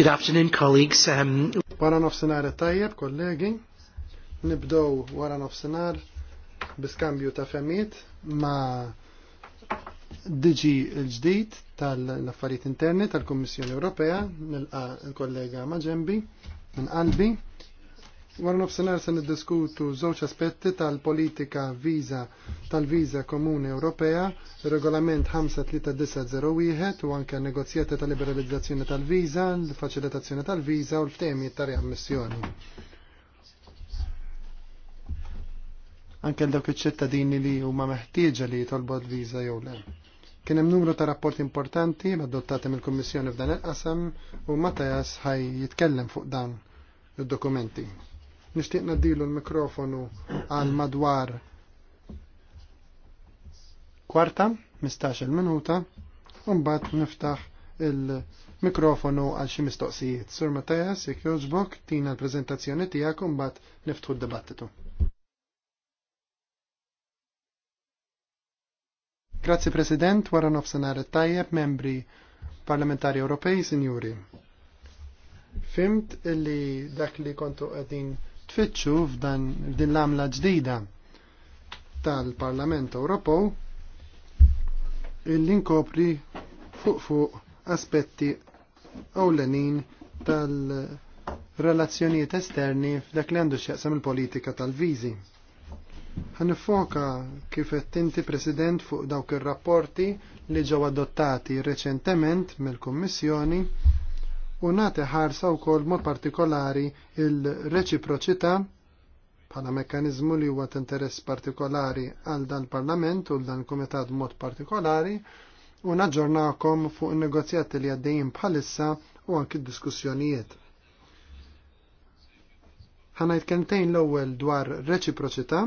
Good afternoon, colleagues. Um... Wara nofsinar tajjeb, kollegi. Nibdow wara nofsinar biskambju ta' femiet ma' diġi l-ġdid tal-affarijiet interni tal-Kommissjoni Ewropea, nilqa il kollega Maġembi, minn qalbi, Wara nofsinhar se niddiskutu żewġ aspetti tal-politika viża tal-viża komuni Ewropea, regolament 5301 u anke negozjati tal-liberalizzazzjoni tal-viża, l-faċilitazzjoni tal-viża u l-ftehmijiet ta' riammissjoni. Anke dawk iċ-ċittadini li huma meħtieġa li jitolbod l-viża jew le. Kien hemm numru ta' rapporti importanti adottati mill-Kummissjoni f'dan il-qasam u Mattias ħaj jitkellem fuq dan id-dokumenti. Nixtieq nadilu l-mikrofonu għal madwar kwarta, 15 minuta, u niftaħ il-mikrofonu għal xi mistoqsijiet. Sur Mattias, jekk jogħġbok, tina l-preżentazzjoni tiegħek u niftħu d-dibattitu. Grazzi President, wara nofsenar tajjeb membri parlamentari Ewropej, sinjuri. Fimt illi dak li kontu għedin tfittxu f'dan din l-għamla ġdida tal-Parlament Ewropew illi nkopri fuq fuq aspetti ewlenin tal-relazzjonijiet esterni f'dak li għandu x'jaqsam il-politika tal-viżi. Ħanifoka kif qed inti President fuq dawk ir-rapporti li ġew adottati reċentement mill-Kummissjoni u nagħti ħarsa wkoll mod partikolari il-reċiproċità bħala mekkaniżmu li huwa interess partikolari għal dan parlament u dan komitat mod partikolari u naġġornakom fuq negozjati li għaddejjin bħalissa u anki diskussjonijiet. Ħanajt kentejn l-ewwel dwar reċiproċità,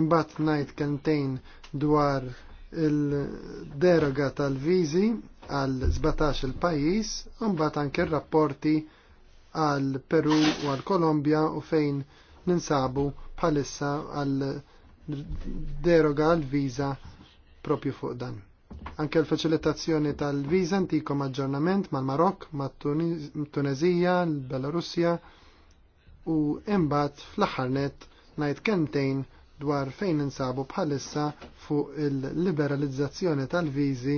imbagħad ngħid kentejn dwar il-deroga tal-viżi għal 17 il-pajjiż, mbagħad anke rapporti għal Peru u għal Kolombja u fejn ninsabu bħalissa għal deroga għal viza propju fuq dan. Anke l-facilitazzjoni tal-viza antikom aġġornament mal-Marok, mat-Tunezija, l belarusja u imbagħad fl-aħħarnet ngħid kemtejn dwar fejn ninsabu bħalissa fuq il-liberalizzazzjoni tal-viżi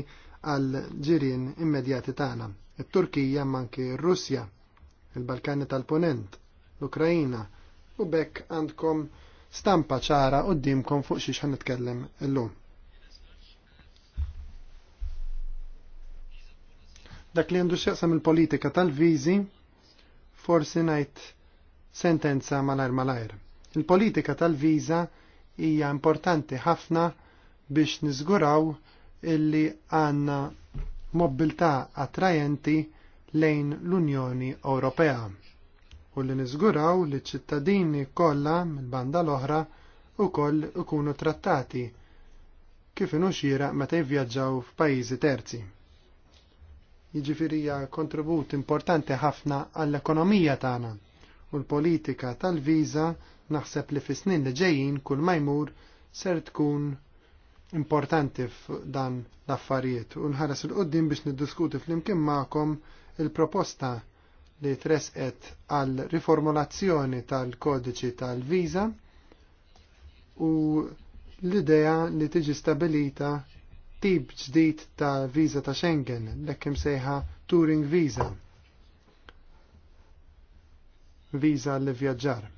għal ġirien immedjati tagħna. It-Turkija manki r-Russja, il-Balkani tal-Ponent, l-Ukrajina u bekk għandkom stampa ċara qudiemkom fuq xi xan nitkellem illum. Dak li għandu x'jaqsam il-politika tal-viżi forsi ngħid sentenza malajr malajr. Il-politika tal-viża hija importanti ħafna biex niżguraw illi għanna mobilità attrajenti lejn l-Unjoni Ewropea u li niżguraw li ċittadini kollha mill-banda l-oħra koll ikunu trattati kif inuxira meta jivvjaġġaw f'pajjiżi terzi. Jiġifieri hija kontribut importanti ħafna għall-ekonomija tagħna u l-politika tal-viża naħseb li fis-snin li ġejjin kull ma jmur ser tkun importanti f'dan l-affarijiet u nħares il-qoddim biex niddiskuti fl-imkien ma'kom il-proposta li tresqet għal riformulazzjoni tal-kodiċi tal-viża u l-idea li tiġi stabilita tip ġdid ta' viża ta' Schengen, l-ekkim sejħa Touring Visa. Visa li vjaġġar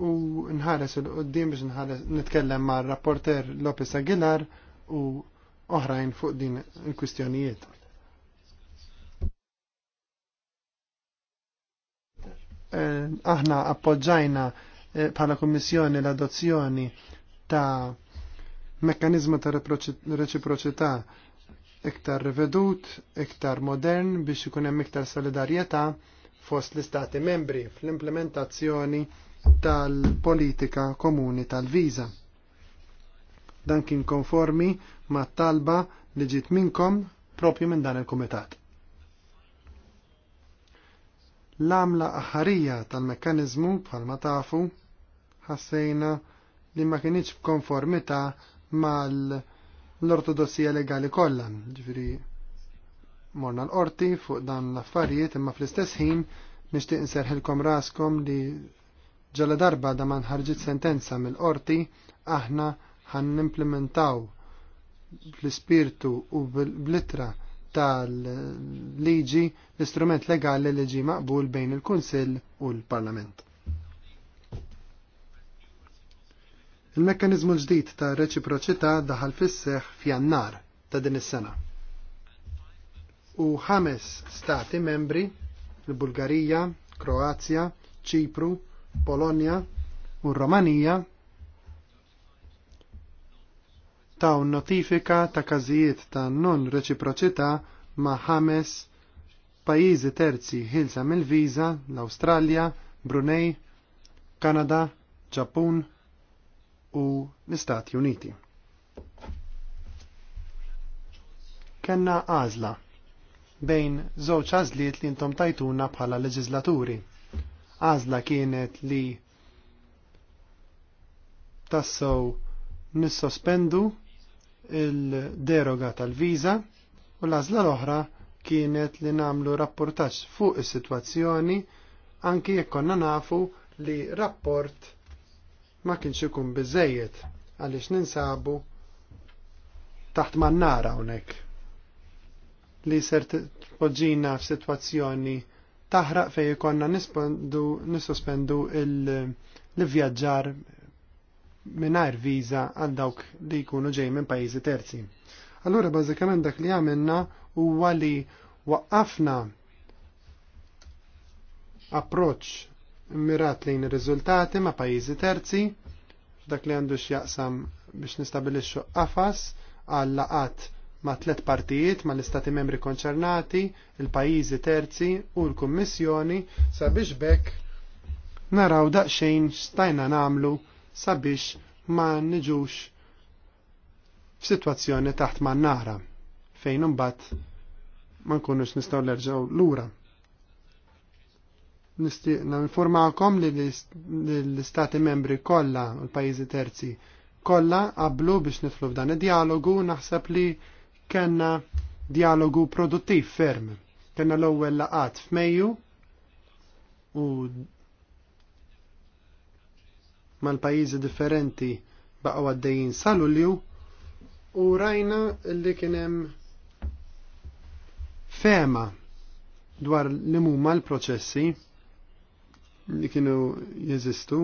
u nħares il-qoddim biex nħares nitkellem ma' rapporter Lopez Aguilar u oħrajn fuq din il-kwistjonijiet. Eh, aħna appoġġajna eh, bħala Kummissjoni l-adozzjoni ta' mekkanizmu ta' reċiproċità iktar rivedut, iktar modern biex ikun hemm iktar solidarjetà fost l-istati membri fl-implementazzjoni tal-politika komuni tal-viza. Dan kien konformi ma' talba li ġiet minnkom propju minn dan il-Kumitat. l għamla aħarija tal-mekkanizmu bħalma tafu ħassejna li ma kienx b'konformità mal-ortodossija legali kollha, ġifieri morna l-qorti fuq dan l-affarijiet imma fl-istess ħin nixtieq inserħilkom raskom li Ġala darba da man ħarġit sentenza mill-qorti, aħna ħan implementaw l ispirtu u bl litra tal-liġi l-istrument legali li ġi maqbul bejn il-Kunsill u l-Parlament. Il-mekkanizmu ġdid ta' reċiproċità daħal fis-seħ f'jannar ta' din is-sena. U ħames stati membri l-Bulgarija, Kroazja, Ċipru, Polonia u Romanija taw notifika ta' każijiet ta' non reċiproċità ma' ħames pajjiżi terzi ħilsa mill viza l-Awstralja, Brunei, Kanada, Ġappun u l-Istati Uniti. Kenna għażla bejn żewġ għażliet li intom tajtuna bħala leġislaturi għazla kienet li tassow nissospendu il-deroga tal viza u l-għażla l-oħra kienet li namlu rapportax fuq is-sitwazzjoni anki jekk konna nafu li rapport ma kienx ikun biżejjed għaliex ninsabu taħt mannara hawnhekk li ser tpoġġina f'sitwazzjoni taħraq fej konna nisospendu l-vjaġġar minnajr viza għal dawk li jkunu ġej minn pajjiżi terzi. Allura bażikament dak li għamilna huwa li waqqafna approċ mirat lejn ir-riżultati ma' pajjiżi terzi dak li għandu x'jaqsam biex nistabilixxu qafas għal laqat ma' tlet partijiet ma' l-Istati membri konċernati, il-pajizi terzi u l-Kummissjoni sabiex bekk naraw daqxejn stajna namlu sabiex ma' nġux f'sitwazzjoni taħt ma' nara fejn imbagħad ma nkunux nistgħu nerġgħu lura. Nistiqna informakom li l-istati membri kollha u l-pajjiżi terzi kollha qablu biex niflu f'dan id-dialogu naħseb li kena dialogu produttiv ferm. Kena l-ewwel laqat f'Mejju u mal-pajjiżi differenti baqgħu għaddejjin sal-Ulju u rajna li kien hemm fema dwar li huma l-proċessi li kienu jeżistu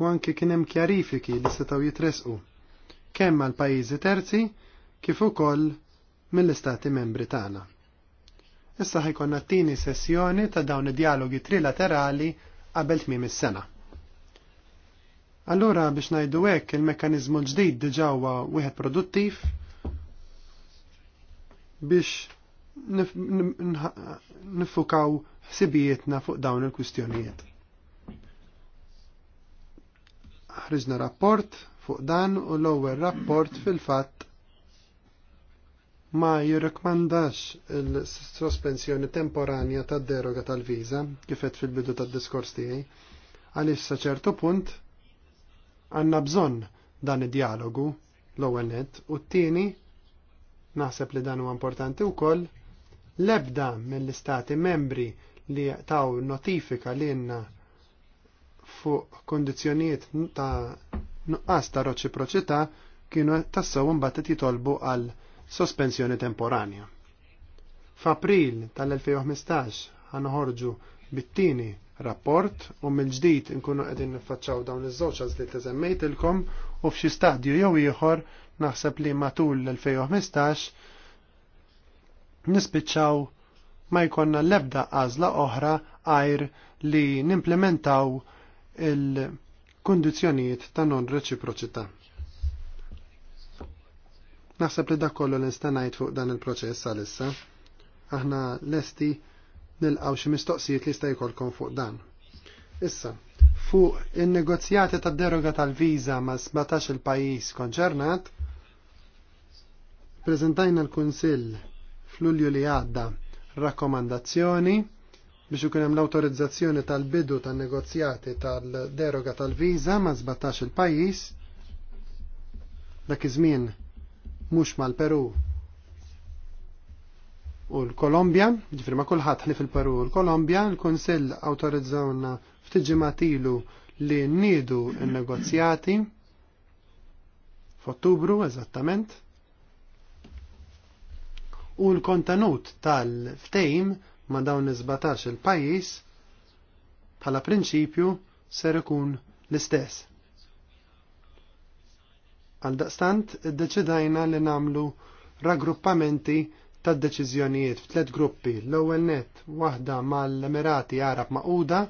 u anke kien hemm kjarifiki li setgħu jitresqu kemm għal pajjiżi terzi kif ukoll mill-istati membri tagħna. Issa ħajkonna t-tieni sessjoni ta' dawn id-dialogi trilaterali qabel tmiem is-sena. Allura biex ngħidu hekk il-mekkaniżmu ġdid diġà huwa wieħed produttiv biex nifukaw ħsibijietna fuq dawn il-kwistjonijiet. Ħriġna rapport fuq dan u l-ewwel rapport fil-fatt ma jirrekmandax il-sospensjoni temporanja tad deroga tal-viża kifet fil-bidu tad-diskors tiegħi għaliex sa ċertu punt għandna bżonn dan id-dialogu l-ewwel nett u t-tieni naħseb li dan huwa importanti wkoll l-ebda mill-istati membri li taw notifika li fuq kondizjoniet ta' nuqqas ta' roċiproċità kienu tassaw imbagħad qed jitolbu għal sospensjoni temporanja. F'April tal-2015 ħanħorġu bit-tieni rapport u mill-ġdid nkunu qegħdin niffaċċaw dawn iż żoċas li teżemmejtilkom u f'xi stadju jew ieħor naħseb li matul l-2015 nispiċċaw ma jkollna l-ebda għażla oħra għajr li nimplementaw il- kondizjonijiet ta' non reċiproċità. Naħseb li dak kollu l-instanajt fuq dan il-proċess għalissa. Aħna lesti nilqaw xi mistoqsijiet li stajkolkom jkollkom fuq dan. Issa, fuq in-negozjati tad deroga tal-viża ma' 17 il-pajjiż konċernat, preżentajna l-Kunsill fl-Ulju li għadda rakkomandazzjoni biex ikun hemm l-awtorizzazzjoni tal-bidu tan-negozjati tal-deroga tal-viża ma' 17 il-pajjiż dak iż-żmien mhux mal-Peru u l-Kolombja, ġifri ma' kulħadd ħlif il-Peru u l-Kolombja, l-Kunsill awtorizzawna ftit tilu li nniedu n-negozjati f'Ottubru eżattament u l-kontenut tal-ftejm ma' dawn iżbatax il-pajjiż bħala prinċipju ser ikun l-istess. Għaldaqstant iddeċidajna li namlu raggruppamenti ta' deċiżjonijiet f'tlet gruppi. L-ewwel net waħda mal-Emirati Arab Maquda,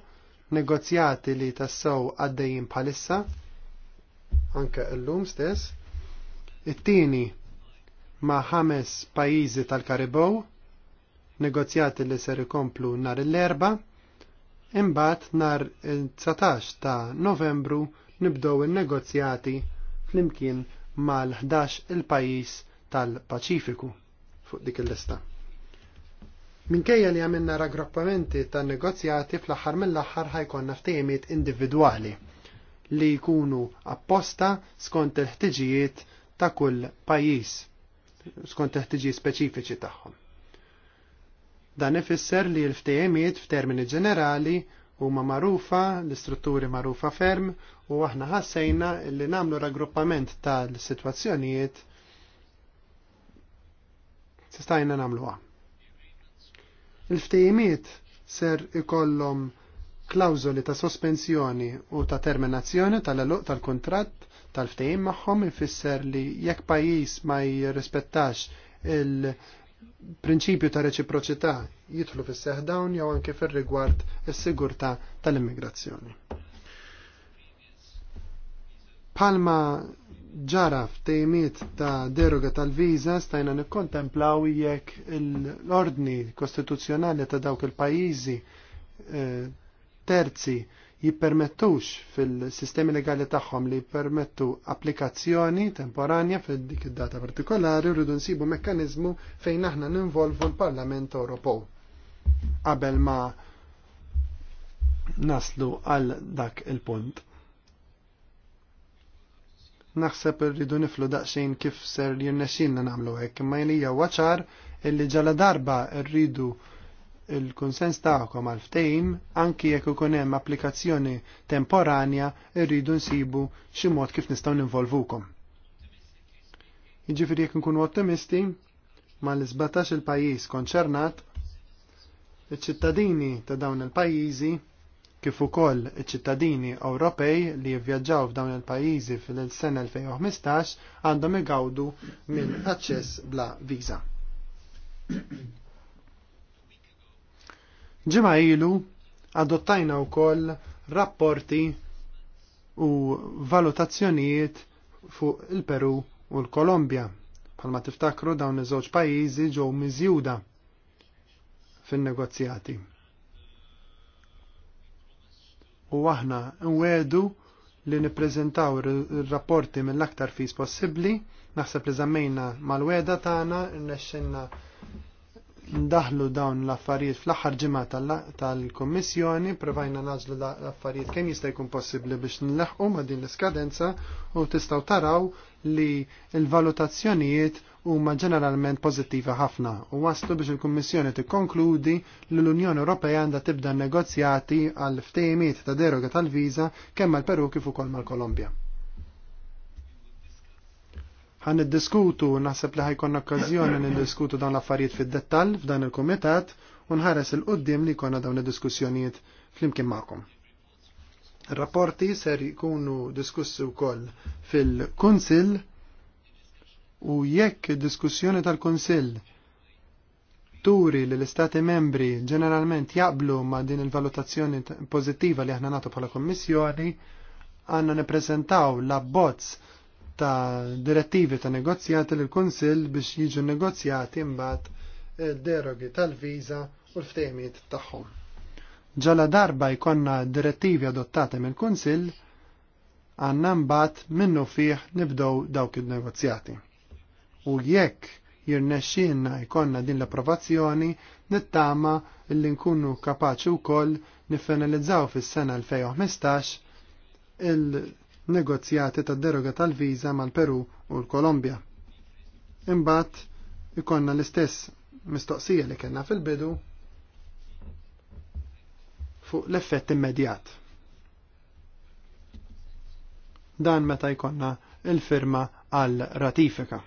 negozjati li tassew għaddejjin bħalissa, anke llum stess. It-tieni ma' ħames pajjiżi tal-Karibow, negozjati li ser ikomplu nar l-erba, imbagħad nar il-19 ta' Novembru nibdow il-negozjati flimkien mal-11 il-pajis tal-Paċifiku fuq dik il-lista. Minkejja li għamilna raggruppamenti ta' negozjati fl-aħħar mill-aħħar ħajkonna ftehimiet individwali li jkunu apposta skont il-ħtiġijiet ta' kull pajis, skont il-ħtiġijiet speċifiċi tagħhom. Dan ifisser li l-ftehimiet f'termini ġenerali huma marufa, l-istrutturi marufa ferm u aħna ħassejna li nagħmlu raggruppament tal-sitwazzjonijiet Sistajna nagħmluha. Il-ftehimiet ser ikollhom klawżoli ta' sospensjoni u ta' terminazzjoni tal-eluq tal-kontratt tal-ftehim magħhom ifisser li jekk pajjiż ma jirrispettax il- prinċipju ta' reċiproċità jidħlu fis seħħ dawn jew anke fir-rigward is-sigurtà tal-immigrazzjoni. Palma ġara f'tejmiet ta' deroga tal-viża stajna nikkontemplaw jekk l-ordni kostituzzjonali ta' dawk il-pajjiżi eh, terzi jippermettux fil-sistemi legali tagħhom li jippermettu applikazzjoni temporanja fil dik id-data partikolari rridu nsibu mekkaniżmu fejn aħna ninvolvu l-Parlament Ewropew. Qabel ma naslu għal dak il-punt. Naħseb irridu niflu daqsxejn kif ser jirnexxinna nagħmlu hekk, imma hija waċar illi ġala darba rridu il-konsens tagħkom għal ftehim anki jekk ikun hemm applikazzjoni temporanja rridu nsibu xi mod kif nistgħu ninvolvukom. Jiġifieri jekk nkunu ottimisti, mal isbatax il-pajjiż konċernat, iċ-ċittadini ta' dawn il-pajjiżi kif ukoll iċ-ċittadini Ewropej li jivvjaġġaw f'dawn il-pajjiżi fil-sena 2015 għandhom igawdu minn aċċess bla viża. Ġimgħa ilu adottajna wkoll rapporti u valutazzjonijiet fuq il-Peru u l-Kolombja. Palma tiftakru dawn iż-żewġ pajjiżi ġew miżjuda fin-negozjati. U aħna nwedu li nippreżentaw ir-rapporti mill-aktar fis possibbli, naħseb li żammejna mal-weda tagħna, nnexxinna ndaħlu dawn l-affarijiet fl-aħħar ġimgħa tal-Kummissjoni, provajna naġlu l-affarijiet kemm jista' jkun possibbli biex nleħqu ma' din l-iskadenza u tistgħu taraw li l-valutazzjonijiet huma ġeneralment pożittiva ħafna u waslu biex il-Kummissjoni tikkonkludi li l-Unjoni Ewropea għandha tibda negozjati għal ftehimiet ta' deroga tal-viża kemm mal-Peru kif ukoll mal-Kolombja ħan niddiskutu naħseb li ħajkon okkażjoni niddiskutu dawn l-affarijiet fid-dettall f'dan il-kumitat u nħares il-qoddim li jkollna dawn id-diskussjonijiet flimkien magħkom. Rapporti ser jkunu diskussi wkoll fil-Kunsill u jekk diskussjoni tal-Kunsill turi li l-Istati membri ġeneralment jaqblu ma' din il-valutazzjoni pozittiva li aħna nagħtu bħala Kummissjoni għandna nippreżentaw l-abbozz ta' direttivi ta' negozjati l kunsill biex jiġu negozjati mbagħad eh, derogi tal-viża u l-ftehmiet tagħhom. Ġala darba jkonna direttivi adottati mill-Kunsill għandna mbagħad minnu fih nibdew dawk il-negozjati. U jekk jirnexxinna jkollna din l-approvazzjoni nittama illi nkunu kapaċi wkoll nifinalizzaw fis-sena 2015 il- negozjati ta' deroga tal-viza mal-Peru u l-Kolombja. Imbagħad ikonna l-istess mistoqsija li kellna fil-bidu fuq l-effett immedjat. Dan meta jkonna il-firma għal ratifika.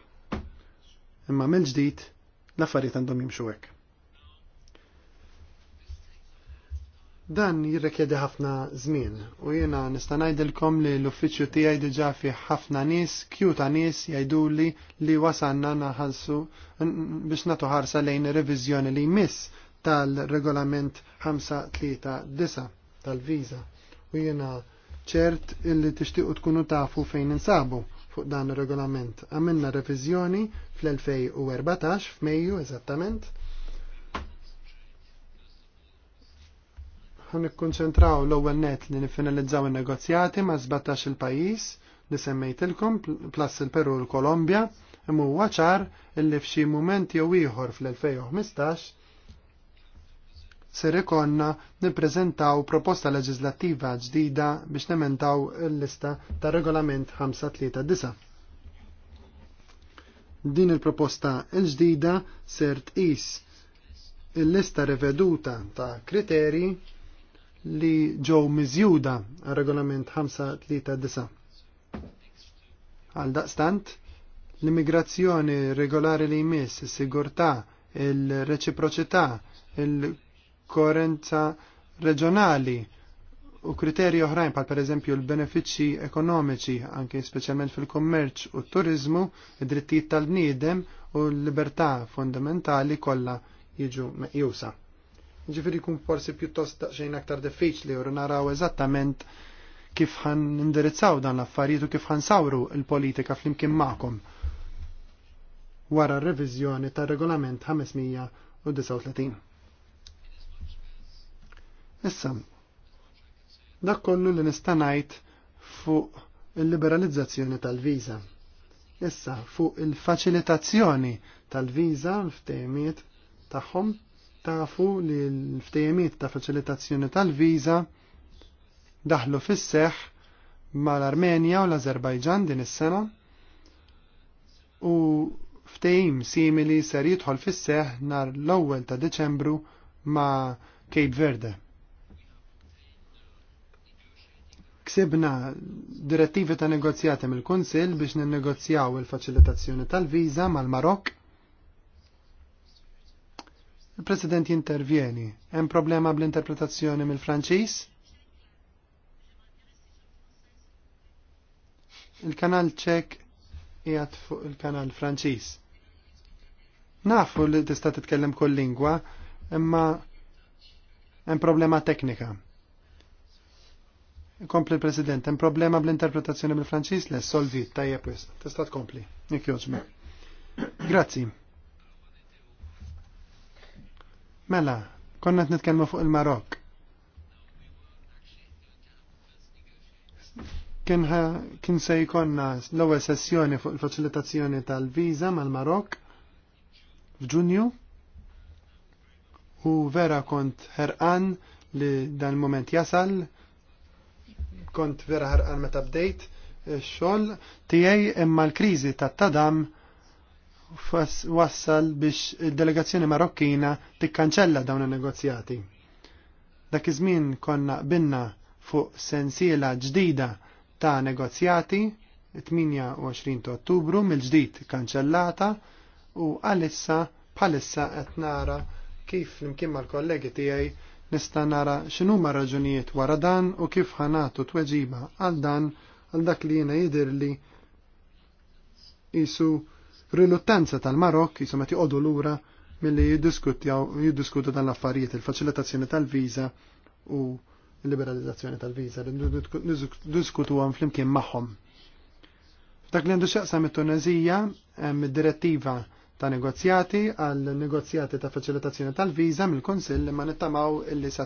Imma mill-ġdid l-affarijiet għandhom jimxu hekk. Dan jirrekjedi ħafna żmien u jiena nista' ngħidilkom li l-uffiċċju tiegħi diġà fih ħafna nies, kjuta nies jgħiduli li wasanna naħalsu biex nagħtu ħarsa lejn reviżjoni li jmiss tal-regolament 539 tal-viża. U jiena ċert illi tixtiequ tkunu tafu fejn insabu fuq dan ir regolament Għamilna reviżjoni fl-2014 f'Mejju eżattament ħanikkonċentraw l-ewwel net li nifinalizzaw in-negozjati ma' 17 il-pajjiż li semmejtilkom plus il-Peru u l-Kolombja imma huwa ċar illi f'xi mument jew ieħor fl-2015 ser ikonna nippreżentaw proposta leġislattiva ġdida biex nementaw il-lista ta' regolament 539. Din il-proposta il-ġdida ser tqis il-lista riveduta ta' kriteri li ġew miżjuda għal regolament 539. Għal daqstant, l-immigrazzjoni regolari li jmiss, is-sigurtà, il-reċiproċità, il-koerenza reġjonali u kriterji oħrajn pal pereżempju l-benefiċċji ekonomiċi anke speċjalment fil-kommerċ u t-turizmu, id-drittijiet tal-bniedem u l-libertà fondamentali kollha jiġu meqjusa. Ġifiri kun forsi pjuttost xejn aktar diffiċli u naraw eżattament kif ħan indirizzaw dan l-affarijiet u kif ħan sawru l-politika fl-imkien ma'kom wara r-reviżjoni tar-regolament 539. Issa, dak kollu li nista' ngħid fuq il-liberalizzazzjoni tal-viża. Issa fuq il-faċilitazzjoni tal-viża f'temiet tagħhom tafu li l-ftejemiet ta' faċilitazzjoni tal-viża daħlu fis-seħ mal-Armenja u l-Azerbajġan din is-sena u ftejim simili ser jidħol fis-seħ nar l-ewwel ta' Deċembru ma' Cape Verde. Ksibna direttivi ta' negozjati mill-Kunsill biex ninnegozjaw il-faċilitazzjoni tal-viża mal-Marokk Il-President jintervjeni. Hemm problema bl-interpretazzjoni mill-Franċiż? Il-kanal ċek jgħat fuq il-kanal Franċiż. Nafu li tista' titkellem kull lingwa, imma hemm problema teknika. Kompli l-President, hemm problema bl-interpretazzjoni mill-Franċiż le solvi tajjeb wisq. Tista' tkompli. Nik Grazzi. Mela, konna t-nitkelmu fuq il-Marok. Kien se jkonna l-ewwel sessjoni fuq il-faċilitazzjoni tal-viża mal-Marok f'Ġunju u vera kont ħerqan li dan il-moment jasal kont vera ħerqan meta bdejt eh, xogħol tiegħi imma l-kriżi tat-tadam wassal biex il-delegazzjoni marokkina tikkanċella dawn il-negozjati. Dak iż-żmien konna binna fuq sensiela ġdida ta' negozjati 28 ta' Ottubru mill-ġdid kanċellata u għalissa bħalissa qed nara kif flimkien mal-kollegi tiegħi nista' nara x'inhuma raġunijiet wara dan u kif ħanatu tweġiba għal dan għal dak li jiena jidhirli isu riluttanza tal-Marok l-ura lura milli jiddiskutu dan l-affarijiet il-faċilitazzjoni tal-viża u l-liberalizzazzjoni tal-viża diskutu għan flimkien magħhom. Dak li għandu xaqsa mit-Tunezija hemm direttiva ta' negozjati għal negozjati ta' faċilitazzjoni tal-viża mill-Konsill ma nittamaw illi sa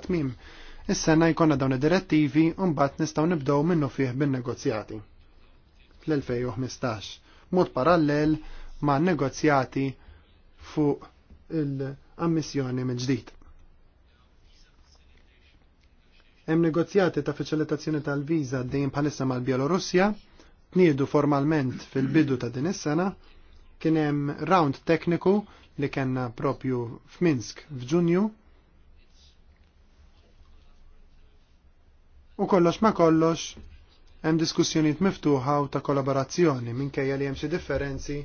Is-sena jkollna dawn id-direttivi u mbagħad nistgħu nibdew minnu fih bin-negozjati fl-2015. Mod parallel ma' negozjati fuq il-ammissjoni minn ġdid. Hemm negozjati ta' faċilitazzjoni tal-viża dejjem bħalissa mal-Bjelorussja, tniedu formalment fil-bidu ta' din is-sena, kien hemm round tekniku li kellna propju f'Minsk f'Ġunju. U kollox ma kollox hemm diskussjonijiet miftuħa u ta' kollaborazzjoni minkejja li hemm xi differenzi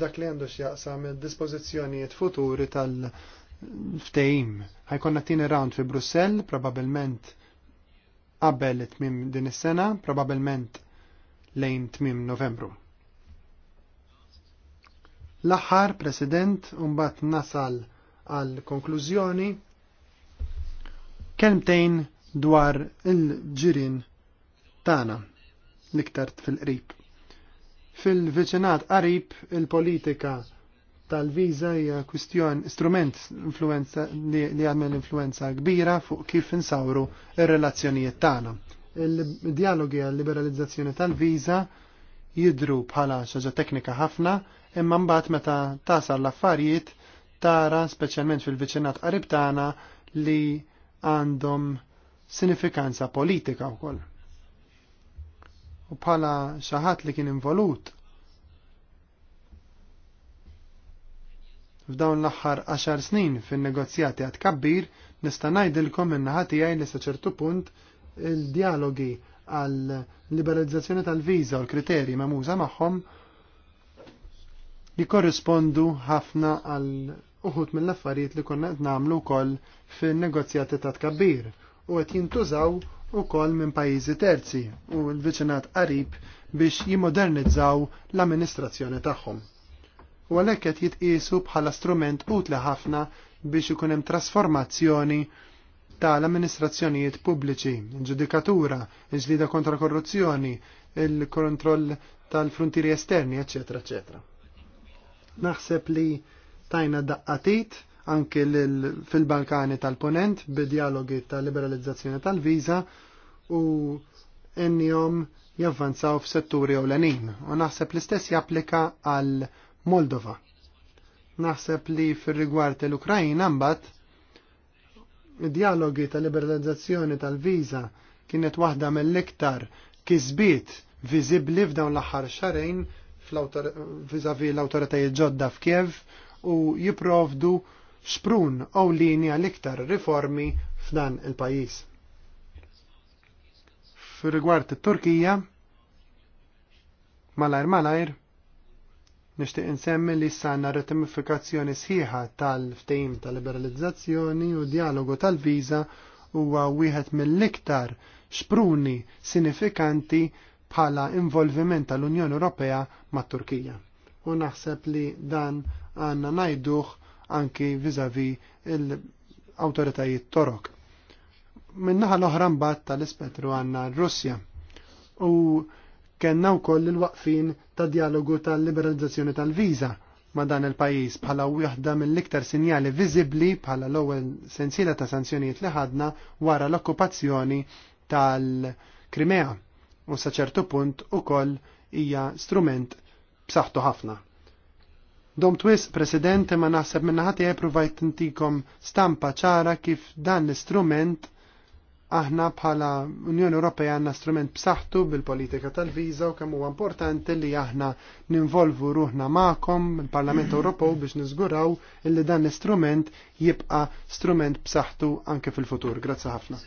dak li għandu x'jaqsam id-dispożizzjonijiet futuri tal-ftehim. Ħajkonna tieni round fi Brussell, probabbilment qabel tmim din is-sena, probabbilment lejn tmim Novembru. L-aħħar President mbagħad nasal għal konklużjoni kelmtejn dwar il-ġirien tagħna l-iktar fil-qrib. Fil-viċinat qarib il-politika tal-viza hija kwistjon strument influenza li għamil influenza kbira fuq kif insawru ir-relazzjonijiet tagħna. Il-dialogi għal liberalizzazzjoni tal-viza jidru bħala xaġa teknika ħafna, imma mbagħad meta tasal l-affarijiet tara speċjalment fil-viċinat qarib tagħna li għandhom sinifikanza politika wkoll u bħala xaħat li kien involut f'dawn l-aħħar 10 snin fin-negozjati għad kabbir nista' ngħidilkom in-naħa tiegħi li sa ċertu punt il-dialogi għal liberalizzazzjoni tal-viża u l-kriterji magħmuża magħhom korrispondu ħafna għal uħut mill-affarijiet li konna nagħmlu wkoll fin-negozjati ta' tkabbir u qed jintużaw u kol minn pajizi terzi u l-viċinat qarib biex jimodernizzaw l-amministrazzjoni tagħhom. U għalhekk qed jitqisu bħala strument utli ħafna biex ikun hemm trasformazzjoni tal-amministrazzjonijiet pubbliċi, ġudikatura, ġlida kontra korruzzjoni, il-kontroll tal-frontieri esterni, eċetera, eċetera. Naħseb li tajna daqqatit anke fil-Balkani tal-Ponent bi dialogi tal-liberalizzazzjoni tal-viża u ennihom javvanzaw f'setturi ewlenin u naħseb l-istess japplika għal Moldova. Naħseb li fir-rigward l-Ukrajina mbat id-dialogi tal-liberalizzazzjoni tal-viża kienet waħda mill-iktar kisbiet viżibbli f'dawn l-aħħar xarejn vizavi l-awtoritajiet ġodda f'Kiev u jiprovdu sprun għaw linja l iktar riformi f'dan il-pajis. F'rigward it-Turkija, malajr malajr, nishtiq insemmi li s-sanna retimifikazzjoni sħiħa tal-ftejim tal-liberalizzazzjoni u dialogu tal-viza huwa wieħed mill-iktar spruni sinifikanti bħala involviment tal-Unjoni Ewropea mat-Turkija. U naħseb li dan għanna najduħ anki vizavi l-autoritajiet torok. Minnaħa l-oħra mbagħad tal-ispettru għandna r-Russja. U kenna wkoll il-waqfin ta' dialogu tal-liberalizzazzjoni tal-viża ma' dan il-pajis bħala wieħda mill-iktar sinjali viżibbli bħala l-ewwel sensiela ta' sanzjonijiet li ħadna wara l-okkupazzjoni tal-Krimea u sa ċertu punt ukoll hija strument b'saħħtu ħafna. Dom twis, President, ma naħseb minna ħati jeprovajt intikom stampa ċara kif dan l-istrument aħna bħala Unjoni Ewropea għanna strument b'saħħtu bil-politika tal-viża u kemm huwa importanti li aħna ninvolvu ruħna magħkom il-Parlament Ewropew biex niżguraw illi dan l-istrument jibqa strument b'saħħtu anke fil-futur. Grazzi ħafna.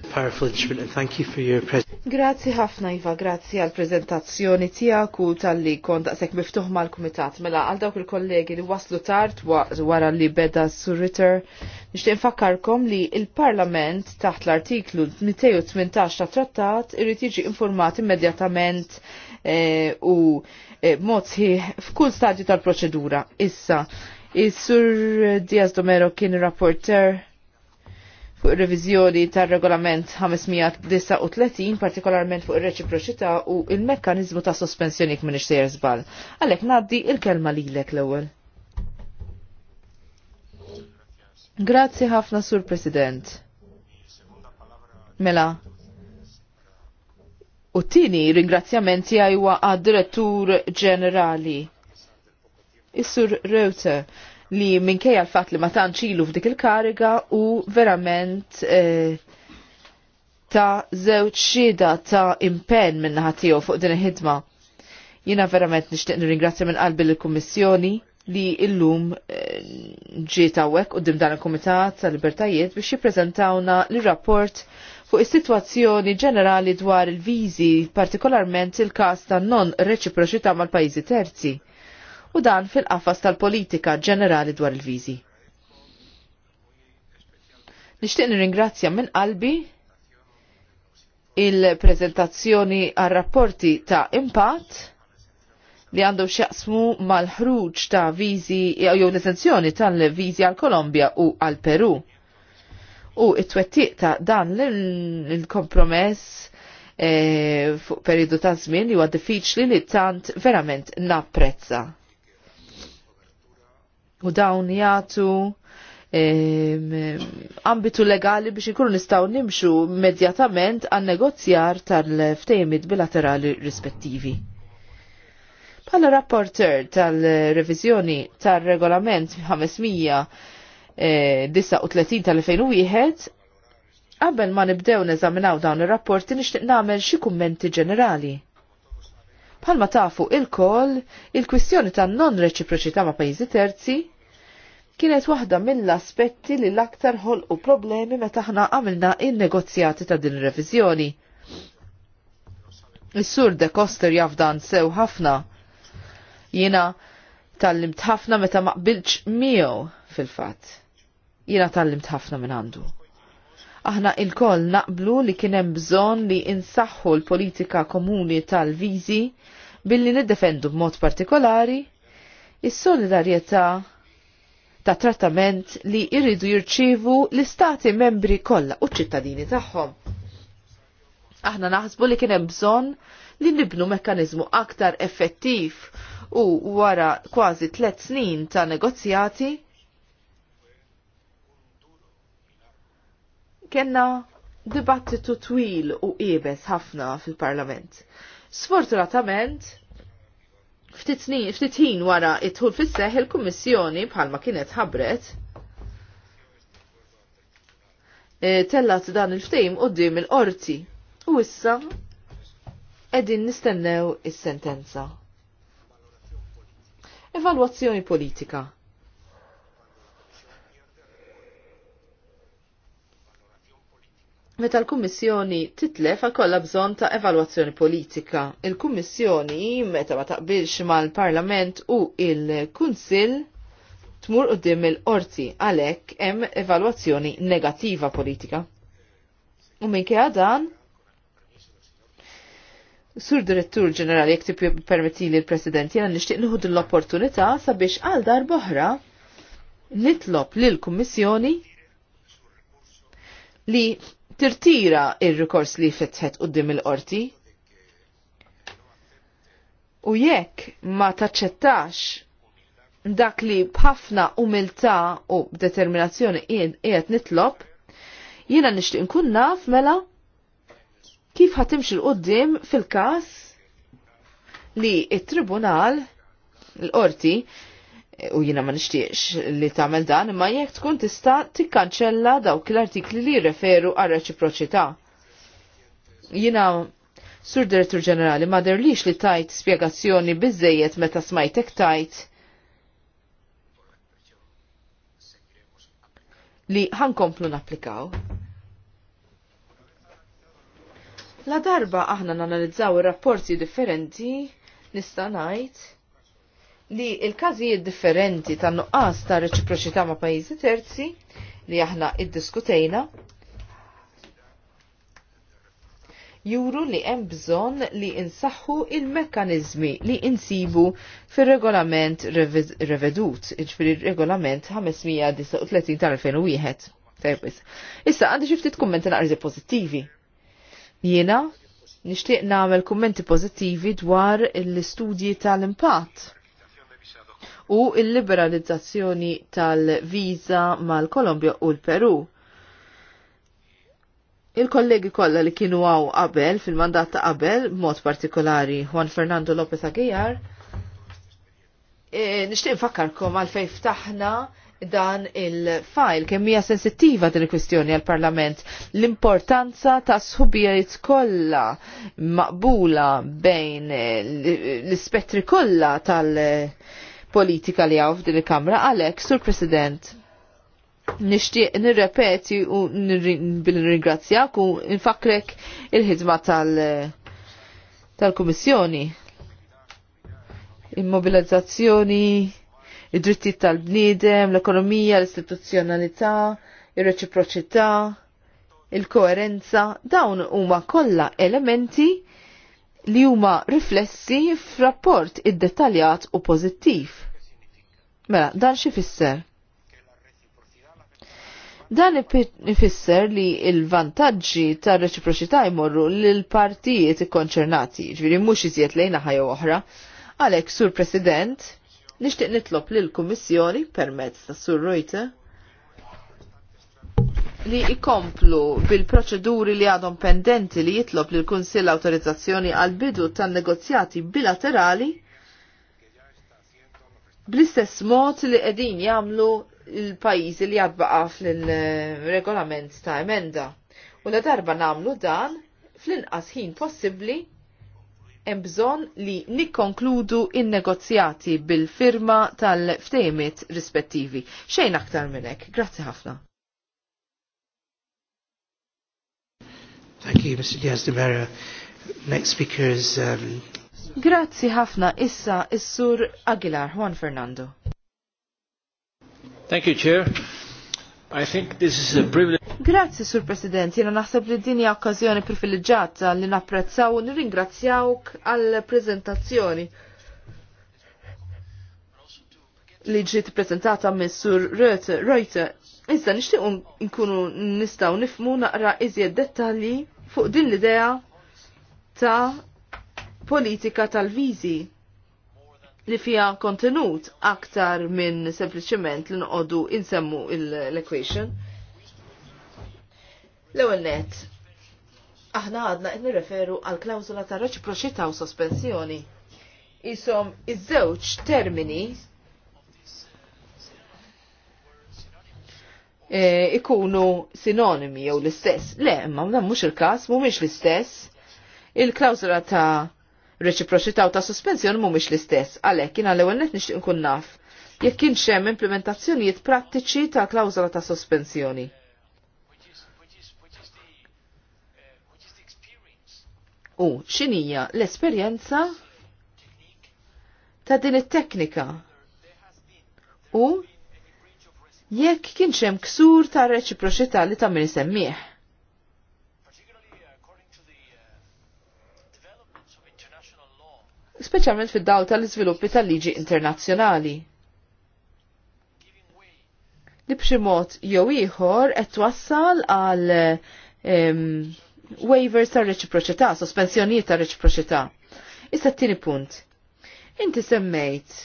thank you for your Grazzi ħafna Iva, grazzi għal prezentazzjoni tiegħek u tal-li kont daqshekk miftuħ mal-kumitat. Mela għal dawk il-kollegi li waslu tard wara li beda surriter, nixtieq infakkarkom li il-Parlament taħt l-artiklu 218 ta' trattat irid jiġi informat immedjatament eh, u eh, mod sħiħ f'kull stadju tal-proċedura. Issa, il sur Diaz Domero kien rapporter fuq revizjoni tar-regolament 539 partikolarment fuq ir-reċiproċità u il-mekkaniżmu ta' sospensjoni kmin iċtejer żball. Għalhekk ngħaddi il-kelma lilek l-ewwel. Grazzi ħafna sur President. Mela. U tini ringrazzjamenti għajwa għad-direttur ġenerali is-sur Rewte li minkejja l-fat li ma ilu f'dik il-kariga u verament eh, ta' żewġ xieda ta' impen minna ħatiju fuq din il-ħidma. Jina verament nixtieq nirringrazzja minn qalbi l-Kummissjoni li illum eh, ġiet hawnhekk qudiem dan il-Kumitat tal-Libertajiet biex jippreżentawna l-rapport fuq is-sitwazzjoni ġenerali dwar il-viżi, partikolarment il-każ ta' non reċiproċità mal-pajjiżi terzi u dan fil-qafas tal-politika ġenerali dwar il-viżi. Nixtieq nirringrazzja minn qalbi il-prezentazzjoni għal rapporti ta' impatt li għandu xjaqsmu mal-ħruġ ta' viżi jew l-esenzjoni tal-viżi għal Kolombja u għal Peru. U it-twettiq ta' dan il-kompromess eh, fuq periodu ta' żmien li huwa diffiċli li tant verament napprezza u dawn jagħtu ambitu legali biex ikunu nistgħu nimxu immedjatament għan negozjar tal-ftejmit bilaterali rispettivi. Bħala rapporter tal-reviżjoni tal-regolament 539 eh, tal-2001, qabel ma nibdew neżaminaw dawn ir-rapporti nixtieq nagħmel xi kummenti ġenerali. Palma tafu il-kol, il-kwistjoni ta' non-reċiproċità ma' pajizi terzi kienet waħda mill-aspetti li l-aktar ħolqu problemi meta ħna għamilna il-negozjati ta' din revizjoni. Is-sur de Koster jafdan sew ħafna. Jina tal-limt ħafna meta maqbilċ miegħu fil-fatt. Jina tal-limt ħafna minn għandu. Aħna il-koll naqblu li kienem bżon li insaħħu l-politika komuni tal-viżi billi niddefendu b'mod partikolari is-solidarjetà ta' trattament li irridu jirċivu l-istati membri kollha u ċittadini tagħhom. Aħna naħsbu li kien hemm bżonn li nibnu mekkaniżmu aktar effettiv u wara kważi tliet snin ta' negozjati kena dibattitu twil u qibes ħafna fil-Parlament. Sfortunatament, ftit ħin wara it-tħul fis-seħ il-Kummissjoni bħalma kienet ħabret e, tellat dan il-ftejm qoddim il-qorti u issa edin nistennew is-sentenza. Evalwazzjoni politika. Meta l-Kummissjoni titlef kollha bżonn ta' evalwazzjoni politika. Il-Kummissjoni meta ma taqbilx mal-Parlament u il-Kunsill tmur qudiem il-qorti għalhekk hemm evalwazzjoni negattiva politika. U minkejja dan Sur Direttur Ġenerali, jek tipi permetti li l-President, jena nishtiq nħud l-opportunità sabiex għal dar boħra nitlob l-Kummissjoni li tirtira il-rikors li fetħet dim il-qorti. U jekk ma taċċettax dak li bħafna umiltà u determinazzjoni qiegħed nitlob, jiena nixtieq nkun naf mela kif ħatimx il-qoddim fil-każ li it-tribunal l-qorti u jina ma nixtieqx li tagħmel dan imma jekk tkun tista' tikkanċella dawk l-artikli li jirreferu għal reċiproċità. Jina Sur Direttur Ġenerali ma derlix li tajt spjegazzjoni biżejjed meta smajtek tajt li ħankomplu napplikaw. La darba aħna nanalizzaw ir-rapporti differenti nista' ngħid li il-każijiet differenti ta' nuqqas ta' reċiproċità ma' pajjiżi terzi li aħna iddiskutejna juru li hemm bżonn li insaħħu il-mekkaniżmi li insibu fir-regolament revedut, iġifieri regolament 539 tal-2001. Issa għandi xi ftit kummenti naqrażi pożittivi. Jiena nixtieq nagħmel kummenti pożittivi dwar l-istudji tal-impatt u il-liberalizzazzjoni tal-viza mal-Kolombja u l-Peru. Il-kollegi kollha li kienu għaw qabel fil-mandat ta' qabel, mod partikolari Juan Fernando Lopez Aguilar, e, nixtieq nfakkarkom għalfejn ftaħna dan il-fajl kemm hija sensittiva din il-kwistjoni għal parlament l-importanza ta' sħubijiet kollha maqbula bejn l-ispettri kollha tal- politika li għaw f'din il-Kamra għalek, Sur President. Nishtiq nirrepeti u bil-ringrazzjak u nfakrek il-ħidma tal-Komissjoni. il Immobilizzazzjoni, id-drittijiet tal-bniedem, l-ekonomija, l-istituzzjonalità, ir-reċiproċità, il-koerenza, dawn huma kollha elementi li huma riflessi f'rapport id-dettaljat u pożittiv. Mela, dan xi fisser? Dan ifisser li il-vantaġġi tar reċiproċità jmorru lil partijiet ikkonċernati, ġviri mhux iżjed lejn ħajja oħra. Għalhekk, Sur President, nixtieq nitlob lil kummissjoni permezz ta' Sur Reuter li ikomplu bil-proċeduri li għadhom pendenti li jitlob lil kunsill awtorizzazzjoni għal bidu tan negozjati bilaterali bl-istess mod li qegħdin jagħmlu l-pajjiżi li jadbaqa' fil-regolament ta' emenda. U la darba nagħmlu dan fl-inqas ħin possibbli hemm bżonn li nikkonkludu in-negozjati bil-firma tal-ftejmit rispettivi. Xejn aktar minn hekk. Grazzi ħafna. Thank you, Mr. Diaz de Mera. Next speaker is um, Grazzi ħafna issa is-sur Aguilar Juan Fernando. Thank you, Chair. I think this is a privilege. Grazzi, Sur President. Jena naħseb li dinja okkazjoni privileġġata li napprezzaw u nirringrazzjawk għall prezentazzjoni li ġiet prezentata minn Sur Reuter. Iżda nixtieq nkunu nistgħu nifmu naqra iżjed dettalji fuq din l-idea ta' politika tal-viżi li fija kontenut aktar minn sempliciment li nqoddu insemmu l-equation. L-ewwel net, aħna għadna qed nirreferu għal klawzula ta' reċiproċità u sospensjoni. Isom iż-żewġ termini E, ikunu sinonimi jew l-istess. Le, imma mux mhux il-każ, mhumiex l-istess. il klawzula ta' reċiproċità u ta' sospensjoni mhumiex l-istess, għalhekk kien għall-ewwel nix nixtieq nkun naf jekk kien hemm implementazzjonijiet prattiċi ta' klawzola ta' sospensjoni. U x'inhija l-esperjenza ta' din it-teknika? U jekk kien hemm ksur ta' reċiproċità li ta' min semmieħ. speċjalment fid-daw tal-iżviluppi tal-liġi internazzjonali. Li b'xi mod jew ieħor qed twassal għal waivers ta' reċiproċità, sospensjonijiet ta' reċiproċità. Issa t-tieni punt. Inti semmejt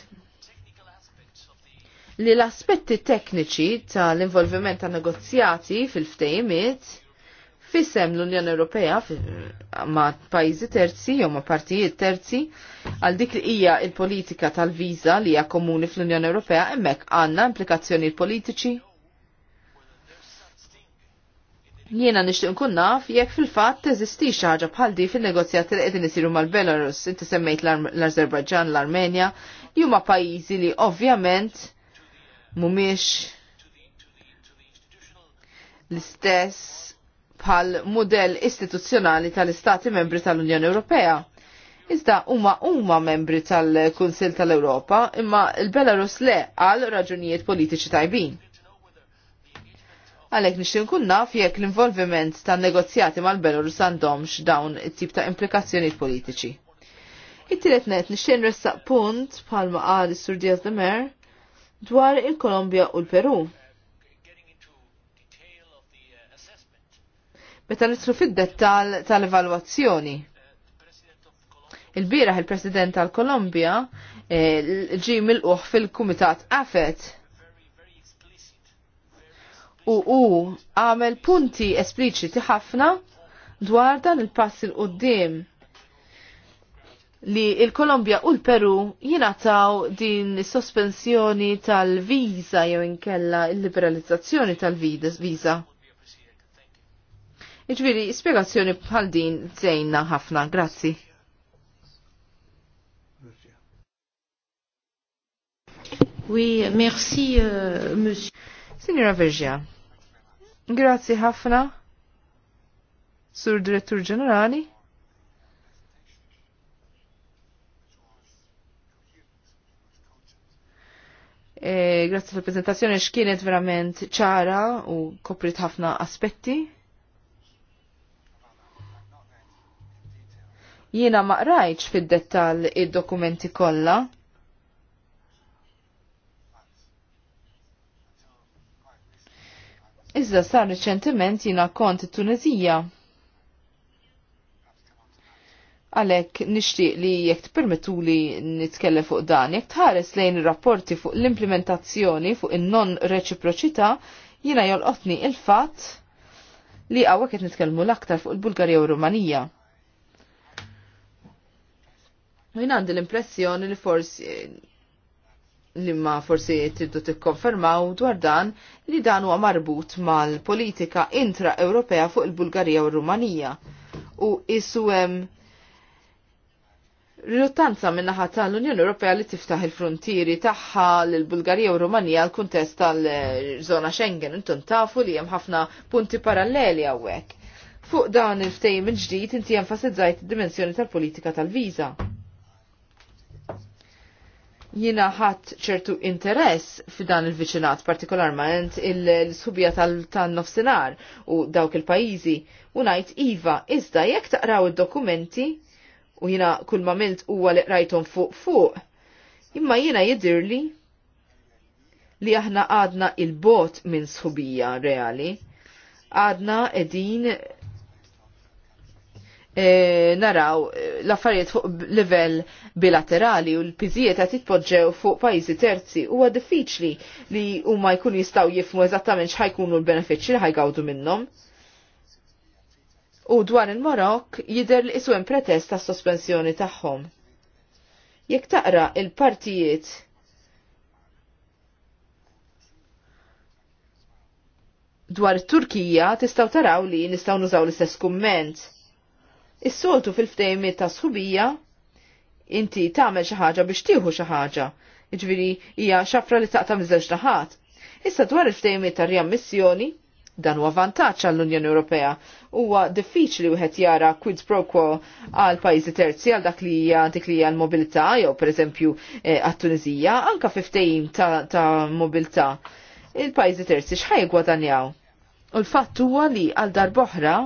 li l-aspetti tekniċi tal-involviment ta' negozjati fil-ftejimiet fissem l-Unjoni Ewropea ma' pajjiżi terzi jew ma' partijiet terzi għal dik li hija l-politika tal-viża li hija komuni fl-Unjoni Ewropea hemmhekk għandna implikazzjoni politiċi. Jiena nixtieq nkun naf jekk fil-fatt teżistix xi ħaġa bħal di fin-negozjati li qegħdin isiru mal-Belarus, inti semmejt l-Azerbajġan, l-Armenja, li huma pajjiżi li ovvjament mhumiex l-istess bħal mudell istituzzjonali tal-Istati membri tal-Unjoni Ewropea. Iżda huma huma membri tal kunsill tal-Ewropa imma il-Belarus le għal raġunijiet politiċi tajbin. Għalek nixin kunna fjek l-involviment tan negozjati mal-Belarus għandhomx dawn it-tip ta' implikazzjonijiet politiċi. it tiret net nixin ressaq punt bħalma għal is-Sur Diaz de Mer dwar il kolombia u l-Peru. meta nitlu fid-dettal tal-evalwazzjoni. il bieraħ il-President tal-Kolombja eh, ġi milquħ fil-Kumitat AFET u u għamel punti espliċiti ħafna dwar dan il-pass il-qoddim li il-Kolombja u l-Peru jinataw din sospensjoni tal-viza jew inkella il-liberalizzazzjoni tal-viza Iġviri, spiegazzjoni bħal din zejna ħafna, grazzi. Oui, merci, uh, monsieur. Signora Vergia, grazzi ħafna, sur direttur ġenerali. E, grazzi la prezentazzjoni x'kienet verament ċara u koprit ħafna aspetti. Jiena ma qrajtx fid-dettall id-dokumenti kollha. Iżda sar riċentiment jiena kont it-Tunezija. Għalek nixtieq li jekk li nitkellem fuq dan, jekk tħares lejn ir-rapporti fuq l-implementazzjoni fuq in-non reċiproċità, jiena jolqotni il-fatt li għawek qed nitkellmu l-aktar fuq il-Bulgarija u Rumanija. Jien għandi l-impressjoni li forsi li ma forsi tiddu tikkonfermaw dwar dan li dan huwa marbut mal-politika intra-Ewropea fuq il-Bulgarija u r-Rumanija. U issu hemm riluttanza min-naħa tal-Unjoni Ewropea li tiftaħ il-frontieri tagħha lil bulgarija u Rumanija l kuntest tal-żona Schengen intom tafu li hemm ħafna punti paralleli hawnhekk. Fuq dan il-ftejim il-ġdid inti jenfasizzajt id-dimensjoni tal-politika tal-viża jina ħadd ċertu interess f'dan il-viċinat, partikolarment il-subja tal-nofsinar u dawk il-pajizi, u ngħid Iva, iżda jekk taqraw id-dokumenti, u jina kull ma milt u għal fuq fuq, imma jina jidirli li aħna għadna il-bot minn sħubija reali, għadna edin E, naraw l-affarijiet fuq livell bilaterali u l-piżijiet għat jitpoġġew fuq pajjiżi terzi huwa diffiċli li huma jkunu jistgħu jifmu eżattament x'ħajkunu l-benefiċċji li ħajgawdu minnhom. U dwar il-Marok jidher li iswem pretest ta' sospensjoni tagħhom. Jekk taqra il-partijiet dwar Turkija tistaw taraw li nistaw nużaw l-istess kumment. Is-soltu fil-ftejmi ta' sħubija inti tagħmel xi ħaġa biex tieħu xi ħaġa. Jiġifieri hija xafra li taqta' miżewġ ħadd. Issa dwar il-ftejmi ta' riammissjoni, dan huwa vantaġġ għall-Unjoni Ewropea. Huwa diffiċli wieħed jara quid pro quo għal pajjiżi terzi għal dak li hija dik li hija l-mobilità jew pereżempju eh, għat-Tuniżija anke fiftejim ta', mobilità. Il-pajjiżi terzi x'ħaj danjaw. U l-fatt huwa li għal darboħra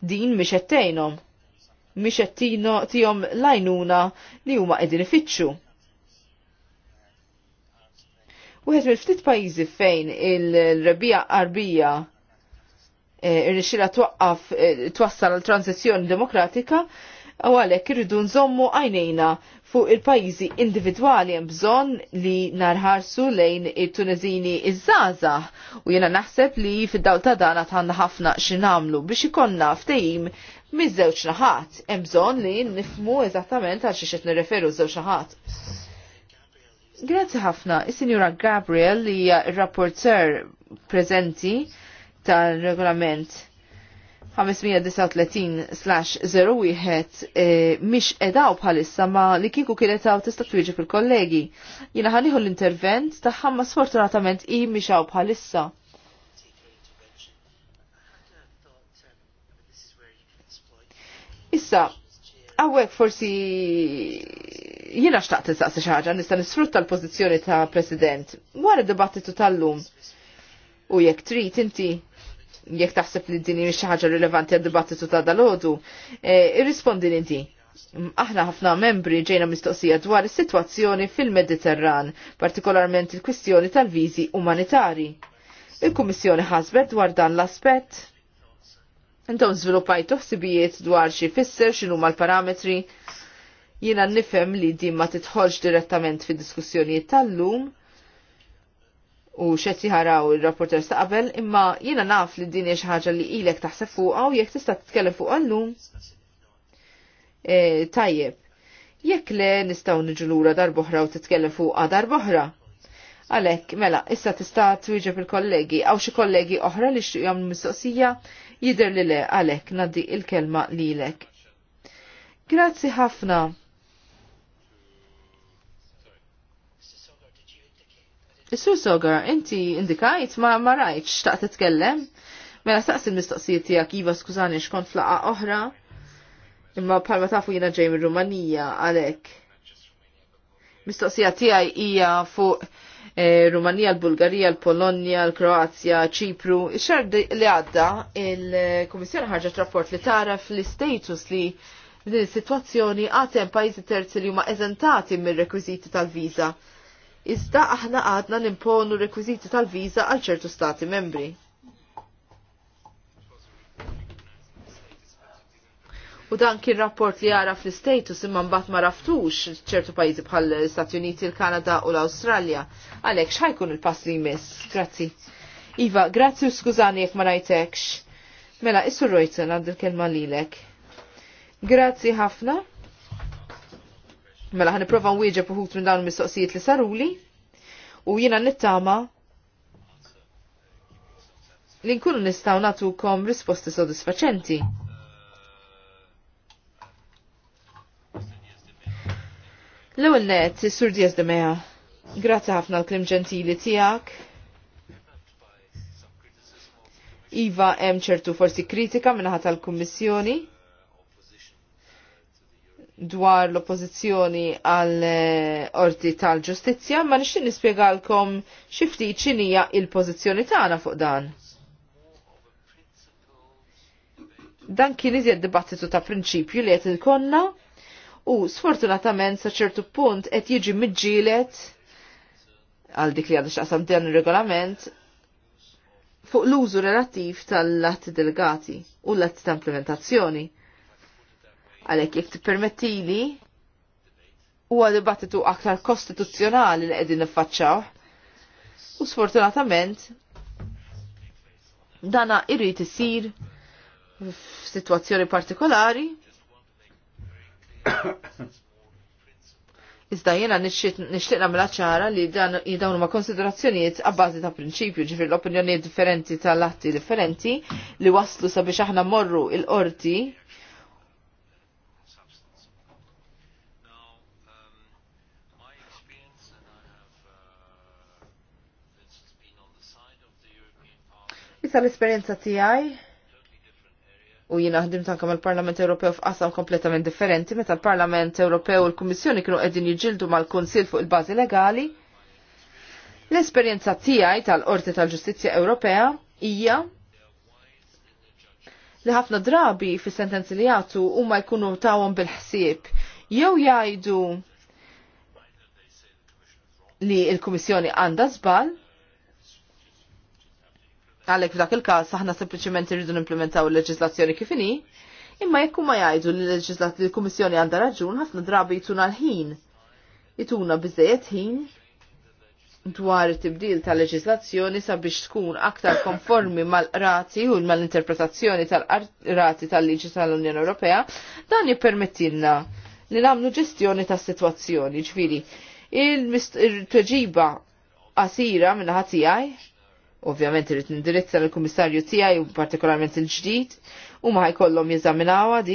din miex qed miex Mhix qed lajnuna li huma qegħdin ifittxu. Wieħed mil ftit pajjiżi fejn il-rebija qarbija eh, irnexxila twaqqaf eh, twassal l transizjoni demokratika u għalek irridu nżommu għajnejna fuq il-pajizi individuali jembżon li narħarsu lejn il-Tunezini iż-żaza u jena naħseb li fid daw ta' dana tħanna ħafna xinamlu biex ikonna ftejim miż-żewġ naħat hemm bżonn li nifmu eżattament għal xi qed nirreferu żewġ naħat. Grazzi ħafna, is-Sinjura Gabriel li r-rapporter prezenti tal-regolament 539-01 wieħed mish edaw bħalissa ma li kiku kienet għaw tista twiġi fil-kollegi. Jina ħaniħu l-intervent taħħa ma sfortunatament i mish bħalissa. Issa, għawek forsi jina xtaqt t-saqsi xaġa, nista nisfrutta l-pozizjoni ta' president. Wara dibattitu tal-lum. U jekk trid inti jekk taħseb li din xi ħaġa rilevanti għad-dibattitu ta' dalodu, e, irrispondi li di. Aħna ħafna membri ġejna mistoqsija dwar is-sitwazzjoni fil-Mediterran, partikolarment il-kwistjoni tal-viżi umanitari. Il-Kummissjoni ħasbet dwar dan l-aspett. Intom żviluppajtu uħsibijiet dwar xi fisser x'inhuma l-parametri. Jiena nifhem li din ma titħolx direttament fid-diskussjonijiet tal-lum, u xed jiħaraw il-rapporter ta' qabel, imma jiena naf li din xi ħaġa li ilek taħseb fuqha u jekk tista' titkellem fuq allum. E, tajjeb, jekk le nistgħu niġu lura boħra u titkellem fuqha darboħra. Għalek, mela, issa tista' twieġeb il-kollegi, għaw xi kollegi oħra li xtuq jagħmlu mistoqsija, jidher li le għalek naddi il-kelma lilek. Grazzi ħafna. Is-sur Sogar, inti indikajt ma, ma rajtx taqt titkellem. Mela staqsi l mistoqsijiet tiegħek iva skużani xkont flaqa oħra. Imma palma tafu jiena ġej minn Rumanija għalhekk. Mistoqsija tiegħi hija fuq eh, Rumanija, l-Bulgarija, l-Polonja, l-Kroazja, ċipru. Ix-xar li għadda, il-Komissjoni ħarġet rapport li tara fl-status li din is-sitwazzjoni għatem pajjiżi terzi li huma eżentati mir-rekwiżiti tal-viża iżda aħna għadna nimponu rekwiziti tal-viża għal ċertu stati membri. U dan kien rapport li jara fl-status imma mbagħad ma raftux ċertu pajjiżi bħal Stati Uniti, il-Kanada u l-Awstralja. Għalhekk x'ħajkun il-pass li jmiss? Grazzi. Iva, grazzi u skużani jekk ma rajtekx. Mela, issu rojtsen għand il-kelma lilek. Grazzi ħafna. Mela ħan iprofa nwieġeb uħut minn dawn mistoqsijiet li saruli u jiena nittama li nkunu nistgħu nagħtukom risposti sodisfaċenti. L-ewwel net, Sur Diaz de Mea, grazzi ħafna l-klim ġentili tiegħek. Iva hemm ċertu forsi kritika minnaħa tal-Kummissjoni dwar l-oppozizjoni għal eh, orti tal-ġustizja, ma nixtin nispiegalkom xifti ċinija il-pozizjoni tagħna fuq dan. Dan kien iżjed dibattitu ta' prinċipju li qed il-konna u sfortunatament sa ċertu punt qed jiġi miġġielet għal dik li għadix qasam dan ir-regolament fuq l-użu relattiv tal-latti delegati u l-latti ta' implementazzjoni Għalhekk jekk u huwa dibattitu aktar kostituzzjonali li qegħdin niffaċċaw. U sfortunatament dana irrid isir f'sitwazzjoni partikolari. Iżda jena nixtieq mela ċara li dawn jidawnu ma' a għabbażi ta' prinċipju ġifir l-opinjonijiet differenti tal-atti differenti li waslu sabiex aħna morru il-qorti Issa l-esperienza tiegħi u jina ħdim anke mal-Parlament Ewropew f'qasam kompletament differenti meta l-Parlament Ewropew u l-Kummissjoni kienu qegħdin jiġildu mal-Kunsill fuq il-bażi legali. L-esperjenza tiegħi tal-Qorti tal-Ġustizzja Ewropea hija li ħafna drabi fis sentenzi li jagħtu huma jkunu tawhom bil-ħsieb jew jgħidu li l-Kummissjoni għandha żball Għalek f'dak il-kas aħna sempliċement irridu nimplementaw il-leġislazzjoni kif inhi, imma jekk ma jgħidu li l-Kummissjoni għandha raġun ħafna drabi jtuna l-ħin. Jtuna biżejjed ħin dwar it-tibdil tal-leġislazzjoni sabiex tkun aktar konformi mal-rati u mal-interpretazzjoni tal-rati tal-liġi tal-Unjoni Ewropea, dan jippermettilna li namlu ġestjoni ta' situazzjoni, ġviri, il-tweġiba qasira minna ħatijaj Ovvjament irrit nindirizza l-Kummissarju tiegħi u partikolarment il-ġdid u ma ħajkollhom jeżaminawha di.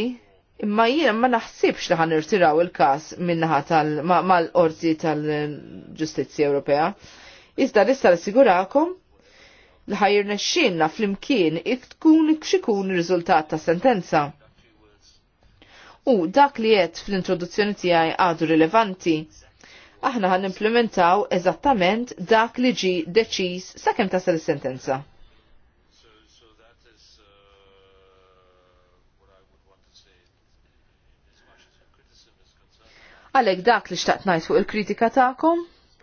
Imma jiena ma naħsibx li ħan irtiraw il-każ minnaħa mal-Qorti tal-Ġustizzja Ewropea. Iżda nista' nassigurakom li ħajr xinna fl-imkien tkun xikun riżultat ta' sentenza. U dak li jett fl-introduzzjoni tiegħi għadu rilevanti aħna ħan implementaw eżattament dak li ġi deċis sakemm tasal is-sentenza. Għalek dak li xtaqt najt fuq il-kritika ta'kom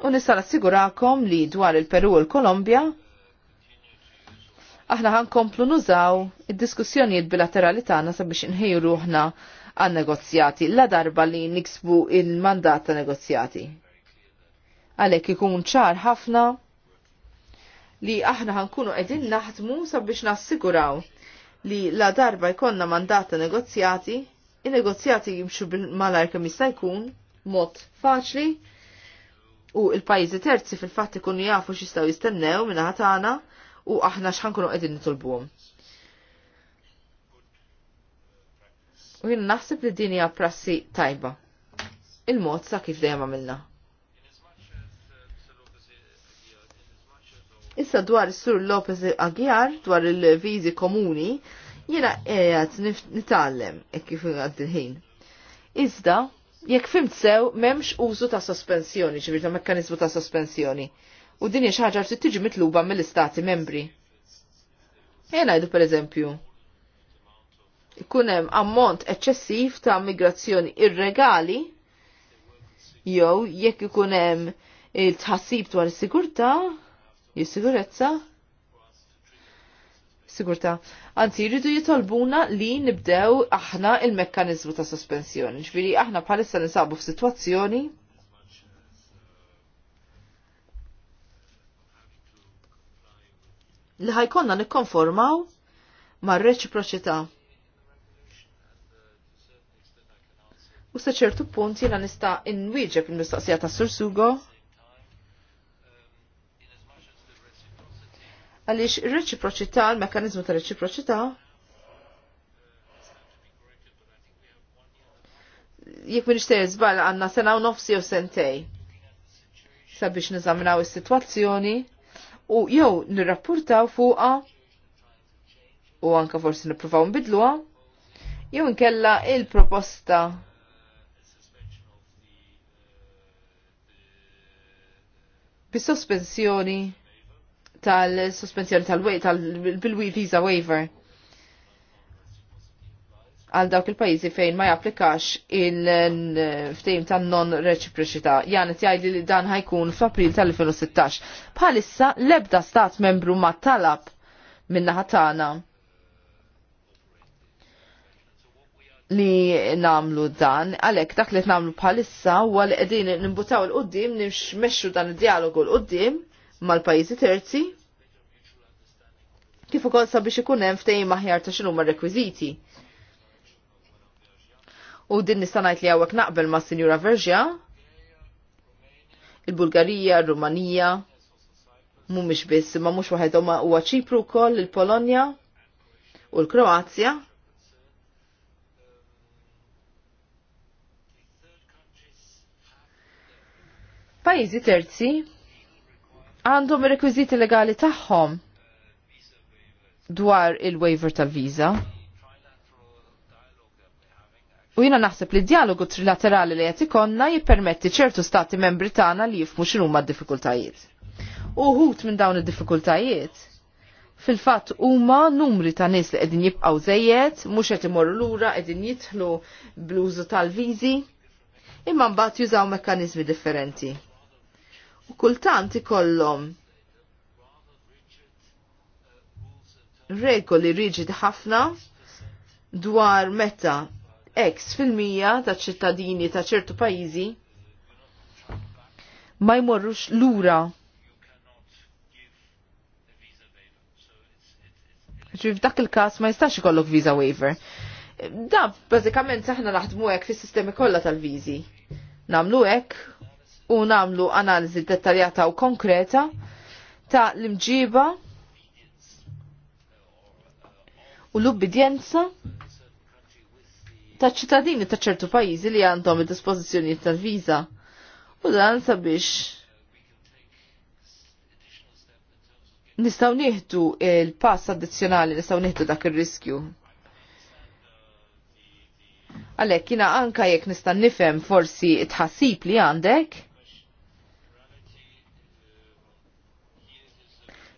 u nista' assigurakom li dwar il-Peru u l-Kolombja aħna komplu nużaw id-diskussjonijiet bilaterali tagħna sabiex inħejju ruħna għan negozjati la darba li niksbu il-mandat ta' negozjati. Għalhekk ikun ċar ħafna li aħna ħankunu qegħdin naħdmu sabiex nassiguraw li la darba jkollna mandata negozjati, in-negozjati jimxu bil-malar kemm jista' jkun mod faċli u il-pajjiżi terzi fil-fatt ikunu jafu x'jistgħu jistennew minn ħatana u aħna x'ħankunu qegħdin nitolbuhom. u jien naħseb li din hija prassi tajba. Il-mod sa kif dejjem għamilna. Issa dwar Sur Lopez Aguiar, dwar il-vizi komuni, jena għed nitallem e kif għad il-ħin. Iżda, jekk fimt sew, memx użu ta' sospensjoni, ġivir ta' mekkanizmu ta' sospensjoni. U din xaġa li tiġi mitluba mill-istati membri. Jena għedu per eżempju, kunem ammont eċċessiv ta' migrazzjoni irregali, jew jekk ikunem il-tħassib dwar is-sigurtà, jis-sigurezza, sigurta. Anzi, jridu jitolbuna li nibdew aħna il-mekkanizmu ta' sospensjoni. Ġviri, aħna bħalissa nisabu f'sitwazzjoni li ħajkonna nikkonformaw mar reċiproċità. U sa ċertu punt jena nista' inwieġeb il-mistoqsija ta' Sursugo. Sugo Għaliex ir-reċiproċità, l-mekkaniżmu ta' reċiproċità jekk minn xtejn żball għandna sena u nofsi jew sentej sabiex niżaminaw is-sitwazzjoni u jew nirrapportaw fuqha u anka forsi nippruvaw nbidluwa jew nkella il-proposta bis-sospensjoni tal-sospensjoni tal-wej bil visa waiver għal dawk il-pajizi fejn ma japplikax il-ftejm ta' non reċiproċità. Jan tjaj li dan ħajkun f'April tal-2016. Bħalissa l-ebda stat membru ma talab minna ħatana li namlu dan, għalek dak li namlu bħalissa u għal edin nimbutaw l-qoddim, nimx dan il-dialogu l-qoddim, mal-pajjiżi terzi kif ukoll sabiex ikun hemm ftehim maħjar ta' x'inhuma rekwiżiti. U din nista' ngħid li hawnhekk naqbel ma' Sinjura Verġja, il-Bulgarija, rumanija mhumiex biss ma mhux waħedhom huwa Ċipru wkoll il-Polonja u l-Kroazja. Pajjiżi terzi għandhom ir-rekwiżiti legali tagħhom dwar il-waiver ta' viza. U jina naħseb li dialogu trilaterali li qed ikonna jippermetti ċertu stati membri tagħna li jifmu x'inhuma d-diffikultajiet. Uħut minn dawn id-diffikultajiet fil-fatt huma numri ta' nies li qegħdin jibqgħu żejjed, mhux qed imorru lura qegħdin jidħlu bl-użu tal-viżi, imma mbagħad jużaw mekkaniżmi differenti kultant ikollhom regoli riġidi ħafna dwar meta X fil-mija ta' ċittadini ta' ċertu pajizi ma jmorrux lura. Ġi f'dak il-kas ma jistax ikollok visa waiver. Da, bazzikament aħna naħdmu hekk fis-sistemi kollha tal-viżi. Namlu hekk u namlu analiżi dettaljata u konkreta ta' l-imġiba u l-ubbidjenza ta' ċittadini ta' ċertu pajjiżi li għandhom id-dispożizzjonijiet tal-viża. U dan sabiex nistaw nieħdu il-pass addizzjonali nistaw nieħdu dak ir-riskju. Għalhekk jiena anka jekk nista' nifhem forsi tħassib li għandek,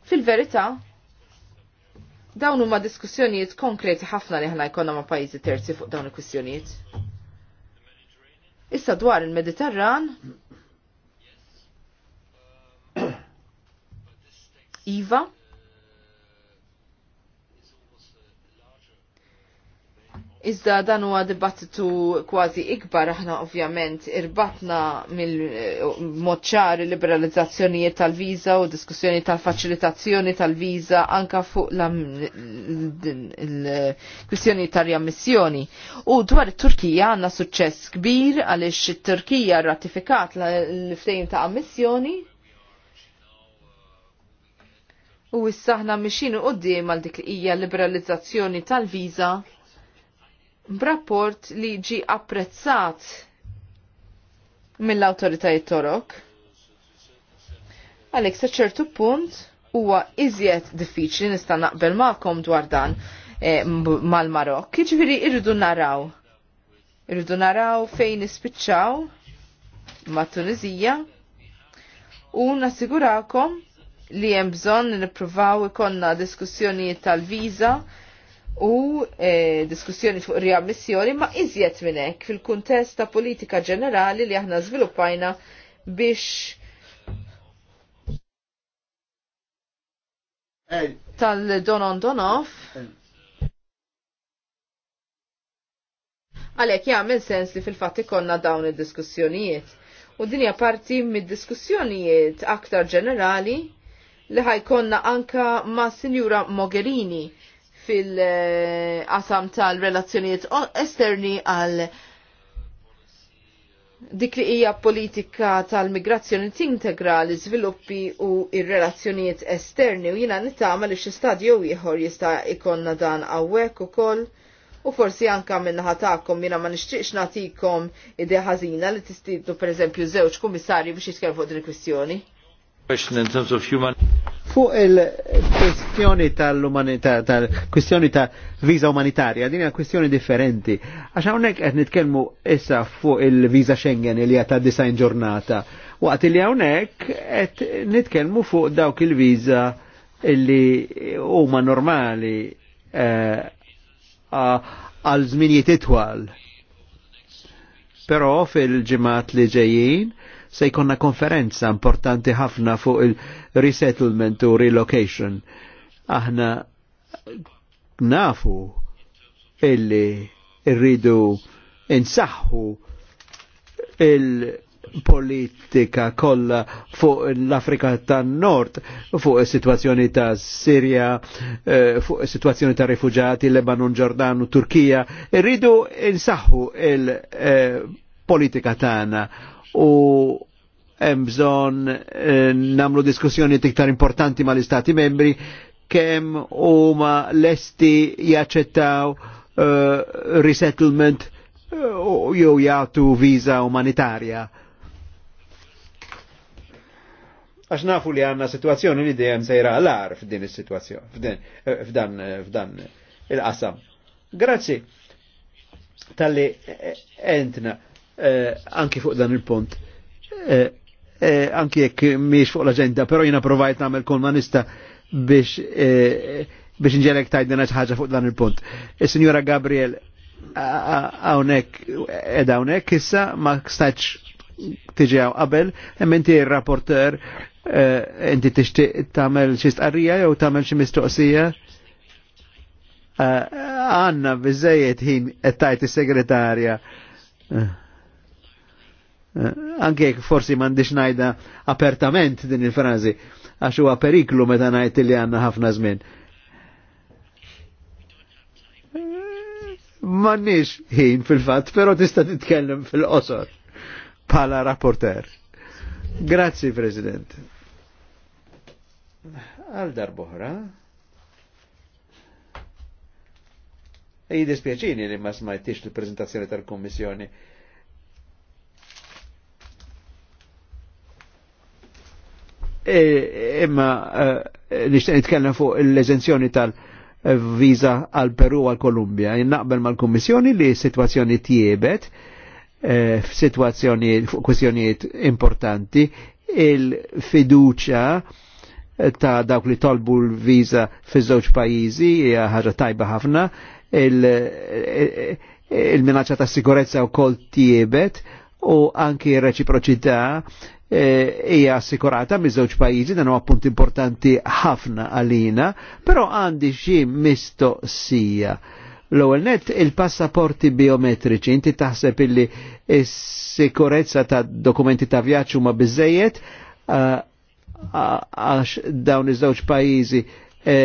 Fil-verità, dawn huma diskussjonijiet konkreti ħafna li ħna jkollna ma' pajjiżi terzi fuq dawn il-kwistjonijiet. Issa dwar il-Mediterran, Iva, Iżda dan huwa dibattitu kważi ikbar aħna ovvjament irbatna mill-mod eh, ċar liberalizzazzjonijiet tal-viża u diskussjoni tal-faċilitazzjoni tal-viża anka fuq il-kwistjoni tal-jammissjoni. U dwar it-Turkija għandna suċċess kbir għaliex it-Turkija rratifikat l-ftehim ta' ammissjoni u issa aħna mixin u għal dik hija liberalizzazzjoni tal-viża b'rapport li ġi apprezzat mill-autoritajiet torok. Għalek, sa ċertu punt huwa iżjed diffiċli nista' naqbel magħkom dwar dan e, eh, mal-Marok. Jiġifieri irridu naraw. Irridu naraw fejn ispiċċaw ma' Tunizija u nassigurakom li hemm bżonn nippruvaw ikollna diskussjonijiet tal-viża u e, diskussjoni fuq riammissjoni ma iżjed minn hekk fil-kuntest ta' politika ġenerali li aħna żviluppajna biex tal-donon donof għalhekk jagħmel sens li fil-fatt ikollna dawn id-diskussjonijiet. U dinja parti mid-diskussjonijiet aktar ġenerali li ħajkonna anka ma' Sinjura Mogherini fil-qasam tal-relazzjonijiet esterni għal dik li hija politika tal-migrazzjoni tintegra l iżviluppi u ir-relazzjonijiet esterni u jiena nittama li xi stadju ieħor jista' ikonna dan hawnhekk ukoll u forsi anka minnaħa taqkom jina ma nixtieqx nagħtikom idea ħażina li tistidnu pereżempju żewġ kummissarji biex jitkellmu fuq din il-kwistjoni. Fuq il-kwestjoni tal-umanità, tal-kwestjoni ta' viza umanitarja, din hija kwestjoni differenti. Għax hawnhekk qed nitkellmu issa fuq il-viza Schengen li hija ta' design ġurnata. Waqt li hawnhekk qed nitkellmu fuq dawk il-viża li huma normali eh, għal żminijiet itwal. Però fil-ġimgħat li ġejjin se jkonna konferenza importanti ħafna fuq il-resettlement u relocation. Aħna nafu illi rridu insaħħu il-politika kolla fuq l-Afrika tan-Nord, fuq is-sitwazzjoni ta' Sirja, eh, fuq is-sitwazzjoni ta' rifuġati, Lebanon, Ġordan u Turkija, irridu insaħħu il-politika eh, tagħna u hemm bżonn eh, namlu diskussjoni iktar importanti mal-Istati membri kemm huma lesti jaċċettaw eh, resettlement eh, jew jagħtu viża umanitarja għax nafu li għanna situazzjoni li dejjem sejra għal f'din is-situazzjoni, eh, f'dan, eh, f'dan il-qasam. Grazzi tal-li entna Eh, anki fuq dan il-punt. Eh, eh, anki jekk miex fuq l-agenda, pero jina provajt namel kol manista biex biex nġelek tajdna ħaġa fuq dan il-punt. Il-Signora Gabriel, għawnek, ed għawnek, issa ma staċ tiġi għaw qabel, emmenti il-rapporter, inti tixtieq tagħmel xi stqarrija jew tagħmel xi mistoqsija. Għanna biżejjed ħin qed il segretarja Eh, anke forsi m'għandix ngħidha apertament din il frazi għax huwa periklu meta ngħid li għandna ħafna żmien. Eh, m'għandniex ħin fil-fatt, però tista' titkellem fil-qosor bħala rapporter. Grazzi, President. Għal darbohra. Ej dispieċini li ma smajtix l-prezentazzjoni tal-Kommissjoni E, imma e, nixtieq nitkellem fuq l-eżenzjoni tal viza għal Peru għal Kolumbja. Naqbel mal-Kummissjoni li s-sitwazzjoni tiebet e, f'sitwazzjoni fuq kwestjonijiet importanti il-fiduċa ta' dawk li tolbu l-viza fi żewġ pajjiżi hija ħaġa tajba ħafna, il-minaċċa ta' sikurezza wkoll tiebet u anki reċiproċità E, hija assikurata minn żewġ pajjiżi dan huwa punt importanti ħafna għalina, però għandi xi mistoqsija. L-ewwel net il-passaporti biometriċi inti taħseb illi s-sikurezza ta' dokumenti ta' vjaġġ huma biżejjed għax dawn iż-żewġ pajjiżi e,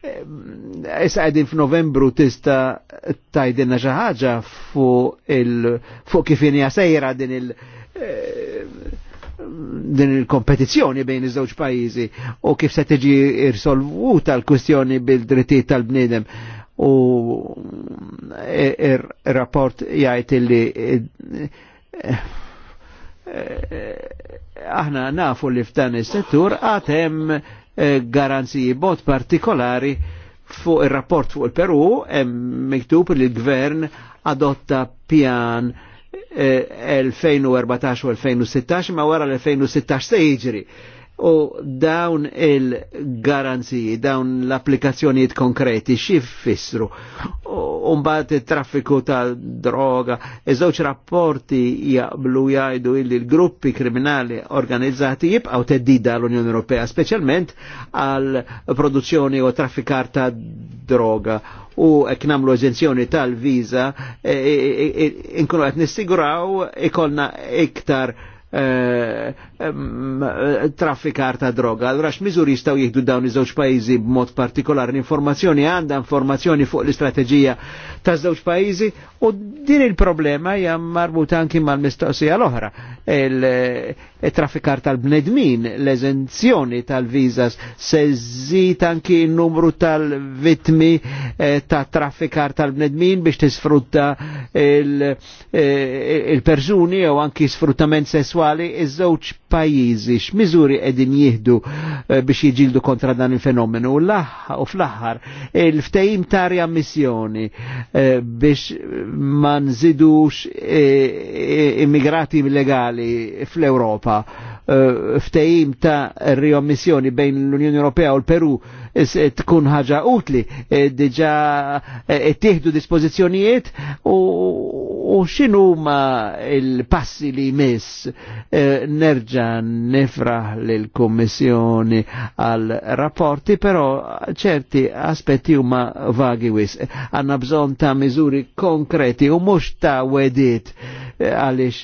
Eh, issa għedin f'Novembru tista tajdinna xi ħaġa fuq il fuq kif inija sejra din il eh, din il-kompetizzjoni bejn iż-żewġ pajjiżi u kif se tiġi irsolvuta l-kwistjoni bil-drittijiet tal-bniedem u eh, ir-rapport jgħid li aħna nafu li f'dan is-settur għad hemm Eh, garanziji bot partikolari fuq il-rapport fuq il-Peru hemm miktub li l-gvern adotta pjan 2014 eh, u 2016 ma wara l-2016 se jiġri u dawn il-garanziji, dawn l-applikazzjonijiet konkreti, xif fissru, umbat il-traffiku ta' droga, iż-żewġ rapporti jaqblu jajdu illi l-gruppi kriminali organizzati jibqaw teddida l-Unjoni Ewropea, specialment għal produzzjoni u traffikar ta' droga u ek namlu eżenzjoni tal-viza, e, e, e, e, inkunu għet nissiguraw ikolna iktar e, traffikar ta' droga. Allora x'miżuri jistgħu jieħdu dawn iż-żewġ pajjiżi b'mod partikolari l-informazzjoni għandha informazzjoni fuq l-istrateġija ta' żewġ pajjiżi u din il-problema hija marbuta anki mal-mistoqsija l-oħra. E traffikar tal-bnedmin, l-eżenzjoni tal-vizas se żżid anki n-numru tal-vitmi e, ta' traffikar tal-bnedmin biex tisfrutta e, il-persuni jew anki sfruttament sesswali iż-żewġ pajjiżi x'miżuri qegħdin jieħdu eh, biex jiġildu kontra dan il-fenomenu u fl-aħħar il-ftehim ta' riammissjoni eh, biex ma nżidux eh, immigrati illegali fl-Ewropa Eh, ftejim ta' riomissjoni bejn l-Unjoni Ewropea u l-Peru eh, tkun ħaġa utli, eh, diġa tieħdu dispożizzjonijiet u xinu ma il-passi li jmiss nerġa nifraħ l-Kommissjoni għal rapporti, però ċerti aspetti huma vagi wis. Għanna bżon ta' miżuri konkreti u mux ta' wedit għalix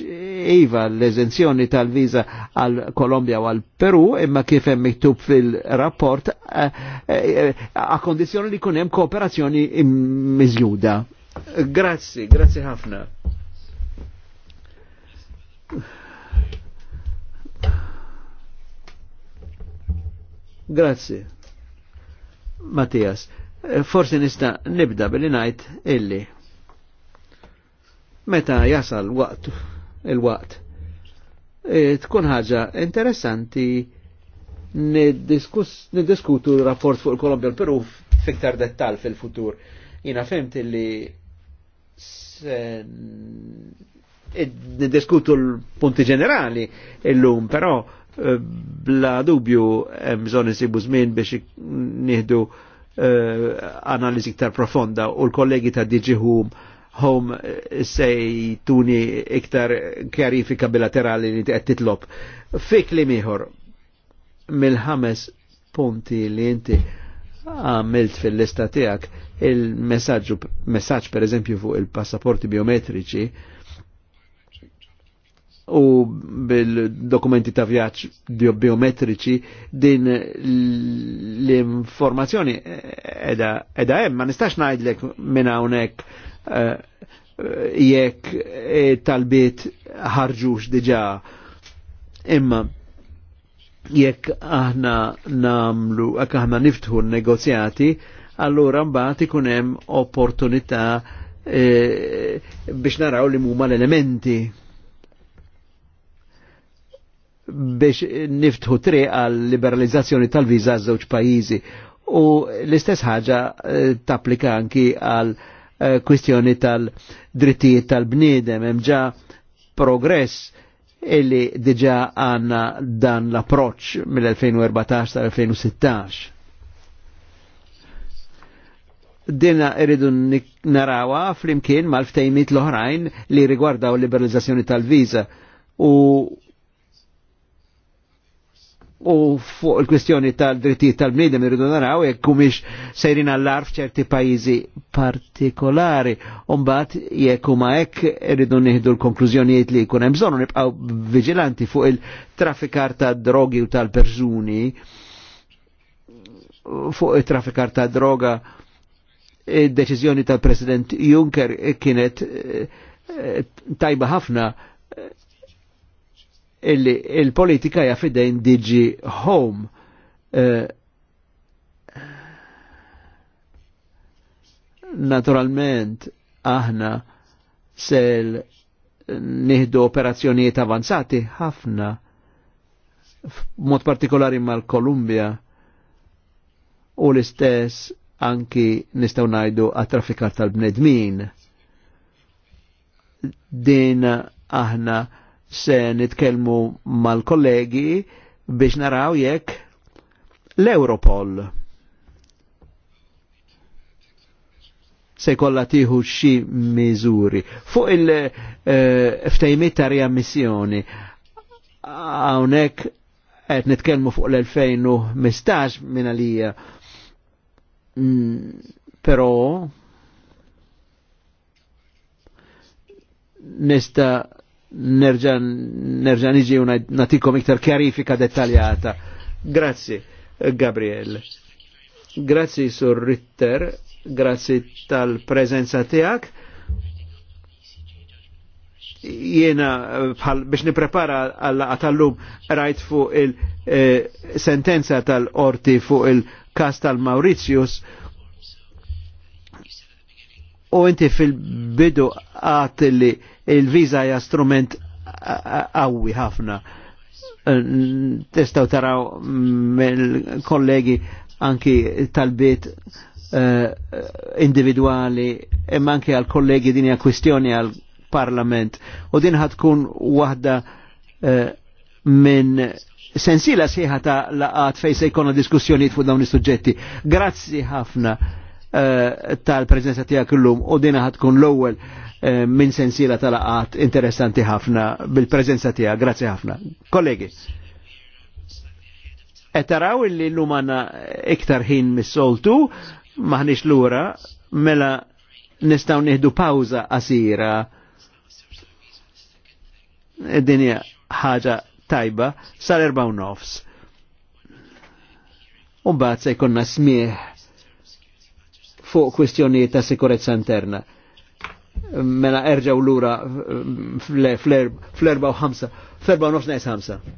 iva l-eżenzjoni tal-viza għal Kolombja u għal Peru imma kif hemm miktub fil-rapport eh, eh, a kondizjoni li kun hemm kooperazzjoni mizjuda. Grazzi, grazzi ħafna. Grazzi. Mattias, eh, forsi nista nibda billi najt illi meta jasal waqt il-waqt. E, tkun ħaġa interessanti niddiskutu l-rapport fuq il-Kolombja l-Peru fiktar dettal fil-futur. Jina fimt li niddiskutu l-punti ġenerali illum, però e, bla dubju bżon nsibu żmien biex nieħdu analizi e, analiżi iktar profonda u l-kollegi ta' diġiħum Home home eh, se tuni iktar kjarifika bilaterali li qed titlob. Fik li miħor mill-ħames punti li inti għamilt fil-lista tijak il-messagġu, messagġ per eżempju fuq il-passaporti biometriċi u bil-dokumenti ta' vjaċ biometriċi din l-informazzjoni e-, e-, edha hemm ma nistax ngħidlek minn hawnhekk Eh, jekk eh, talbiet ħarġux diġa. Imma jekk aħna namlu, jekk aħna niftħu negozjati, allura mbagħad ikun hemm opportunità eh, biex naraw li huma l-elementi biex niftħu triq għal liberalizzazzjoni tal-viża żewġ pajjiżi. U l-istess ħaġa tapplika anki għal Eh, kwistjoni tal-drittijiet tal-bniedem, hemm ġa progress illi diġa għanna dan l-approċ mill-2014 tal-2016. Dinna irridu narawa fl-imkien mal-ftejmit l-oħrajn li rigwardaw liberalizzazzjoni tal-viza u u fuq il-kwestjoni tal-drittijiet tal-bniedem irridu naraw jekk kumiex sejrin allar f'ċerti pajjiżi partikolari. Umbat jekk huma hekk irridu nieħdu l-konklużjonijiet li jkun hemm bżonn nibqgħu viġilanti fuq il-traffikar ta' drogi u tal perżuni fuq il-traffikar ta' droga id-deċiżjoni tal-President Juncker kienet eh, eh, tajba ħafna eh, illi il-politika hija fidejn diġi home. Eh, naturalment aħna sel nieħdu operazzjonijiet avanzati ħafna mod partikolari mal-Kolumbja u l-istess anki nistaw najdu għat-traffikar tal-bnedmin. Din aħna se nitkellmu mal-kollegi biex naraw jekk l-Europol se kolla tieħu xi miżuri fuq il-ftejmiet eh, ta' riammissjoni hawnhekk qed nitkellmu fuq l-2015 minn għalija mm, però nista' nerġa' niġi u natikom iktar kjarifika dettaljata. Grazzi, Gabriel. Grazzi, Sur Ritter, grazzi tal-prezenza tijak. Jena, biex niprepara għallaqa tal-lum rajt fuq il-sentenza eh, tal-orti fuq il-kas tal-Mauritius u inti fil-bidu għat li il-viza hija strument qawwi ħafna. Testaw taraw mill-kollegi anki tal-bit eh, individuali imma anki għal kollegi din hija kwistjoni għal parlament u din ħatkun waħda eh, minn sensila siħata laqat fejn se jkollna diskussjoni fuq dawn is-suġġetti. Grazzi ħafna. Eh, tal-prezenza tiegħek illum u dina ħatkun l-ewwel eh, minn sensiela tal-qat interessanti ħafna bil-prezenza tiegħek. Grazzi ħafna. Kollegi. Et taraw illi llum għandna iktar ħin mis-soltu, maħniex lura, mela nistgħu nieħdu pawża qasira. Dinja ħaġa tajba sal erba' nofs. U mbagħad se jkollna smieħ fuq kwistjoni ta' sikurezza interna. Mela erġaw lura fl-4 u 5, fl-4 u 9 5.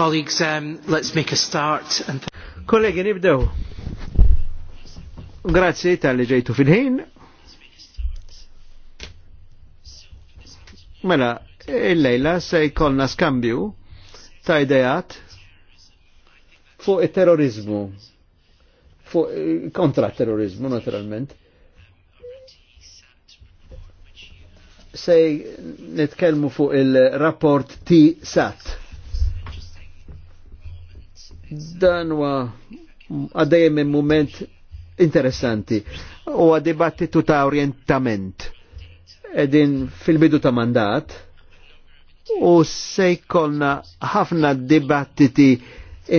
colleagues, um, let's make a start. And... Kollegi, nibdew. Grazie tal-li ġejtu fil-ħin. Mela, il-lejla se jkollna skambju ta' idejat fuq il-terrorizmu, fuq kontra terrorizmu naturalment. Se nitkellmu fuq il-rapport T-SAT Dan huwa għaddejjem moment interessanti u dibattitu ta' orientament. Edin fil-bidu ta' mandat u sejkolna ħafna dibattiti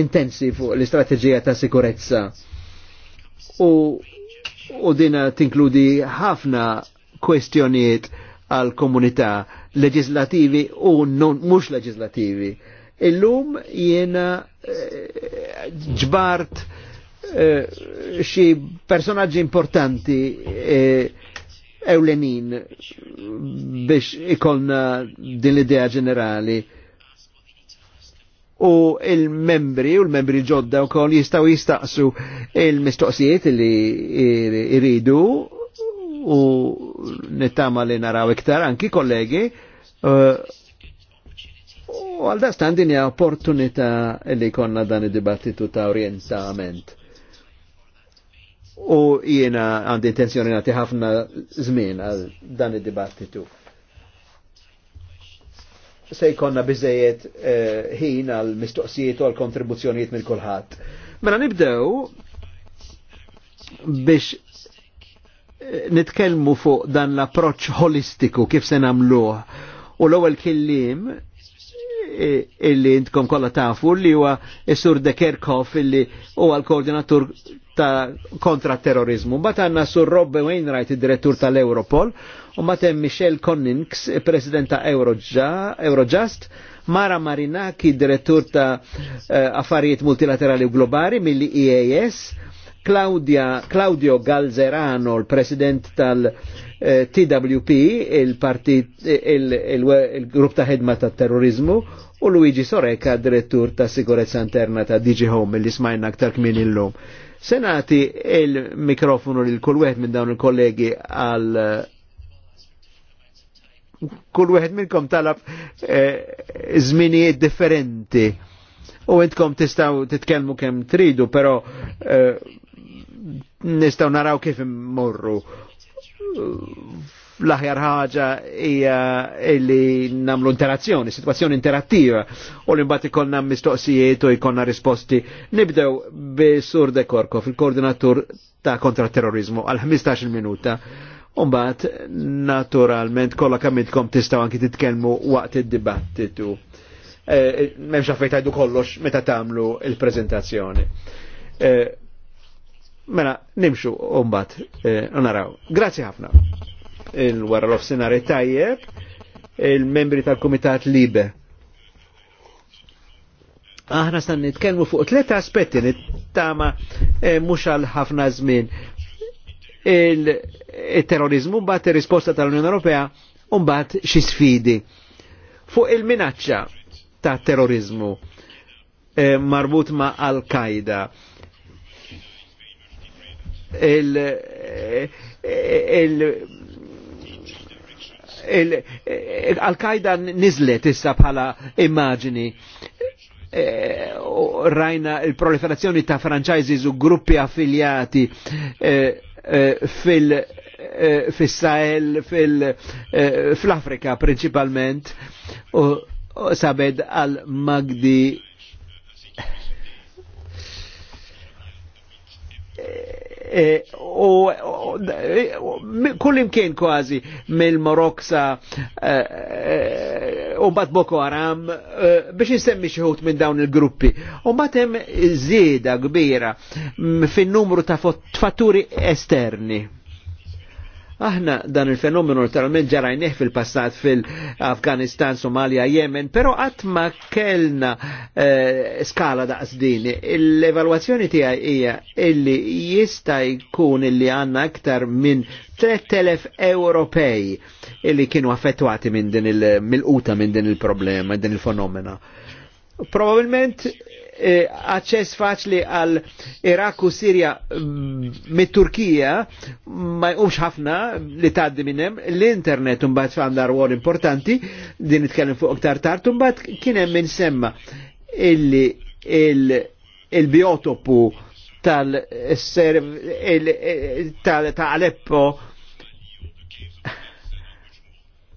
intensi fuq l-istrateġija ta' sikurezza. U, u dina tinkludi ħafna kwestjoniet għal komunità leġislativi u non mhux leġislativi Illum jiena eh, ġbart eh, xi personaġġi importanti eh, ewlenin biex ikolna din l-idea ġenerali u il-membri u l-membri ġodda u kol jistaw jistaqsu il-mistoqsijiet li iridu u nittama li naraw iktar anki kollegi uh, U għal dastan dinja opportunità li konna dan id-dibattitu ta' orientament. U jiena għandi intenzjoni nagħti ħafna żmien għal dan id-dibattitu. Se konna biżejjed eh, ħin għal mistoqsijiet u għal kontribuzzjonijiet mill kulħadd. Mela nibdew biex eh, nitkellmu fuq dan l-approċċ holistiku kif se nagħmluh. U l-ewwel kelliem illi intkom ta' tafu li huwa Sur De Kerkhoff illi huwa l-koordinatur ta' kontra terrorizmu. Mbagħad għandna Sur Robbe Wainwright id-direttur tal-Europol u mbagħad hemm Connings, president ta' Eurojust, Mara Marinaki, direttur ta' eh, affarijiet multilaterali u globali mill-IAS, Claudia, Claudio Galzerano, l-president tal- Eh, TWP, il-partit, il-grupp ta' ħedma ta' terrorizmu, u Luigi Soreka, direttur ta' sigurezza interna ta' DG Home, li smajna aktar kmin illum. Senati il-mikrofonu lil kull wieħed minn dawn il-kollegi għal kull wieħed minnkom talab eh, żminijiet differenti. U intkom tistgħu titkellmu kemm tridu, però eh, nistgħu naraw kif immorru l-aħjar ħaġa hija li namlu interazzjoni, situazzjoni interattiva u li mbagħad ikollna mistoqsijiet u jkollna risposti. Nibdew bi Sur De Korkov, il-koordinatur ta' kontraterrorizmu għal 15 minuta. Umbat, naturalment, kolla kammitkom tistaw anki titkelmu waqt id-dibattitu. E, eh, eh, Memx għaffejtajdu kollox meta tamlu il-prezentazzjoni. Eh, Mela, nimxu umbat, eh, naraw. Grazie ħafna. Il-wara l-offsinari tajjeb, il-membri tal-Komitat Libe. Aħna stan nitkellmu fuq tliet aspetti nittama eh, mhux għal ħafna żmien. Il-terrorizmu mbagħad ir-risposta tal-Unjoni Ewropea u mbagħad xi sfidi. Fuq il-minaċċa ta' terrorizmu eh, marbut ma' Al-Qaida il, il, al qaeda nizlet issa bħala immaġini e, rajna il-proliferazzjoni ta' franchises u gruppi affiljati e, e, fil- sahel fil-Afrika principalment, u sabed għal-Magdi Eh, u kullim kien kważi mill-Moroksa eh, eh, u bat Boko Haram biex nsemmi xħut minn dawn il-gruppi. U hemm żieda kbira fin-numru ta' fatturi esterni Aħna dan il-fenomenu naturalment ġarajnieħ fil-passat fil-Afganistan, Somalia, Yemen, pero għatma kellna eh, skala daqs din. L-evaluazzjoni tiegħi hija illi jista' jkun illi għandna aktar minn 3000 Ewropej illi kienu affettwati minn din il-quta minn din il-problema, din il-fenomena. Probabilment eh, aċċess faċli għal Iraq u Sirja mm, mit-Turkija ma jqumx ħafna li tgħaddi minnem l-internet mbagħad fandar għor importanti din itkellem fuq iktar tard mbagħad kien hemm insemma illi il-biotopu tal tal ta' Aleppo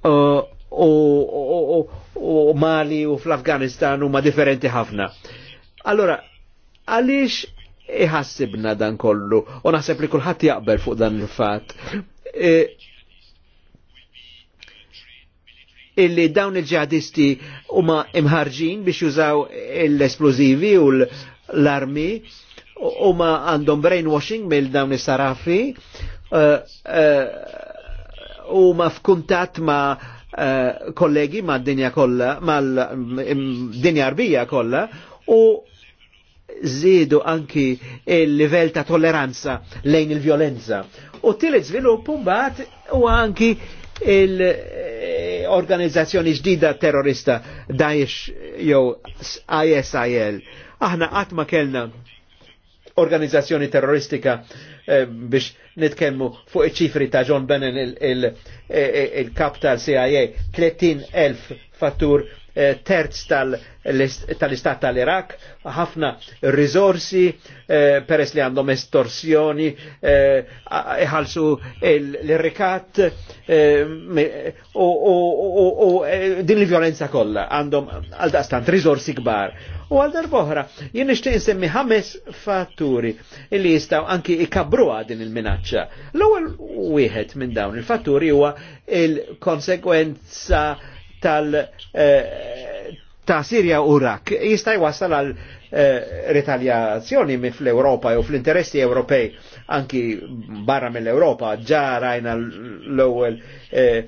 u Mali u fl-Afganistan huma differenti ħafna. Allora, għaliex iħassibna dan kollu, u naħseb li kulħadd jaqbel fuq dan il-fatt. E, illi dawn il-ġihadisti huma imħarġin biex jużaw l-esplosivi u l-armi huma għandhom brainwashing mill dawn is-sarafi e, e, u uh, ma f'kuntat e, ma' kollegi ma' dinja kollha d dinja arbija kollha u zidu anki il-livell ta' tolleranza lejn il-violenza. U t zviluppu mbagħad u anki il-organizzazzjoni ġdida terrorista Daesh jew ISIL. Aħna qatt ma kellna organizzazzjoni terroristika biex nitkellmu fuq iċ-ċifri ta' John Bennen il-kap tal-CIA 30.000 fattur Eh, terz tal-istat tal irak ħafna risorsi eh, peress li għandhom estorsjoni, eh, iħalsu l-rikat u din l-violenza kolla għandhom għal-daqstant risorsi kbar. U għal boħra, jien nixtieq insemmi ħames fatturi li jistaw anki ikabru din il-minaċċa. L-ewwel wieħed minn dawn il-fatturi huwa il-konsekwenza tal- eh, ta' Sirja u Irak jista' jwassal għal eh, retaljazzjoni fl-Europa u fl-interessi Ewropej anki barra mill-Europa ġa rajna l-ewwel eh,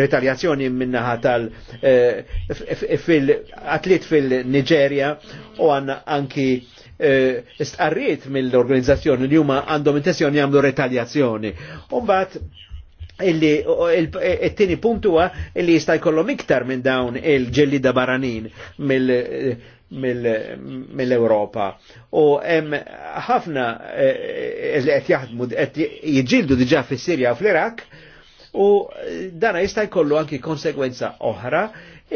retaljazzjoni minnaħa tal atlit fil-Niġerja u għanna anki istqarriet mill-organizzazzjoni li huma għandhom intenzjoni jagħmlu retaljazzjoni. Umbagħad illi il-tini e, e, punt huwa illi jista' jkollhom iktar minn dawn il-ġellida baranin mill-Europa. U hemm ħafna e, qed jaħdmu qed jiġġieldu diġà fis-Sirja u fl-Irak u dana jista' jkollu anki konsekwenza oħra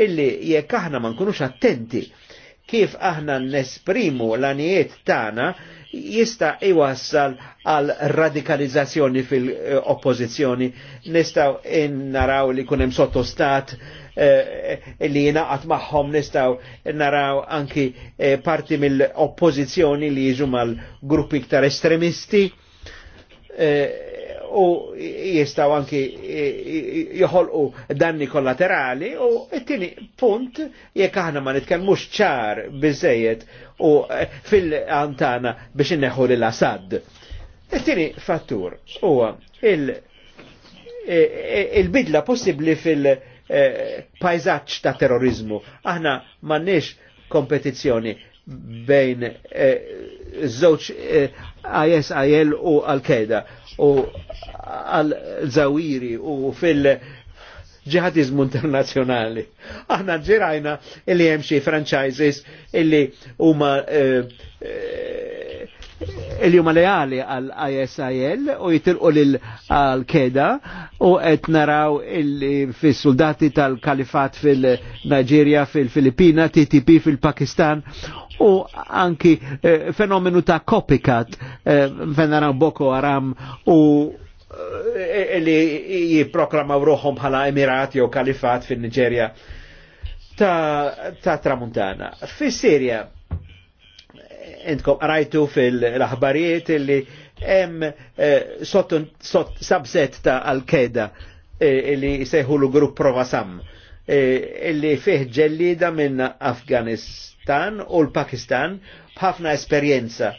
illi jekk aħna ma nkunux attenti kif aħna nesprimu l-anijiet tagħna jista iwassal għal radikalizzazzjoni fil-oppozizjoni. Nistaw naraw li kunem sottostat eh, li għat maħħom nistaw naraw anki eh, parti mill-oppozizjoni li jiġu mal-gruppi iktar estremisti eh, u jistaw anki eh, joħolqu danni kollaterali u it-tini punt jekk aħna ma nitkellmux ċar biżejjed u eh, fil-antana biex inneħu l-Assad. Tini fattur huwa eh, il-bidla possibli fil-pajzaċ eh, ta' terrorizmu. Aħna mannix kompetizzjoni bejn zoċ ISIL u Al-Qaeda u al zawiri u fil- ġihadizmu internazjonali. Aħna ġirajna illi hemm xi franchises illi huma eh, eh, illi huma leali għal ISIL u jitilqu lil keda u qed naraw illi fis-soldati tal-kalifat fil-Niġerja, fil-Filippina, TTP fil-Pakistan u anki eh, fenomenu ta' copycat fenna Boko Haram u Eh, eh, li jiproklamaw ruħom bħala Emirati jew Kalifat fin niġerja ta', ta Tramuntana. Fis Sirja, intkom rajtu fil-aħbarijiet li hemm eh, sot subset ta' al-Qeda eh, li jseħu l-grupp Provasam li fih ġellida minn Afganistan u l-Pakistan b'ħafna esperjenza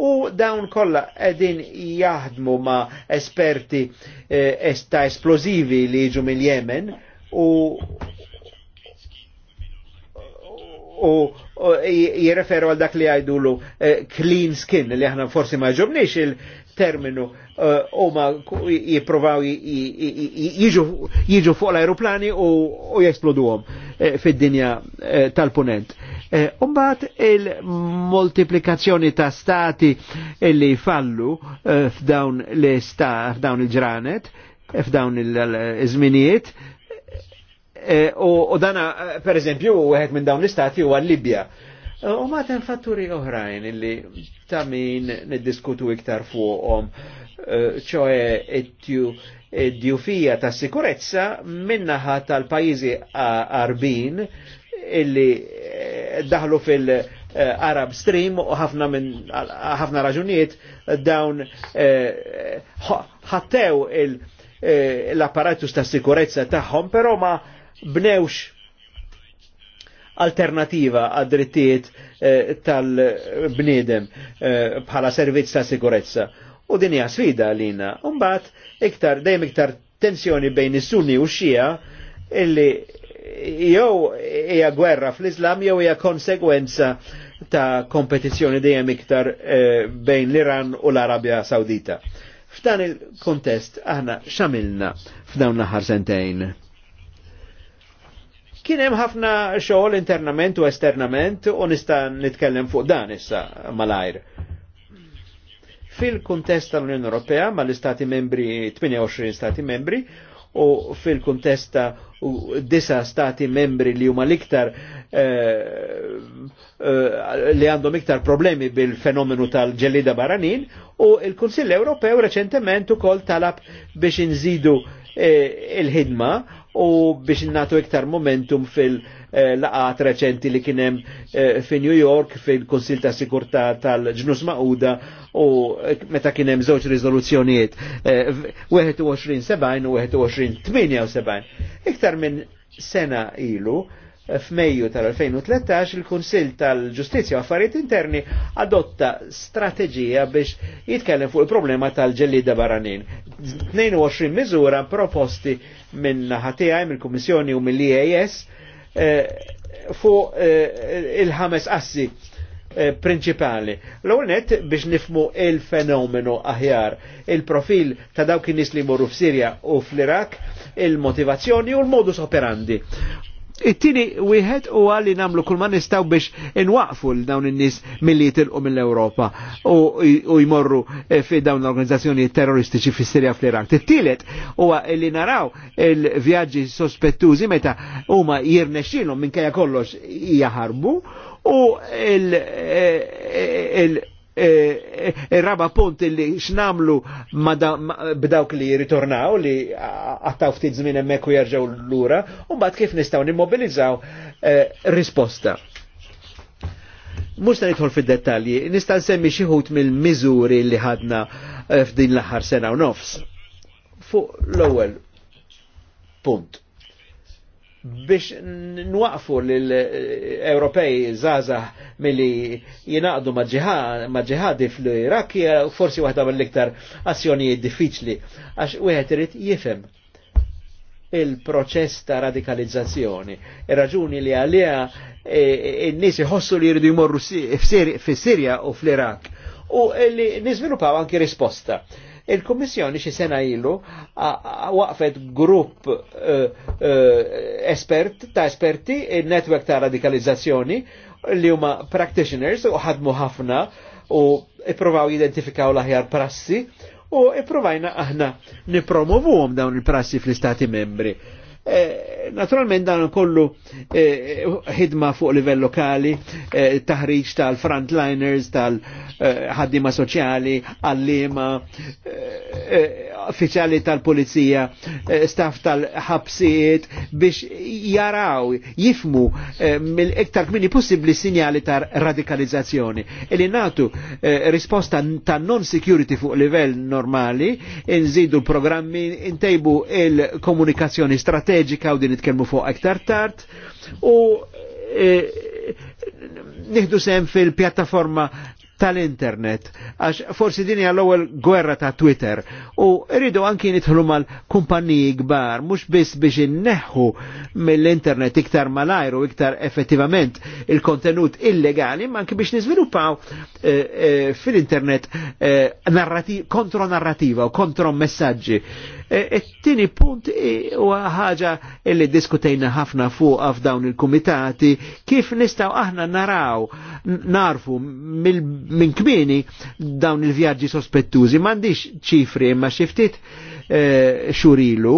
U dawn kolla edin jahdmu ma' esperti eh, ta' esplosivi li jiġu mill-Jemen u u, jireferu għal dak li għajdulu eh, clean skin li aħna forsi ma ġobniex il-terminu Eh, huma jippruvaw jiġu fuq l-aeroplani u jesploduhom eh, fid-dinja eh, tal-punent. Umbat il-multiplikazzjoni ta' stati li fallu f'dawn f'dawn il-ġranet, f'dawn il-żminijiet, u dana per eżempju u għed minn dawn l-istati u għal-Libja U matem fatturi oħrajn illi ta' min niddiskutu iktar fuqhom, eh, ċoħe id-djufija ta' sikurezza minnaħa tal-pajizi arbin illi eh, daħlu fil- eh, Arab Stream u ħafna minn ħafna raġunijiet dawn ħattew l-apparatus ta' sikurezza tagħhom, però ma bnewx alternativa għad-drittijiet eh, tal-bniedem eh, bħala servizz ta' sikurezza. U din hija sfida għalina. Umbat, iktar, dejjem iktar tensjoni bejn is-sunni u xija illi jew hija gwerra fl-Islam jew hija konsegwenza ta' kompetizzjoni dejjem iktar eh, bejn l-Iran u l-Arabja Sawdita. F'dan il-kontest aħna xamilna f'dawn l-aħħar sentejn. Kien hemm ħafna xogħol internament u esternament u nista' nitkellem fuq dan issa malajr. Fil-kuntest tal-Unjoni Ewropea mal-Istati Membri 28 Stati Membri u fil-kuntest ta' disa Stati Membri li huma l-iktar eh, eh, li għandhom iktar problemi bil-fenomenu tal-ġellida baranin u il-Kunsill Ewropew reċentement ukoll talab biex inżidu eh, il-ħidma u biex natu iktar momentum fil-laqat reċenti li kienem eh, fi New York fil-Konsil ta' Sigurta tal-ġnus Mauda u meta kienem żewġ rizoluzzjonijiet 21-70 eh, u 21-78. Iktar minn sena ilu f'Mejju tal-2013 il-Kunsill tal-Ġustizzja u Affarijiet Interni adotta strateġija biex jitkellem fuq il-problema tal-ġellida barranin. 22 miżura proposti minn ħatijaj, mill-Kummissjoni u mill-IAS eh, fuq eh, il-ħames assi eh, prinċipali. L-għonet biex nifmu il-fenomenu aħjar, il-profil ta' dawk nis li morru f'Sirja u fl-Irak, il-motivazzjoni u l-modus operandi. It-tini wieħed u li namlu kull ma nistaw biex inwaqfu l-dawn in-nies milli jitilqu mill-Ewropa u jmorru eh, fi dawn l-organizzazzjoni terroristiċi fis sirja fl-Iraq. It-tielet huwa li naraw il-vjaġġi sospettużi meta huma jirnexxielhom minkejja kollox jaħarbu u il- eh, eh, E, e, raba punt li x'namlu b'dawk li ritornaw li għattaw ftit żmien hemmhekk u jerġgħu lura, u mbagħad kif nistgħu nimmobilizzaw e, risposta. Mux ta' nidħol fid-dettalji, nista' nsemmi xieħut mill-miżuri li ħadna f'din l-aħħar sena u nofs. Fuq l-ewwel punt biex nwaqfu l-Ewropej zaza mill-li jinaqdu maġiħadi fl-Iraq forsi waħda mill-iktar azzjonijiet diffiċli għax wieħed irid jifem il-proċess ta' radikalizzazzjoni. Ir-raġuni li għalija e, e, n-nies iħossu li jridu jmorru fis-Sirja u fl-Iraq u li niżviluppaw anki risposta. Il-Kummissjoni xi sena ilu waqfet grupp eh, eh, espert ta' esperti, il-netwerk ta' radikalizzazzjoni li huma practitioners u ħadmu ħafna u ippruvaw jidentifikaw l-aħjar prassi u ipprovajna aħna nipromovuhom dawn il-prassi fl-istati membri Eh, naturalment dan kollu eh, ħidma fuq livell lokali, eh, taħriġ tal-frontliners, tal-ħaddima soċjali, għallima, uffiċjali tal-pulizija, staff tal ħabsiet biex jaraw, jifmu mill-iktar kmini possibli sinjali ta' radikalizzazzjoni. Illi natu risposta ta' non-security fuq livell normali, nżidu programmi intejbu il-komunikazzjoni strategi. Belġika u din nitkellmu fuq aktar tard u e, nieħdu sem fil-pjattaforma tal-internet, għax forsi din hija l-ewwel gwerra ta' Twitter. U rridu anki nidħlu mal-kumpaniji kbar, mhux biss biex inneħħu mill-internet iktar malajru, iktar effettivament il-kontenut illegali, ma anki biex niżviluppaw e, e, fil-internet e, kontronarrativa u kontro messaġġi It-tieni e, e, punt huwa e, ħaġa li diskutejna ħafna fuq dawn il-kumitati kif nistgħu aħna naraw narfu minn kmini dawn il-vjaġġi sospettużi. M'għandix ċifri imma xi ftit xurilu,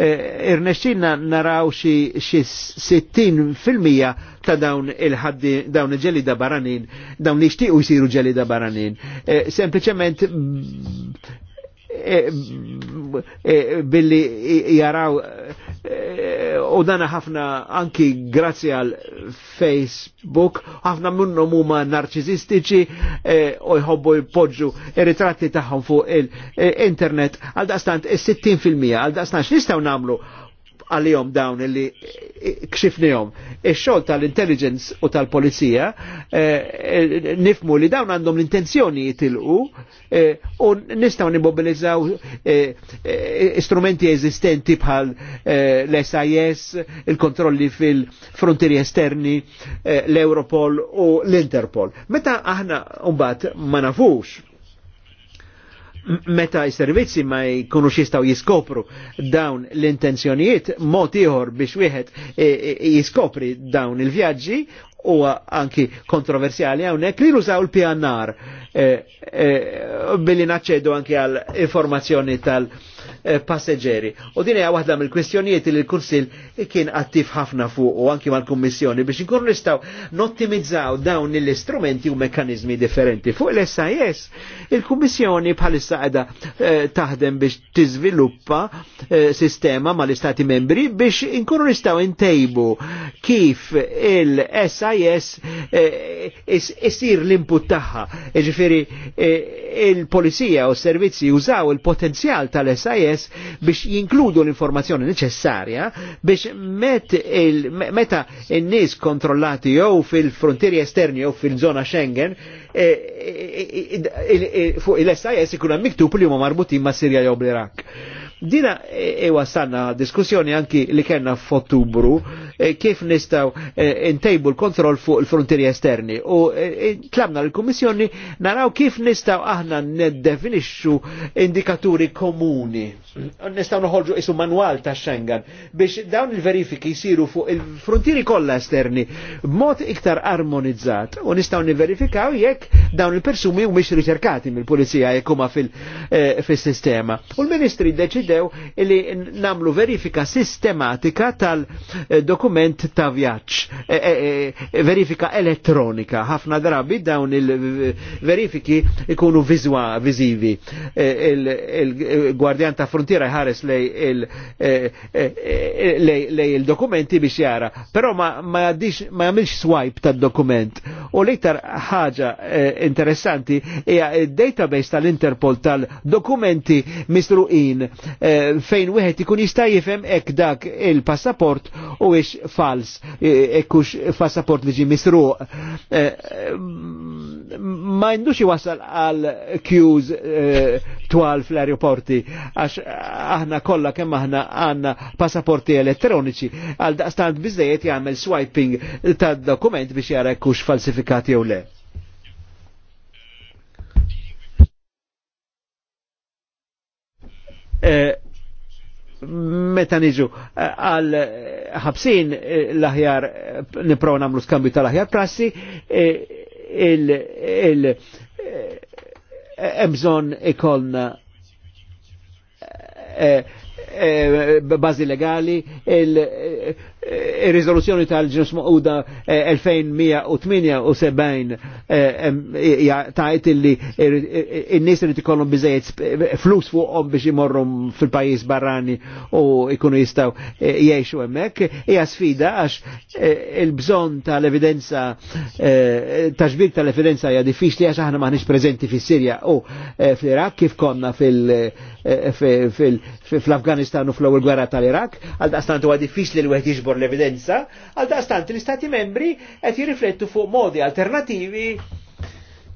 irnexxina naraw xi 60% ta' dawn il-ħaddi, dawn il da baranin, dawn li jisiru ġeli da baranin. Sempliċement Eh, eh, billi jaraw eh, u dana ħafna anki grazzi għal Facebook ħafna minnhom huma narċizistiċi u jħobbu jpoġġu ritratti tagħhom fuq il-internet għal daqstant is-60 għal daqstant x'nistgħu nagħmlu għal-jom dawn illi kxifnijom. Ix-xogħol tal-intelligence u tal-polizija eh, nifmu li dawn għandhom l-intenzjoni jitilqu eh, u nistgħu nimmobilizzaw eh, istrumenti eżistenti bħal l-SIS, il-kontrolli fil-frontieri esterni, l-Europol u l-Interpol. Meta aħna mbagħad ma nafux meta s-servizzi ma jkunux jistaw jiskopru dawn l-intenzjonijiet, mod ieħor biex wieħed jiskopri dawn il-vjaġġi u anki kontroversjali hawnhekk li użaw il-PNR eh, eh, billi naċċedu anki għal informazzjoni tal- Eh, passeġeri. U din hija waħda mill kwistjonijiet li l-Kunsill kien attiv ħafna fuq u anki mal-Kummissjoni biex inkunu nistgħu nottimizzaw dawn l-istrumenti u mekkaniżmi differenti. Fuq l-SIS, il-Kummissjoni bħalissa qiegħda eh, taħdem biex tiżviluppa eh, sistema mal-Istati membri biex inkunu nistgħu intejbu kif il-SIS isir l-input tagħha. Jiġifieri il-polizija u s-servizzi użaw il-potenzjal tal-SIS l-SIS biex jinkludu l-informazzjoni neċessarja biex met il, meta n-nies kontrollati jew fil-frontieri esterni jew fil zona Schengen eh, eh, eh, fuq il-SIS ikun miktub li huma marbutin ma' Sirja jew l-Iraq Dina ewa e, sanna diskussjoni anki li kena f'Ottubru e, kif nistaw e, intejbu l-kontroll fuq il-frontieri esterni u tlamna l kummissjoni naraw kif nistaw aħna neddefinixxu indikaturi komuni nistaw noħolġu isu manwal ta' Schengen biex dawn il-verifiki jisiru fuq il-frontieri kollha esterni b'mod iktar armonizzat u nistaw niverifikaw jekk dawn il-persumi mhumiex riċerkati mill-pulizija jekk huma fil-sistema. Eh, u l-ministri deċidew li namlu verifika sistematika tal-dokument ta' vjaġġ, eh, eh, verifika elettronika. Ħafna drabi dawn il-verifiki ikunu viżivi. Il-gwardjan ta' frontiera jħares eh, eh, eh, lej il-dokumenti biex jara, però ma jamilx swipe tad-dokument. U l-iktar ħaġa interessanti hija il-database tal-Interpol tal-dokumenti misruqin fejn wieħed ikun jista' jifhem hekk dak il-passaport u ix fals, ekkux passaport li ġi misruq. Ma jindux jwasal għal queues twal fl-aeroporti għax aħna kollha kemm aħna għandna passaporti elettroniċi għal daqstant biżejjed jagħmel swiping tad-dokument biex jara kux falsifikat jew le. Eh, meta niġu eh, għal ħabsin eh, l-aħjar niprofaw namlu skambju tal-aħjar prassi il il bżon ikolna Eh, eh, bazi legali, il-rizoluzjoni tal-ġnus Mauda 2178 eh, eh, tajt illi il-nis li tikollhom biżejjed flus fuqhom biex imorrum fil-pajjiż barrani u ikunu jistaw eh, jgħixu emmek. Ija sfida għax il-bżonn tal-evidenza taġbir tal-evidenza hija diffiċli għax aħna maħniex prezenti fis-Sirja u fl-Iraq kif konna fil-Afganistan u fl-ewwel gwerra tal-Iraq għal daqstant huwa diffiċli l-wieħed jiġbor tkabbar l-evidenza, għal daqstant l-Istati membri qed jirriflettu fuq modi alternativi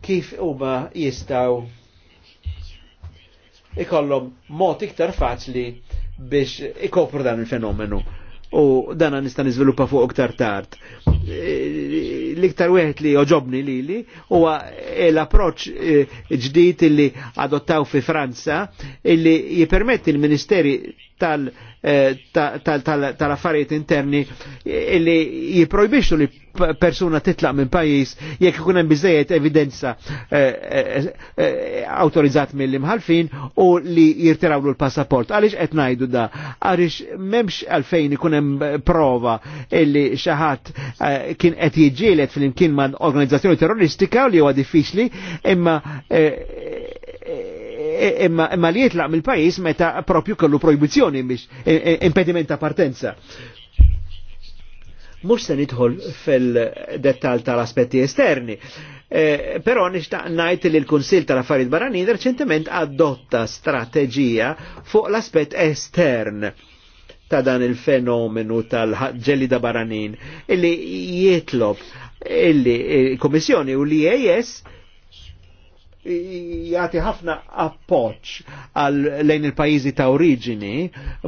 kif huma jistaw ikollhom mod iktar faċli biex ikopru dan il-fenomenu. U dana nista niżviluppa fuq iktar tard. L-iktar wieħed li oġobni lili huwa l-approċċ eh, ġdid li adottaw fi Franza illi jipermetti l-Ministeri tal- Eh, tal-affarijiet interni li jiprojbixxu li persuna titlaq minn pajis jekk ikun hemm biżejjed evidenza eh, eh, awtorizzat mill-imħalfin u li jirtirawlu l-passaport. Għaliex qed ngħidu da? Għaliex m'hemmx għalfejn ikun hemm prova illi xi ħadd kien qed jiġġieled fl-imkien ma' organizzazzjoni terroristika li huwa diffiċli imma imma e, e, li jitlaq mill-pajis meta propju kollu proibizjoni biex e, impediment ta' partenza. Mux se nidħol fil-dettal tal-aspetti esterni, eh, però nishtaq najt li l-Konsil tal-Affarijiet Barranin reċentement adotta strateġija fuq l-aspett estern ta' dan il-fenomenu tal-ġellida baranin illi jitlob illi il-Komissjoni u l-IAS jati ħafna appoċ għal lejn il pajizi ta' oriġini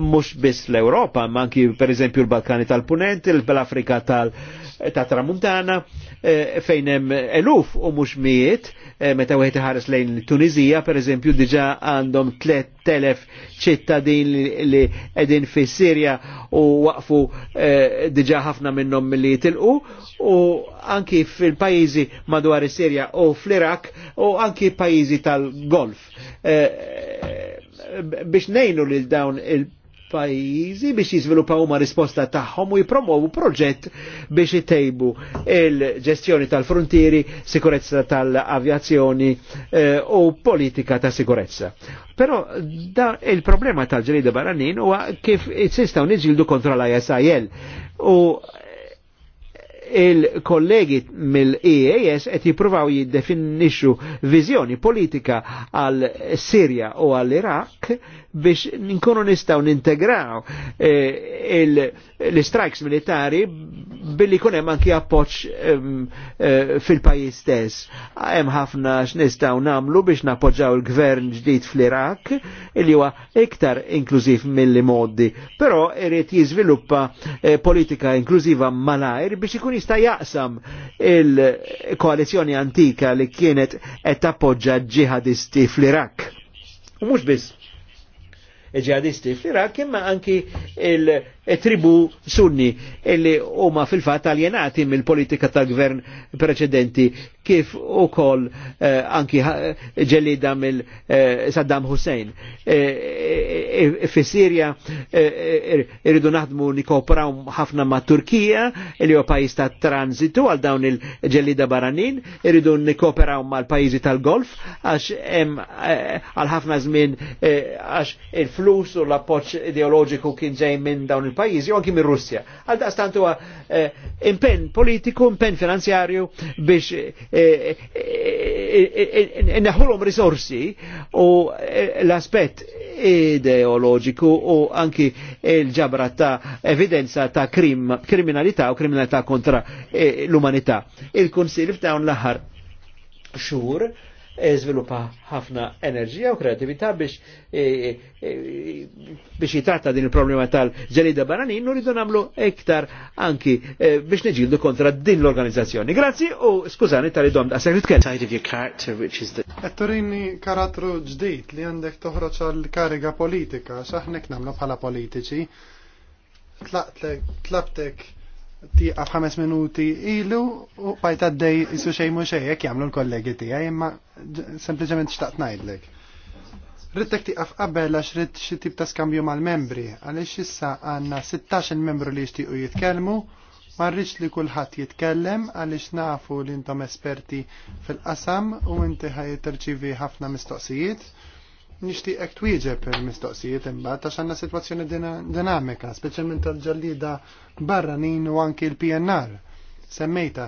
mux biss l europa manki per eżempju l-Balkani tal-Punent, l-Afrika tal-Tramuntana. tal tramuntana Eh, fejn hemm eluf u mhux mijiet, eh, meta wieħed iħares lejn Tunizija pereżempju diġà għandhom 3000 ċittadin li qegħdin fis-Sirja u waqfu eh, diġà ħafna minnhom milli jitilqu u anki fil-pajjiżi madwar is-Sirja u fl-Irak u anki pajjiżi tal-Golf biex nejnu lil dawn il pajjiżi biex jiżviluppaw ma risposta tagħhom u jipromovu proġett biex itejbu il-ġestjoni tal-frontieri, sikurezza tal-avjazzjoni eh, u politika ta' sikurezza. Però da il-problema tal-ġelida barranin huwa kif insistaw niġildu kontra l-ISIL u il-kollegi mill-EAS qed jippruvaw jiddefinixxu viżjoni politika għal Sirja u għal Iraq biex nkunu nistgħu nintegraw eh, l-strikes militari billi jkun hemm anki appoġġ ehm, eh, fil-pajjiż stess. Hemm ħafna x'nistgħu nagħmlu biex nappoġġaw il-gvern ġdid fl-Iraq li huwa iktar inklużiv milli modi, però irid jiżviluppa eh, politika inklużiva malajr biex ikun jista' jaqsam il-koalizjoni antika li kienet qed appoġġa ġihadisti fl-Irak. U mhux biss ġihadisti fl-Irak imma anki il-tribu sunni illi huma fil-fatt aljenati mill-politika tal-gvern preċedenti kif ukoll eh, anki ġelida mill eh, Saddam Hussein. Eh, eh, eh, fi Sirja irridu naħdmu nikopraw ħafna ma' Turkija, li huwa pajjiż ta' transitu għal dawn il-ġelida baranin, irridu nikoperaw mal-pajjiżi tal-Golf għax hemm għal ħafna żmien għax il-flus u l-appoġġ ideoloġiku kien ġej minn dawn il-pajjiżi u anki minn Russja. Għal daqstant huwa impenn politiku, impenn finanzjarju biex Eh, eh, eh, neħulhom risorsi u l aspet ideologiku u anki il-ġabra ta' evidenza ta' krim, kriminalità u kriminalità kontra l-umanità. il konsil f'dawn l-aħħar xhur żviluppa e, ħafna enerġija u kreatività biex e, e, biex jitratta din il-problema tal-ġelida baranin u rridu nagħmlu iktar anki biex neġildu kontra din l-organizzazzjoni. Grazzi u skużani tal dom da' sekret kell. Etturini karatru ġdijt li għandek toħroċ għal kariga politika x'aħnek namlu bħala politiċi. Tlaqtek tlabtek tiqa f'ħames minuti ilu u bajta d-dej jisu xej mu xej, jek jamlu l-kollegi tijaj, imma sempliciment xtaqt najdlek. Rittek tiqa f'qabel għax ritt xi tip ta' skambju mal-membri, għaliex issa għanna 16 membru li jixtiequ jitkellmu, ma rridx li kulħadd jitkellem għaliex nafu li intom esperti fil-qasam u inti ħaj terċivi ħafna mistoqsijiet nixtieqek twieġeb il-mistoqsijiet imbagħad għax għandna sitwazzjoni dinamika, speċjalment tal-ġallida barranin u anki l-PNR. Semmejta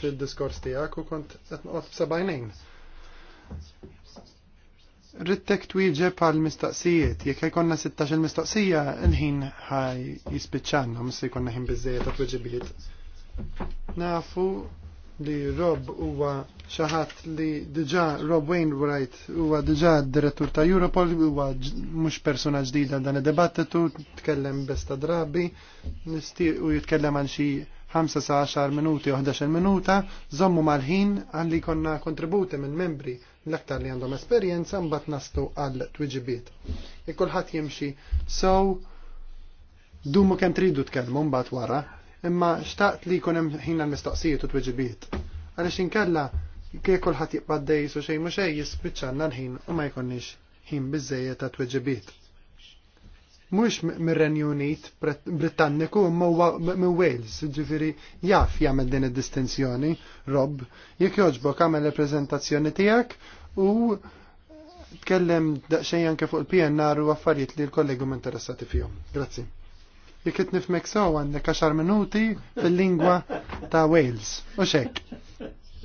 fil-diskors tiegħek u kont qed noqgħod b'sebgħinejn. Rittek twieġeb għal mistoqsijiet, jekk jkollna 16 mistoqsija, il-ħin ħaj jispiċċanna, se jkollna ħin biżejjed ta' tweġibiet. Nafu li Rob huwa xaħat li diġa Rob Wainwright huwa diġa direttur ta' Europol huwa mhux persuna ġdida dan id debattitu tkellem besta drabi nistiq u jitkellem għal xi 5 sa 10 minuti u 11 minuta żommu mal-ħin għalli konna kontributi minn membri l-aktar li għandhom esperjenza mbagħad nastu għal twiġibiet. kulħadd jimxi so dumu kemm tridu tkellmu mbagħad wara imma xtaqt li jkun hemm ħin l-mistoqsijiet u tweġibiet. Għaliex inkella kieku kulħadd jibqa' su u xejn xej xejn jispiċċanna l-ħin u ma jkunniex ħin bizzejiet ta' tweġibiet. Mhux mir-Renju Unit Britanniku mu minn Wales, ġifiri jaf jagħmel din id-distinzjoni, Rob, jekk jogħġbok għamel il-preżentazzjoni tiegħek u tkellem daqsxejn anke fuq il-PNR u affarijiet li l-kollegu interessati fihom. Grazzi jek qed nifmek sew għandek 10 minuti fil-lingwa ta' Wales. U xek.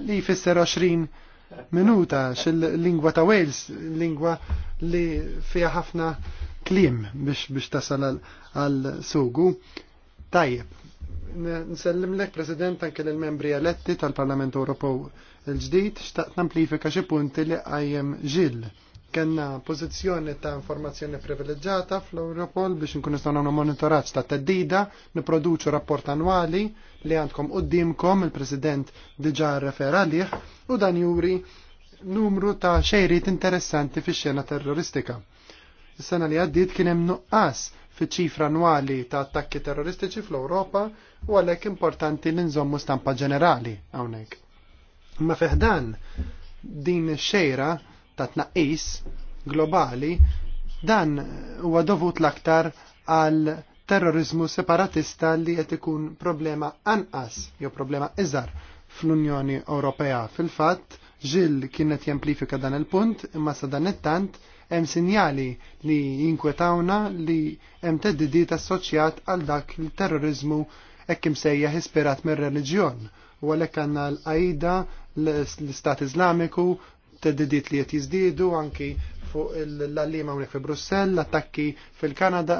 Li jfisser 20 minuta xil-lingwa ta' Wales, lingwa li fiha ħafna klim biex biex tasal għal sugu. Tajjeb. Nsellim lek, President, anke l-membri eletti tal-Parlament Ewropew il-ġdid, xtaqt namplifika xi punti li qajjem ġill kena pożizzjoni ta' informazzjoni privileġġata fl-Europol biex nkun nistgħu nagħmlu monitoraġġ ta' teddida, nipproduċu rapport annwali li għandkom qudiemkom il-President diġà referalih u dan juri numru ta' xejrit interessanti fix-xena terroristika. Is-sena li għaddiet kien hemm nuqqas fiċ-ċifra annwali ta' attakki terroristiċi fl-Ewropa u għalhekk importanti li nżommu stampa ġenerali hawnhekk. Ma fiħdan din xejra ta' tnaqqis globali, dan huwa dovut l-aktar għal terrorizmu separatista li qed ikun problema anqas jew problema iżar fl-Unjoni Ewropea. Fil-fatt, ġil kienet jamplifika dan il-punt, imma sa dan it-tant hemm sinjali li jinkwetawna li hemm teddidiet assoċjat għal dak il-terrorizmu hekk imsejjaħ ispirat mir-reliġjon u għalhekk għandna l-qajda l-Istat Iżlamiku, it-teddidiet li qed jiżdiedu anki fuq l-allima unik fi Brussell, l-attakki fil-Kanada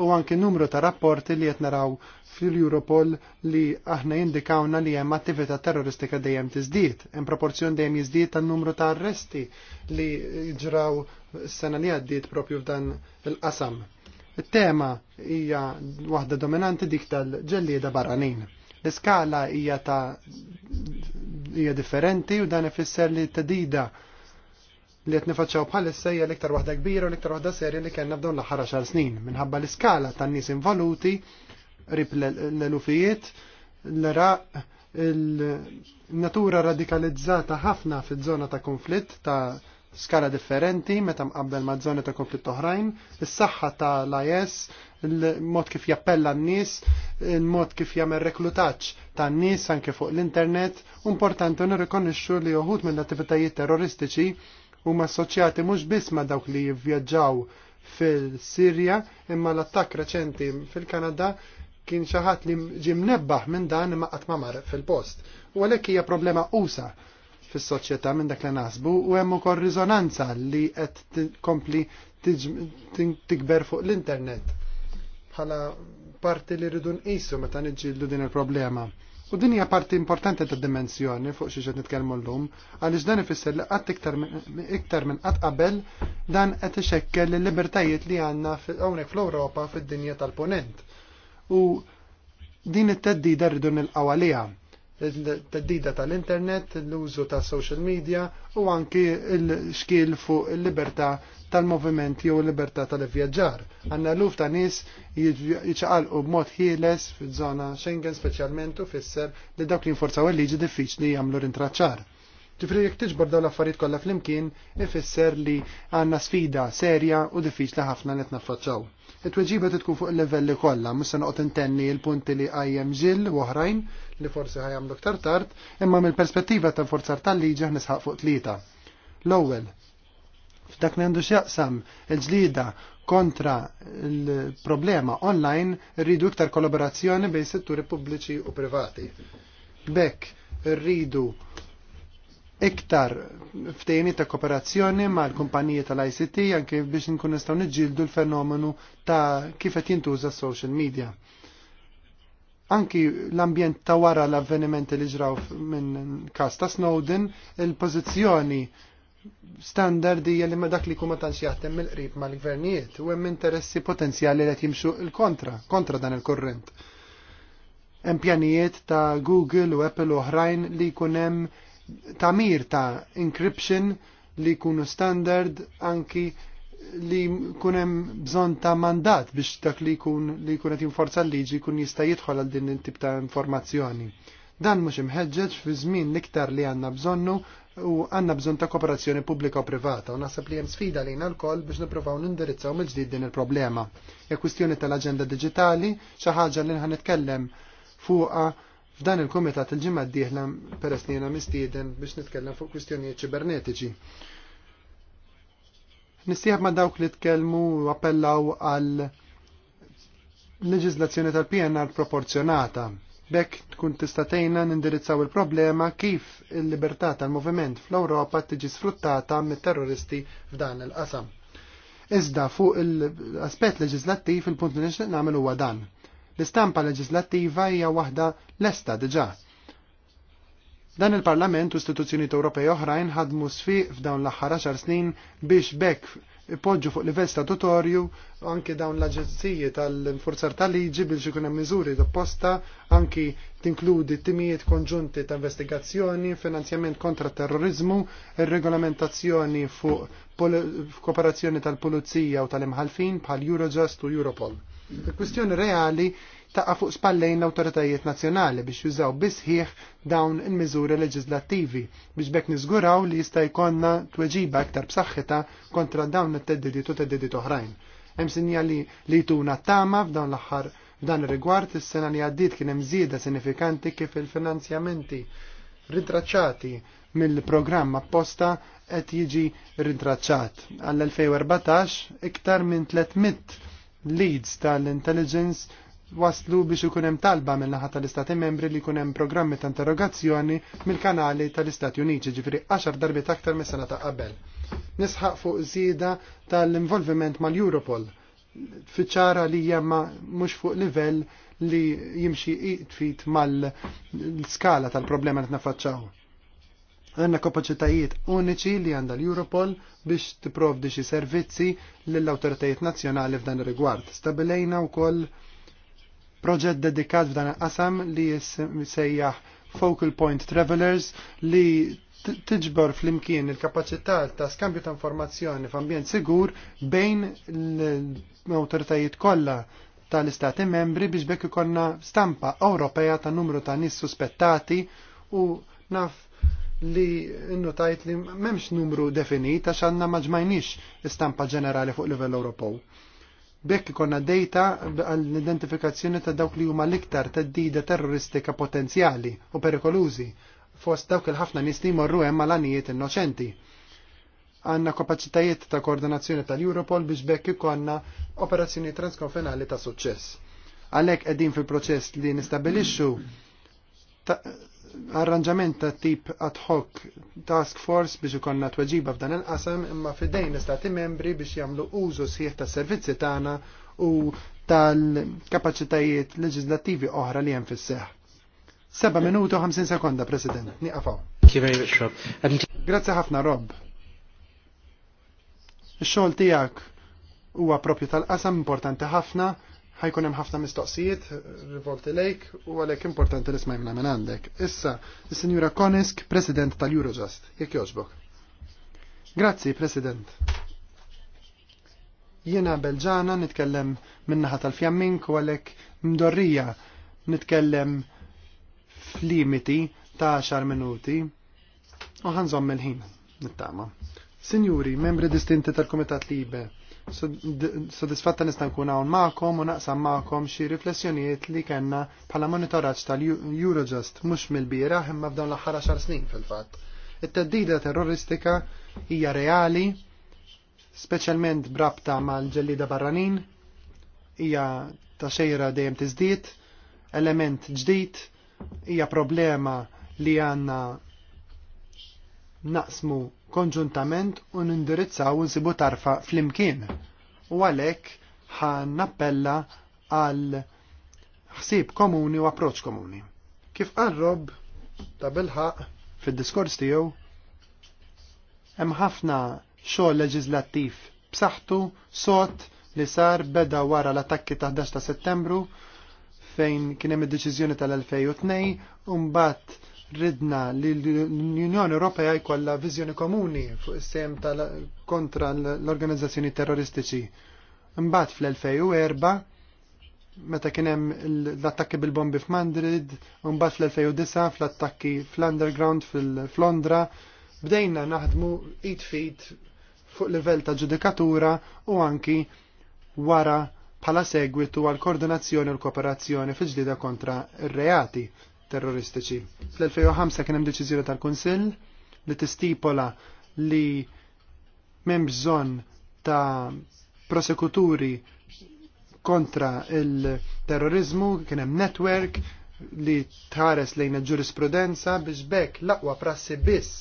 u anki numru ta' rapporti li qed naraw fil-Europol li aħna jindikawna li hemm attività terroristika dejjem tiżdied, in proporzjon dejjem jiżdied tan-numru ta' arresti li jġraw s-sena li għaddiet propju f'dan il-qasam. Il-tema hija waħda dominanti dik tal-ġellieda barranin. L-iskala hija ta' hija differenti u dan ifisser li tadida li qed nifaċċaw bħalissa hija l-iktar waħda kbira u l-iktar waħda serja li kellna f'dawn l-aħħar xar snin minħabba l-iskala tan-nies involuti rib l-elufijiet l il-natura radikalizzata ħafna fiż-żona ta' konflitt ta' skala differenti meta mqabbel ma' żoni ta' konflitt oħrajn, is-saħħa tal-IS, il-mod kif jappella n-nies, il-mod kif jagħmel reklutaġġ tan nies anke fuq l-internet, importanti nirrikonixxu li uħud mill-attivitajiet terroristiċi huma assoċjati mhux biss ma' dawk li jivvjaġġaw fil-Sirja, imma l-attakk reċenti fil-Kanada kien xi ħadd li ġim nebbaħ minn dan imma qatt ma mar fil-post. U għalhekk hija problema qusa fis-soċjetà minn dak li naħsbu u hemm ukoll riżonanza li qed tkompli tikber fuq l-internet bħala parti li rridu nqisu meta niġġieldu din il-problema. U din hija parti importanti ta' dimensjoni fuq xi qed nitkellmu llum, għaliex dan ifisser li qatt iktar minn qatt qabel dan qed ixekkel il-libertajiet li għandna hawnhekk fl-Ewropa fid-dinja tal-punent. U din it-teddida rridu nilqgħu għaliha teddida tal-internet, l-użu ta' social media u anki l-xkil fuq il-libertà tal moviment jew l-libertà tal-vjaġġar. Għanna luf ta' nis jċaqalqu b'mod ħieles fil-żona Schengen speċjalment u fisser li dawk li nforzaw il-liġi diffiċli jagħmlu rintraċċar. Ġifri jek tiġbor dawn l-affarijiet kollha flimkien ifisser li għandna sfida serja u diffiċli ħafna li tnaffaċċaw. It-tweġiba tkun fuq il-livelli kollha, mhux se noqgħod intenni l-punti li qajjem ġil u oħrajn li forsi ħajamlu ktar tard, imma mill-perspettiva ta' forzar tal-liġi ħnisħaq fuq tlieta. L-ewwel, f'dak li għandu x'jaqsam il ġlieda kontra l problema online rridu iktar kollaborazzjoni bejn setturi pubbliċi u privati. Bekk rridu iktar ftejni ta' kooperazzjoni mal kumpaniji tal-ICT anke biex nkun nistgħu niġġieldu l-fenomenu ta' kif qed jintuża social media. Anki l-ambjent ta' wara l-avvenimenti li ġraw minn kas ta' Snowden, il-pożizzjoni standard hija li ma dak li kuma tantx jaħdem mill-qrib mal-gvernijiet u hemm interessi potenzjali li qed jimxu l-kontra, kontra dan il-kurrent. Hemm pjanijiet ta' Google u Apple u oħrajn li jkun hemm tamir ta' encryption li kunu standard anki li kunem bżon ta' mandat biex dak li kun li kunet jinforza l-liġi kun jista' jidħol għal din tip ta' informazzjoni. Dan mhux imħeġġeġ fi żmien l-iktar li għandna bżonnu u għandna bżonn ta' kooperazzjoni pubblika u privata u naħseb li hemm sfida lejna l-koll biex nippruvaw nindirizzaw mill-ġdid din il-problema. Hekk kwistjoni tal-aġenda diġitali xi ħaġa li nħan nitkellem fuqha F'dan il-komitat il ġimma d-dieħla peress li jiena mistieden biex nitkellem fuq kwistjonijiet ċibernetiċi. Nistieħab ma' dawk li tkellmu u appellaw għal leġiżlazzjoni tal-PNR proporzjonata. Bekk tkun tista' nindirizzaw il-problema kif il-libertà tal-moviment fl-Ewropa tiġi sfruttata mit-terroristi f'dan il-qasam. Iżda fuq l-aspett leġislattiv il-punt li nixtieq nagħmel huwa dan L-istampa leġislattiva hija waħda lesta diġà. Dan il-Parlament u istituzzjonijiet Ewropej oħrajn ħadmu sfiq f'dawn l-aħħar 10 snin biex bekk ipoġġu fuq livell statutorju anke dawn l-aġenziji tal-infurzar tal-liġi biex ikun hemm miżuri d-opposta anki tinkludi timijiet konġunti ta' investigazzjoni, finanzjament kontra terrorizmu, regolamentazzjoni fuq kooperazzjoni tal-pulizija u tal-imħalfin bħal Eurojust u Europol kwistjoni reali taqa' fuq spallejn l-awtoritajiet nazzjonali biex jużaw bisħiħ dawn il-miżuri leġislattivi biex bekk niżguraw li jista' jkollna tweġiba aktar b'saħħita kontra dawn it-teddidiet u teddidiet oħrajn. Hemm sinjali li tuna tama f'dawn l-aħħar f'dan ir-rigward is-sena li għaddiet kien hemm żieda sinifikanti kif il-finanzjamenti ritraċċati mill-programm apposta qed jiġi ritraċċat Għall-2014 iktar minn 300 leads tal-intelligence waslu biex ikun hemm talba mill naħa tal-Istati membri li jkun hemm programmi ta' interrogazzjoni mill-kanali tal-Istati Uniti, ġifri 10 darbi aktar mis sena ta' qabel. Nisħaq fuq zida tal-involviment mal-Europol fiċara li jemma mhux fuq livell li jimxi fit mal-skala tal-problema li t-nafacċaw. Għanna kapaċitajiet uniċi li għanda l-Europol biex tipprovdi xi servizzi lill-awtoritajiet nazzjonali f'dan ir-rigward. Stabilejna wkoll proġett dedikat f'dan qasam li jissejjaħ Focal Point Travelers li tiġbor fl-imkien il-kapacità ta' skambju ta' informazzjoni f'ambjent sigur bejn l-awtoritajiet kollha tal-istati membri biex bekk ikonna stampa Ewropea ta' numru ta' nis suspettati u naf li notajt li memx numru definit għax għanna maġmajnix istampa ġenerali fuq livell Ewropew. Bekk konna data għall-identifikazzjoni ta' dawk li huma l-iktar dida terroristika potenzjali u perikolużi fost dawk il-ħafna nies li jmorru hemm għal-anijiet innoċenti. Għanna kapaċitajiet ta' koordinazzjoni tal-Europol biex bekk ikonna operazzjoni transkonfenali ta' suċċess. Għalhekk qegħdin fil-proċess li nistabilixxu arranġament ta' tip ad hoc task force biex ikonna tweġiba f'dan il-qasam imma fidejn l-istati membri biex jagħmlu użu sħiħ ta' servizzi tagħna u tal-kapaċitajiet leġislattivi oħra li hemm fis-seħħ. Seba' minuti u 50 sekonda, President. Niqafaw. Um, Grazzi ħafna, Rob. Ix-xogħol tiegħek huwa propju tal-qasam importanti ħafna ħajkun hemm ħafna mistoqsijiet rivolti lejk u għalhekk importanti li smajmna minn għandek. Issa, is-Sinjura Konisk, President tal-Eurojust, jekk jogħġbok. Grazzi, President. Jiena Belġana nitkellem min-naħa tal-Fjammink u għalhekk mdorrija nitkellem f'limiti ta' 10 minuti u ħanżomm il-ħin nittama. Sinjuri, membri distinti tal-Kumitat Libe, Sodisfatta nista' nkun hawn magħkom u naqsam magħkom xi riflessjonijiet li kellna bħala monitoraġġ tal-Eurojust mhux mill-bieraħ imma f'dawn l-aħħar xar snin fil-fatt. It-teddida terroristika hija reali, speċjalment brabta mal-ġellida barranin, hija ta' xejra dejjem tiżdied, element ġdid, hija problema li għandna naqsmu konġuntament u nindirizzaw nsibu tarfa fl-imkien. U għalek ħan nappella għal ħsib komuni u approċ komuni. Kif qarrob ta' bilħaq fil-diskors tiegħu hemm ħafna xogħol leġislattiv b'saħħtu sot li sar beda wara l-attakki ta' 11 ta' Settembru fejn kien hemm id-deċiżjoni tal-2002 u mbagħad ridna li l-Unjoni Ewropea jkollha viżjoni komuni fuq is-sem kontra l-organizzazzjoni terroristiċi. Imbagħad fl-2004 meta kien hemm l-attakki bil-bombi f'Mandrid, u mbagħad fl-2009 fl-attakki fl-underground fil londra bdejna naħdmu it fit fuq livell ta' ġudikatura u anki wara bħala segwitu għal koordinazzjoni u l-kooperazzjoni fil-ġdida kontra ir-reati terroristiċi. Fl-2005 kien hemm deċiżjoni tal-Kunsill li tistipola li m'hemm bżonn ta' prosekuturi kontra il-terrorizmu, kien hemm netwerk li tħares lejn il-ġurisprudenza biex bekk l-aqwa prassi biss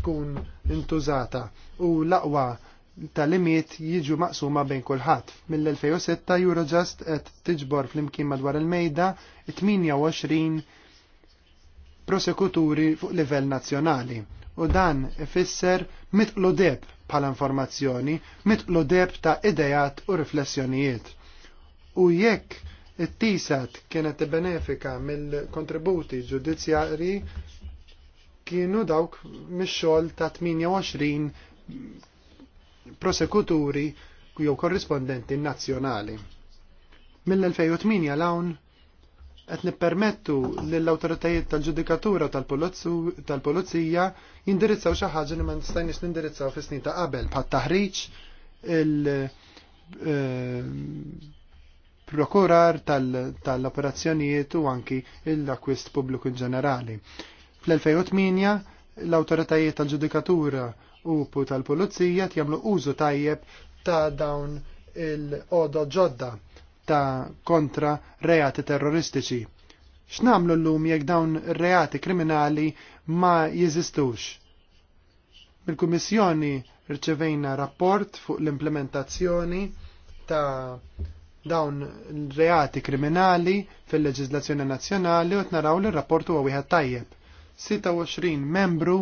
tkun intużata u l-aqwa tal-imiet jiġu maqsuma bejn kulħadd. Mill-2006 Eurojust qed tiġbor flimkien madwar il-mejda 28 prosekuturi fuq livell nazzjonali u dan ifisser mitqlu deb bħala informazzjoni, mitqlu deb ta' idejat u riflessjonijiet. U jekk it-tisat kienet benefika mill-kontributi ġudizzjari kienu dawk mix-xogħol ta' 28 prosekuturi jew korrispondenti nazzjonali. Mill-2008 l awn qed nippermettu l awtoritajiet tal-ġudikatura tal-pulizija jindirizzaw xi ħaġa li ma nistajniex nindirizzaw fis-snin ta' qabel bħat taħriġ il-prokurar eh, tal-operazzjonijiet u anki l-akwist pubbliku ġenerali. Fl-2008 l-awtoritajiet tal-ġudikatura u tal-pulizija jagħmlu użu tajjeb ta' dawn il-qodo ġodda ta' kontra reati terroristiċi. X'namlu llum jekk dawn reati kriminali ma jeżistux? il kummissjoni rċevejna rapport fuq l-implementazzjoni ta' dawn reati kriminali fil-leġizlazzjoni nazzjonali u naraw li r huwa wieħed tajjeb. 26 membru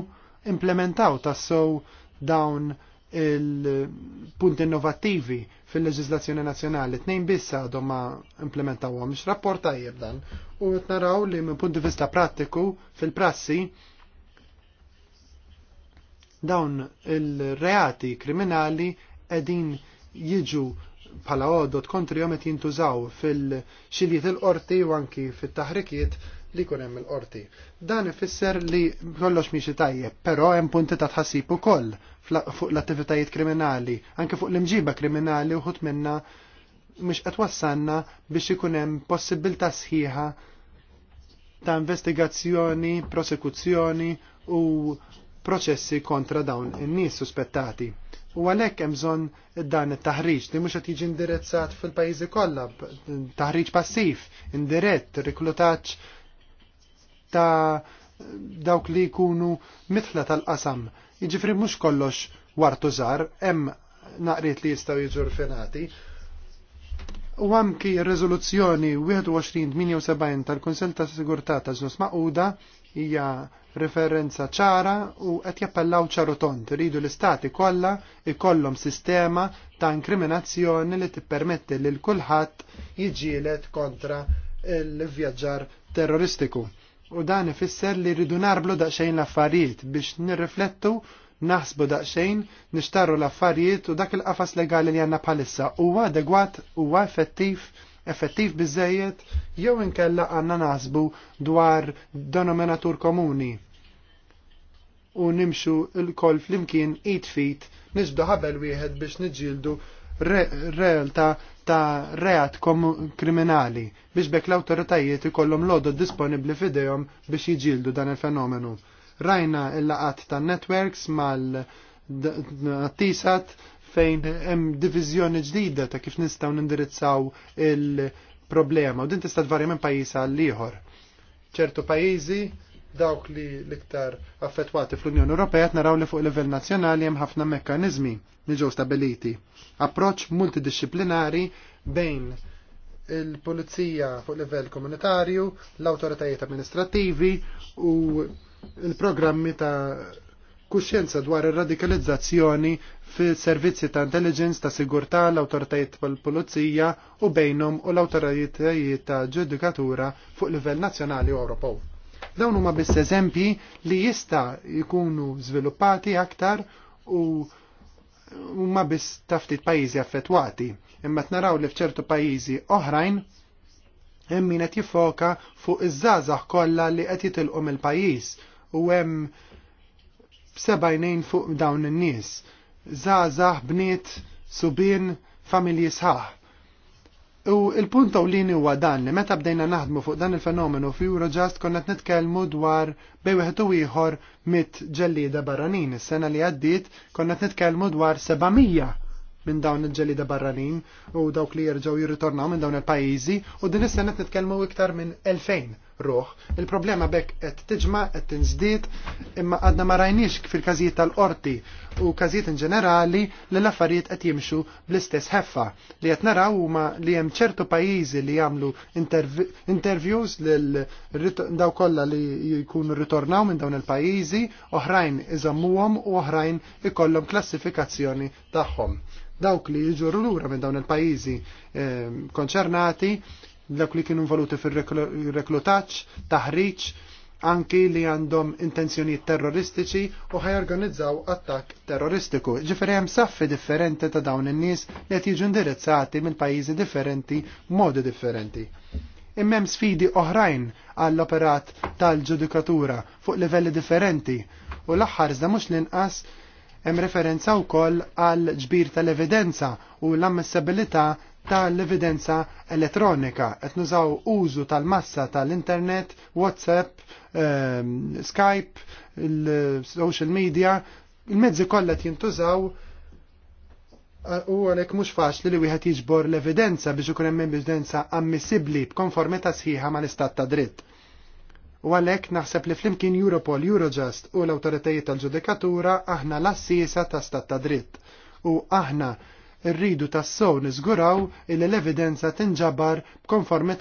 implementaw tassow dawn il-punt innovattivi fil-leġizlazzjoni nazzjonali. Tnejn biss għadhom ma implementawhom mhux rapport tajjeb dan. U qed naraw li minn punt vista prattiku fil-prassi dawn il-reati kriminali qegħdin jiġu bħala għodot kontri jomet jintużaw fil xiliet il-qorti u anki fil-taħrikiet li kunem il-qorti. Dan ifisser li kollox miexi tajjeb, pero hemm punti ta' tħassib ukoll fuq l-attivitajiet kriminali, anke fuq l-imġiba kriminali uħut minna mhux qed wassanna biex ikun hemm possibilità sħiħa ta' investigazzjoni, prosekuzzjoni u proċessi kontra dawn in-nies suspettati. U għalhekk hemm bżonn dan it-taħriġ li mhux qed jiġi indirizzat fil-pajjiżi kollha, taħriġ passiv, indirett, riklutaġġ ta' dawk li jkunu mitla tal-qasam Jiġifieri mhux kollox wartu żgħar, hemm naqriet li jistgħu jiġu fenati. U anki r-rezoluzzjoni 21.78 tal-Kunsell ta' Sigurtà ta' Ġnus Maquda hija referenza ċara u qed jappellaw ċarotont iridu l-istati kollha ikollhom sistema ta' inkriminazzjoni li tippermetti lil kulħadd jiġielet kontra l-vjaġġar terroristiku u dan ifisser li rridu narblu daqsxejn l-affarijiet biex nirriflettu naħsbu daqsxejn, nixtarru l-affarijiet u dak il-qafas legali li għanna palissa huwa adegwat, huwa effettiv, effettiv biżejjed jew inkella għanna naħsbu dwar denominatur komuni u nimxu il-kol fl-imkien 8 feet nisbdu ħabel wieħed biex niġġieldu realtà ta' reat kriminali biex bekk l-autoritajiet ikollhom lodu disponibli f'idejhom biex jiġildu dan il-fenomenu. Rajna il-laqat ta' networks mal-tisat fejn hemm diviżjoni ġdida ta' kif nistgħu nindirizzaw il-problema u din tista' tvarja minn pajjiż għal ieħor. ċertu pajjiżi dawk li l-iktar affettwati fl-Unjoni Ewropea naraw li fuq livell nazzjonali hemm ħafna mekkaniżmi li ġew stabiliti. Approċċ multidisciplinari bejn il-pulizija fuq livell komunitarju, l-awtoritajiet amministrativi u il-programmi ta' kuxjenza dwar ir-radikalizzazzjoni fil-servizzi ta' intelligence ta' sigurtà l-autoritajiet tal-pulizija u bejnhom u l-autoritajiet ta' ġudikatura fuq livell nazzjonali u Ewropew. Dawn huma biss eżempji li jista' jkunu żviluppati aktar u huma biss taftit pajjiżi affettwati. Imma naraw li f'ċertu pajjiżi oħrajn hemm min qed jiffoka fuq iż-żgħażagħ kollha li qed jitilqu mill-pajjiż u hemm sebajnejn fuq dawn in-nies. Żgħażagħ bniet subien familji sħaħ U il-punt ewlieni huwa dan li meta bdejna naħdmu fuq dan il-fenomenu fi Eurojust konna t-netkelmu dwar bej wieħed u ieħor mit ġellieda barranin. Is-sena li għaddiet konna t-netkelmu dwar 700 minn dawn il-ġelida barranin u dawk li jirġaw jirritornaw minn dawn il-pajizi u din is-sena qed nitkellmu iktar minn 2000 ruħ. Il-problema bekk qed tiġma qed tinżdied imma għadna ma rajniex fil-każijiet tal-qorti u każijiet in ġenerali li l-affarijiet qed jimxu bl-istess ħeffa li qed naraw huma li hemm ċertu pajjiżi li jagħmlu interviews lil daw kollha li jkunu ritornaw minn dawn il-pajjiżi, oħrajn iżammuhom u oħrajn ikollhom klassifikazzjoni tagħhom dawk li jiġu lura minn dawn il-pajjiżi ehm, konċernati, dawk li kienu involuti fil-reklutaċ, taħriġ, anki li għandhom intenzjonijiet terroristiċi u ħajorganizzaw attakk terroristiku. Ġifiri hemm saffi differenti ta' dawn in-nies li qed jiġu indirizzati minn pajjiżi differenti modi differenti. Immem sfidi oħrajn għall-operat tal-ġudikatura fuq livelli differenti u l-aħħar iżda mhux l-inqas Hemm referenza wkoll għal ġbir tal-evidenza u l-ammissibilità tal-evidenza elettronika qed nużaw użu tal-massa tal-internet, WhatsApp, um, Skype, il-social media, il-mezzi kollha jintużaw eh, u għalek mux faċli li wieħed jiġbor l-evidenza biex ikun hemm evidenza ammissibbli b'konformità sħiħa mal-istat ta' dritt. U għalhekk naħseb li flimkien Europol, Eurojust u l-awtoritajiet tal-ġudikatura aħna l-assisa ta' stat ta' dritt. U aħna rridu tas-sow niżguraw li l-evidenza tinġabar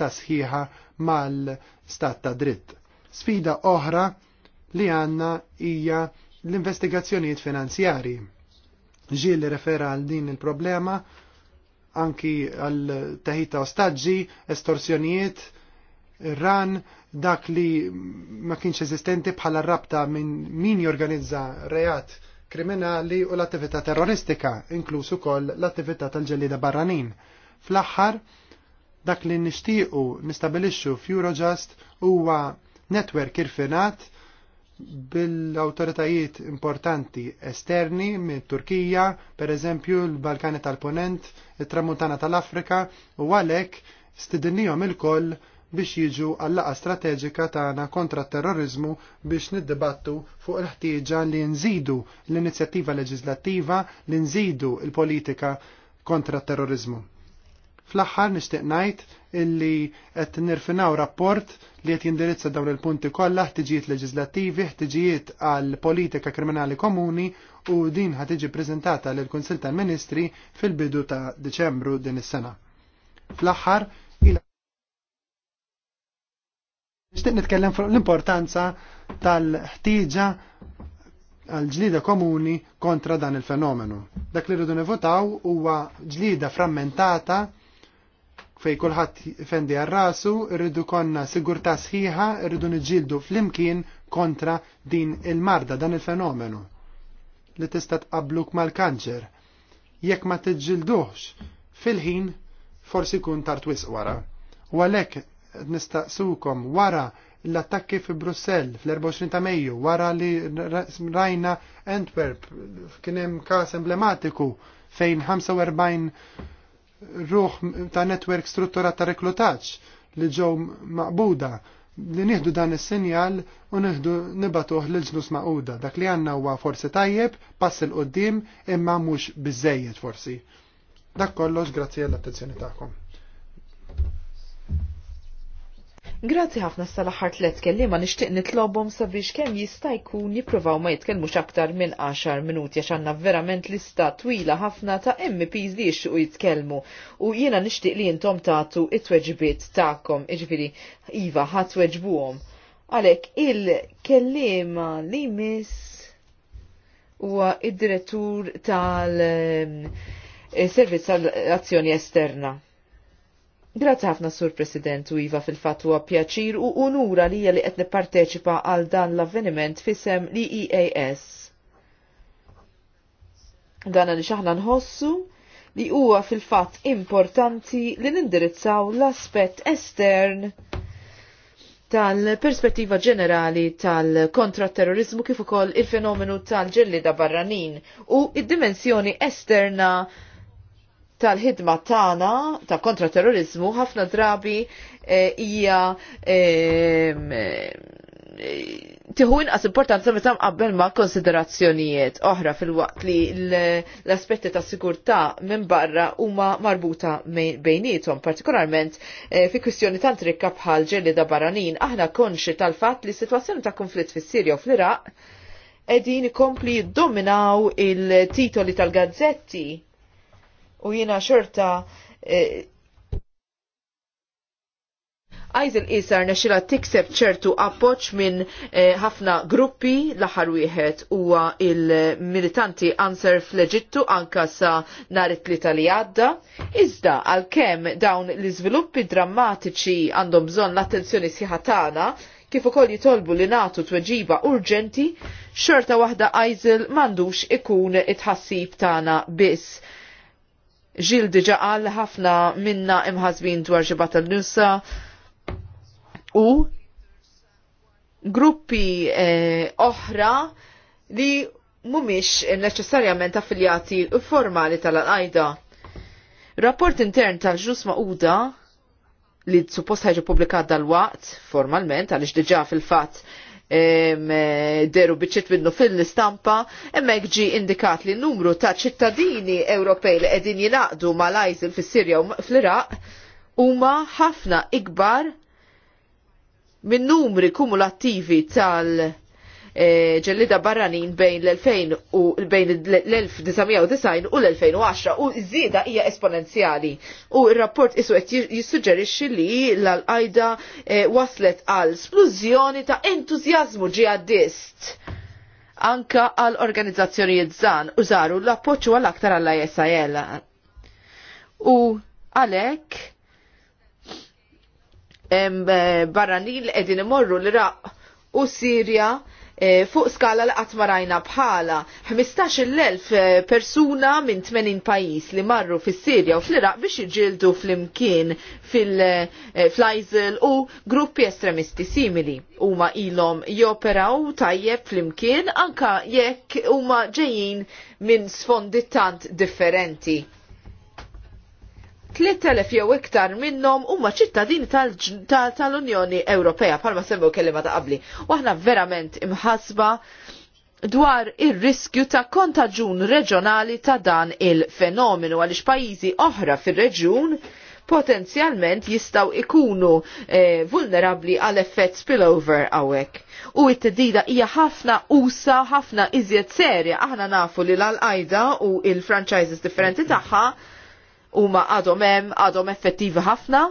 ta' sħiħa mal-stat ta' dritt. Sfida oħra li għanna hija l-investigazzjonijiet finanzjari. Ġil refera għal din il-problema anki għal taħita ostaġġi, estorsjonijiet, ran dak li ma kienx eżistenti bħala rabta minn min jorganizza reat kriminali u l-attività terroristika, inkluż ukoll l-attività tal-ġellida barranin. Fl-aħħar, dak li nishtiqu nistabilixxu f'Eurojust huwa netwerk irfinat bil-autoritajiet importanti esterni minn Turkija, per eżempju l-Balkani tal-Ponent, it-Tramuntana tal-Afrika u għalhekk stidinnihom il-koll biex jiġu għallaqa strateġika tagħna kontra terrorizmu biex niddibattu fuq il-ħtieġa li nżidu l-inizjattiva leġislattiva li nżidu l-politika kontra terrorizmu. Fl-aħħar nixtieq ngħid illi qed nirfinaw rapport li qed jindirizza dawn il-punti kollha ħtiġijiet leġislattivi, ħtiġijiet għal politika kriminali komuni u din ħatiġi preżentata lill Kunsil tal-Ministri fil-bidu ta' Diċembru din is-sena. Fl-aħħar Nixtieq nitkellem fuq l-importanza tal-ħtieġa għal ġlida komuni kontra dan il-fenomenu. Dak li rridu nivotaw huwa ġlida frammentata fej kulħadd fendi għar-rasu, rridu konna sigurtà sħiħa, rridu niġġieldu flimkien kontra din il-marda dan il-fenomenu li tista' tqabluk mal-kanċer. Jekk ma tiġġilduhx fil-ħin forsi kun tartwis wisq wara. U għalhekk nistaqsukom wara l-attakki fi Brussell fl-24 ta' Mejju, wara li rajna Antwerp kien hemm każ emblematiku fejn 45 ruħ ta' netwerk struttura ta' reklutaġġ li ġew maqbuda li nieħdu dan is-sinjal u nieħdu nibatuh lil ġnus maquda. Dak li għandna huwa forsi tajjeb, pass il qoddim imma mhux biżejjed forsi. Dak kollox grazzi għall-attenzjoni tagħkom. Grazzi ħafna sal-aħħar tliet kellima nixtieq nitlobhom sabiex kemm jista' jkun jippruvaw ma jitkellmux aktar minn 10 minuti għax għandna verament lista twila ħafna ta' MPs li jixtiequ jitkellmu u jiena nixtieq li intom tagħtu it-tweġbiet tagħkom, jiġifieri iva ħadd tweġbuhom. Għalhekk il-kellima li miss huwa id-direttur tal-Servizz eh, tal-Azzjoni Esterna. Grazzi ħafna Sur President u Iva fil-fatt huwa pjaċir u unura li li qed nipparteċipa għal dan l-avveniment fisem li EAS. Dan li xaħna nħossu li huwa fil-fatt importanti li nindirizzaw l-aspett estern tal-perspettiva ġenerali tal-kontraterrorizmu kif ukoll il-fenomenu tal-ġellida barranin u id-dimensjoni esterna tal-ħidma tagħna ta' kontraterrorizmu ħafna drabi eh, hija eh, eh, tiħu inqas importanza meta mqabbel ma' konsiderazzjonijiet oħra fil-waqt li l-aspetti ta' sigurtà minn barra huma marbuta bejnietom, partikolarment fi kwistjoni ta' trikka bħal ġelli da' baranin, aħna konxi tal-fatt li situazzjoni ta' konflitt fis-Sirja u fl-Iraq edin ikompli jiddominaw il-titoli tal-gazzetti u jina xorta e, Għajzil isar nexila tikseb ċertu appoċ minn e, ħafna eh, gruppi l wieħed huwa il-militanti Answer fl-Eġittu anka sa nhar it-tlieta li għadda. Iżda għalkemm dawn l-iżviluppi drammatiċi għandhom bżonn l-attenzjoni sħiħa tagħna kif ukoll jitolbu li nagħtu tweġiba urġenti, xorta waħda Għajzil m'għandux ikun it-ħassib tagħna biss Ġil diġa għal ħafna minna imħazbin dwar ġibata l nusa u gruppi eh, oħra li mumiex neċessarjament affiljati formali tal-għajda. Rapport intern tal-ġus ma'uda li suppost ħajġu publikat dal-waqt, formalment, għalix diġa fil-fat deru biċċiet minnu fil-istampa, emmek ġi indikat li numru ta' ċittadini Ewropej li qegħdin jilaqdu mal-ISIL fis-Sirja u fl-Iraq huma ħafna ikbar minn numri kumulattivi tal- E, ġellida barranin bejn l-2000 u bejn l-1990 u l-2010 u żieda hija esponenzjali. U r-rapport iswed jissuġġerixxi li l-għajda e, waslet għal splużjoni ta' entużjażmu ġihadist anka għal organizzazzjonijiet żan u zaru l appoġġu għal aktar għall ISIL. U għalhekk barranin qegħdin imorru l-Iraq u Sirja Eh, fuq skala li qatt ma rajna bħala 15.000 eh, persuna minn 80 pajis li marru fis sirja u fl-Iraq biex iġildu fl-imkien eh, fl-ISIL u gruppi estremisti simili. Huma ilhom joperaw tajjeb fl-imkien anka jekk huma ġejjin minn sfondittant tant differenti 3000 jew iktar minnhom huma ċittadini tal-Unjoni tal Ewropea bħalma semmew kellima ta' qabli. U aħna verament imħasba dwar ir-riskju ta' kontaġun reġjonali ta' dan il-fenomenu għaliex pajjiżi oħra fir-reġjun potenzjalment jistaw ikunu eh, vulnerabli għal effett spillover għawek. U it-tedida hija ħafna usa, ħafna iżjed serja. Aħna nafu li l al u il-franchises differenti tagħha huma għadhom hemm għadhom effettivi ħafna.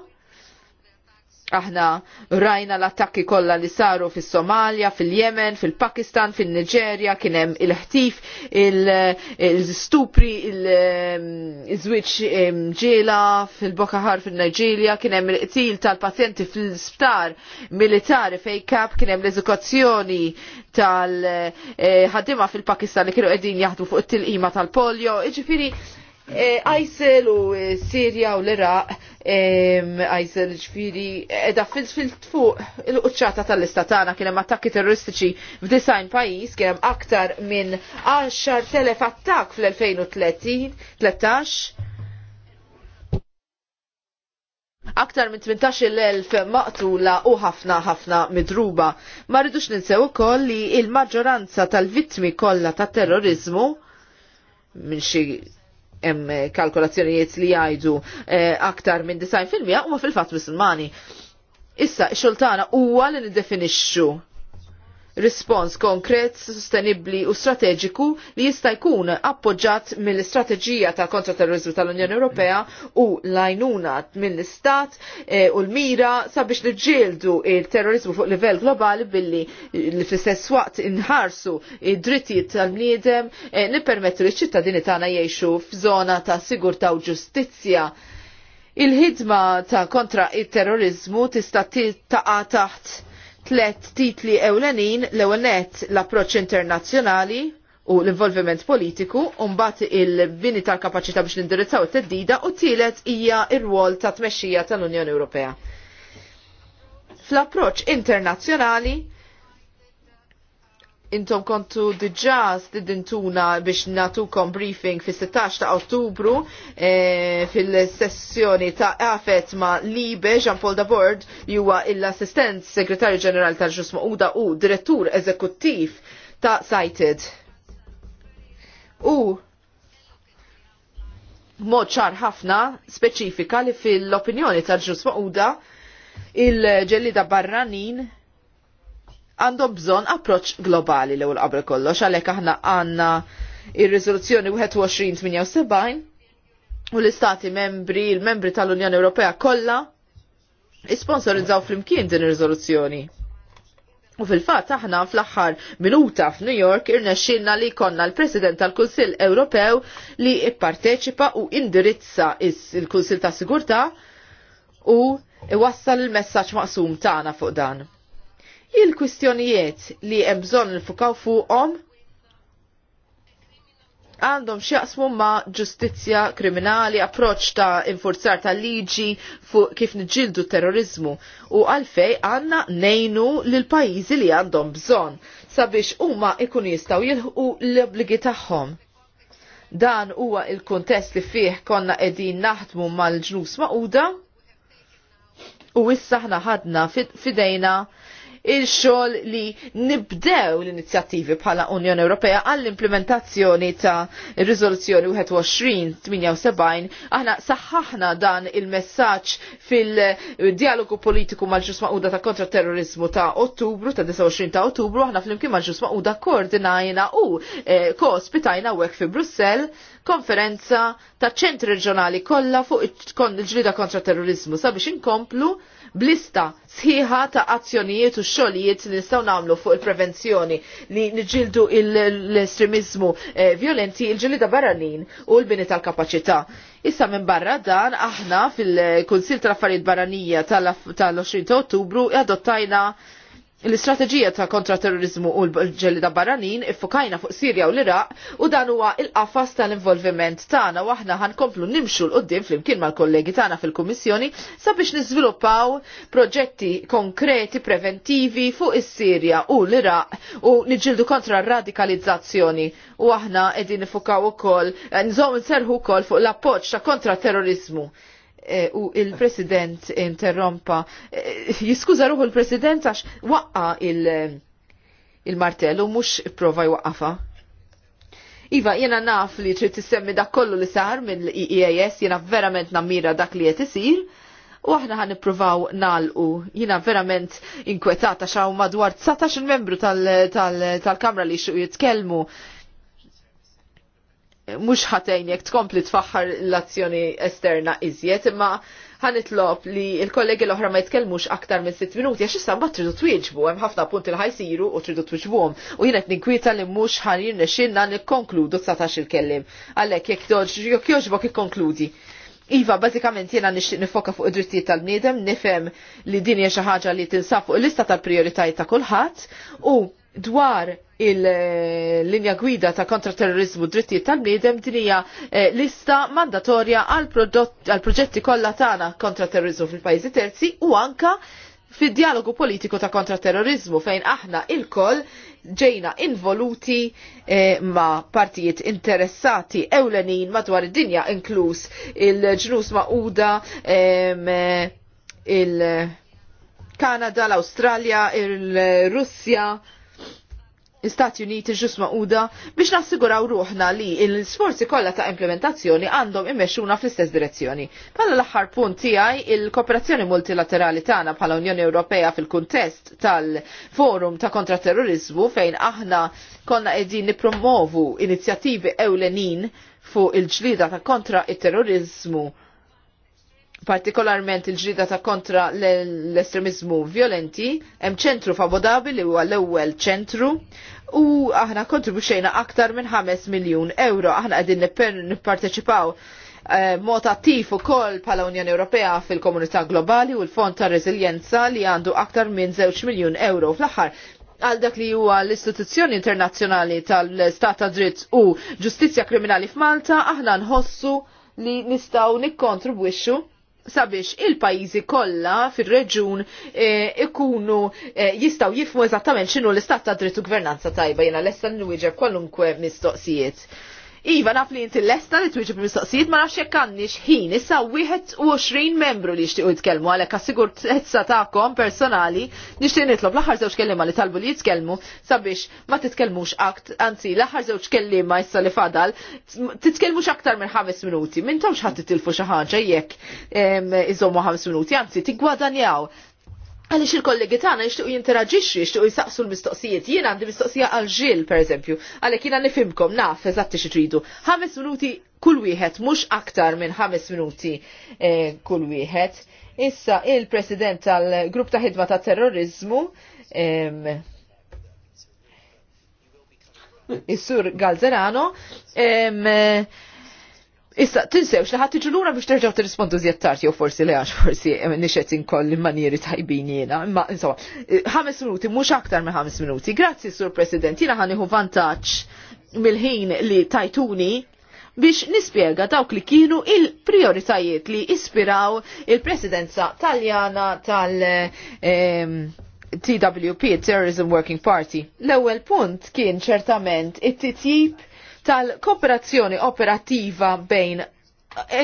Aħna rajna l-attakki kollha li saru fis-Somalja, fil-Yemen, fil-Pakistan, fil-Niġerja, kien hemm il-ħtif, il-stupri, il-żwieġ ġiela fil-Bokahar fil-Niġerja, kien hemm il-qtil tal-pazjenti fil-sptar militari fejkap, kap, kien hemm l-eżekuzzjoni tal eh, ħaddiema fil-Pakistan li kienu qegħdin jaħdu fuq it-tilqima tal-polio. Ġifieri Eh, ISIL u eh, Sirja u l-Iraq, ISIL ġviri, edha fil-fuq il-qċata tal-istatana kienem attakki terroristiċi f'design pajis, kienem aktar minn 10.000 attak fl-2013, aktar minn 18.000 maqtula u ħafna ħafna midruba. Ma rridux ninsew ukoll li il-maġġoranza tal-vittmi kollha tat-terrorizmu minn xi hemm kalkolazzjonijiet li jgħidu eh, aktar minn 90% huma fil-fatt Musulmani. Issa, xultana huwa li niddefinixxu rispons konkret, sostenibli u strateġiku li jista' jkun appoġġat mill-istrateġija ta' kontraterrorizmu tal-Unjoni Ewropea u l-għajnuna mill-Istat e, u l-mira sabiex niġġieldu il-terrorizmu fuq livell globali billi li fl-istess waqt inħarsu id-drittijiet tal-bniedem e, permettu li ċittadini tagħna jgħixu f'żona ta' sigurtà u ġustizzja. Il-ħidma ta' kontra il-terrorizmu tista' taqa' taħt tlet titli ewlenin l-ewwel l-approċċ internazzjonali u l-involviment politiku, mbagħad il-bini tal-kapaċità biex nindirizzaw t teddida u t-tilet hija r-rwol ta' tmexxija tal-Unjoni Ewropea. Fl-approċċ internazzjonali intom kontu diġa stidintuna biex natukom briefing fil-16 ta' ottubru eh, fil-sessjoni ta' għafet ma' Libe Jean-Paul Dabord juwa il-assistent segretarju ġenerali tal-ġus Uda u direttur eżekuttiv ta' Cited. U moċar ċar ħafna speċifika li fil-opinjoni tal-ġus Uda il-ġellida barranin għandhom bżonn approċċ globali l-ewwel qabel kollox għalhekk aħna għandna ir-riżoluzzjoni 2178 u l-istati membri, il-membri tal-Unjoni Ewropea kollha isponsorizzaw flimkien din ir-riżoluzzjoni. U fil fatt aħna fl-aħħar minuta f'New York irnexxilna li konna l-President tal-Kunsill Ewropew li ipparteċipa u indirizza il-Kunsill ta' Sigurtà u iwassal il-messaġġ maqsum tagħna fuq dan. Il-kwistjonijiet li hemm bżonn nifukaw fuqhom għandhom xjaqsmu ma' ġustizzja kriminali, approċ ta' infurzar ta' liġi fuq kif nġildu terrorizmu u għalfej għanna nejnu l-pajizi li għandhom bżon sabiex huma ikun jistaw jilħu l-obligi tagħhom. Dan huwa il-kontest li fih konna edin naħdmu mal-ġnus maquda u issa ħna ħadna fidejna il-xogħol li nibdew l-inizjattivi bħala Unjoni Ewropea għall-implementazzjoni ta' r-Rizoluzzjoni 21-78 aħna saħħaħna dan il-messaġġ fil-dialogu politiku mal-ġus maquda ta' kontra-terrorizmu ta' Ottubru ta' 29 ta' Ottubru aħna flimkien mal-ġus maquda koordinajna u eh, kospitajna għek fi Brussell konferenza ta' ċentri reġjonali kollha fuq il-ġlida kontra terrorizmu sabiex inkomplu blista sħiħa ta' azzjonijiet u xogħlijiet li nistgħu nagħmlu fuq il-prevenzjoni li niġildu l-estremizmu eh, violenti il-ġilida barranin u l-bini tal-kapaċità. Issa minn barra dan aħna fil-Kunsil tal-Affarijiet Barranija tal-20 ta' Ottubru adottajna l-istrateġija ta' kontraterrorizmu u l da' barranin iffukajna fuq Sirja u l-Iraq u dan huwa il-qafas tal-involviment tagħna u aħna ħankomplu nimxu l qudiem flimkien mal-kollegi tagħna fil-Kummissjoni sabiex niżviluppaw proġetti konkreti preventivi fuq is-Sirja u l-Iraq u niġġieldu kontra r-radikalizzazzjoni u aħna qegħdin nifukaw ukoll nżomm inserħu ukoll fuq l-appoġġ ta' kontraterrorizmu. E, u il-President interrompa. E, Jiskuza ruħu il-President għax waqqa il-martellu mux prova jwaqqafa. Iva, jena naf li trid tissemmi dak kollu li sar mill IAS, e jena verament nammira dak li qed isir u aħna ħan nipruvaw nalqu. jena verament inkwetata xaw madwar 19 membru tal-kamra li xu jitkelmu mux ħatajn jek tkompli tfaħħar l-azzjoni esterna iżjed, imma ħanitlob li il-kollegi l-oħra ma jitkellmux aktar minn 6 minuti, għax issa mbagħad tridu twieġbu, hemm ħafna punti li ħajsiru u tridu twieġbuhom. U jien qed ninkwieta li mhux ħarir nexxinna nikkonkludu satax il-kellim. Għalhekk jekk jekk jogħġbok ikkonkludi. Iva, bażikament jiena nixtieq nifoka fuq id-drittijiet tal-bniedem, nifhem li din hija xi ħaġa li tinsab fuq il-lista tal-prijoritajiet ta' kulħadd u dwar il-linja gwida ta' kontraterrorizmu drittijiet tal-bniedem din hija eh, lista mandatorja għal proġetti kollha tagħna kontra terrorizmu fil-pajjiżi terzi u anka fid-dialogu politiku ta' kontraterrorizmu fejn aħna il-koll ġejna involuti eh, ma' partijiet interessati ewlenin madwar id-dinja inkluż il-ġnus ma'uda eh, il kanada l australja il russja il l il russja Istati Uniti ġus maquda biex nassiguraw ruħna li l-sforzi kollha ta' implementazzjoni għandhom immexxuna fl-istess direzzjoni. Bħala l-aħħar punt tiegħi il-kooperazzjoni multilaterali tagħna bħala Unjoni Ewropea fil-kuntest tal-forum ta' kontraterrorizmu fejn aħna konna qegħdin nippromovu inizjattivi ewlenin fuq il-ġlida ta' kontra il terrorizmu partikolarment il-ġrida ta' kontra l-estremizmu violenti, hemm ċentru fabodabi li huwa l-ewwel ċentru u aħna kontribuxejna aktar minn 5 miljun euro. Aħna qegħdin nipparteċipaw eh, mod attiv ukoll bħala Unjoni Ewropea fil-Komunità Globali u l-Fond ta' Reżiljenza li għandu aktar minn 2 miljun euro fl-aħħar għal dak li huwa l-istituzzjoni internazzjonali tal-Stat ta' Dritt u Ġustizzja Kriminali f'Malta aħna nħossu li nistgħu nikkontribwixxu sabiex il-pajizi kollha fir-reġun eh, ikunu eh, jistgħu jifmu eżattament x'inhu l-istat ta' drittu gvernanza tajba jiena lesta wieġeb kwalunkwe mistoqsijiet. Iva, naf li inti l-esta li twiġib mistoqsijiet ma nafx kanni xħin, ħin. Issa 21 membru li jixtiequ jitkellmu għalhekk assigurtezza tagħkom personali nixtieq nitlob l-aħħar żewġ kelliema li talbu li jitkellmu sabiex ma titkellmux akt, anzi l-aħħar żewġ kelliema issa li fadal titkellmux aktar minn ħames minuti. tomx ħat t xi ħaġa jekk iżommu ħames minuti, anzi t-gwadanjaw Għalix il-kollegi tagħna jixtiequ jinteraġixxu, jixtiequ jisaqsu l-mistoqsijiet. Jien għandi mistoqsija għal ġil pereżempju, għalhekk jiena nifhimkom naf eżatti xi tridu. Ħames minuti kull wieħed mhux aktar minn ħames minuti eh, kull wieħed. Issa il-President tal-Grupp ta' ħidma ta' terrorizmu is-sur Galzerano Issa, tinsewx li ħadd lura biex terġgħu t żjed tard jew forsi le għax forsi nixed inkoll manieri tajbin jiena, imma insomma, ħames minuti mhux aktar minn ħames minuti. Grazzi Sur President, jiena ħanieħu vantaġġ mill-ħin li tajtuni biex nispjega dawk li kienu il-prioritajiet li ispiraw il-presidenza taljana tal- ehm, TWP, Terrorism Working Party. L-ewwel punt kien ċertament it-titjib tal-kooperazzjoni operattiva bejn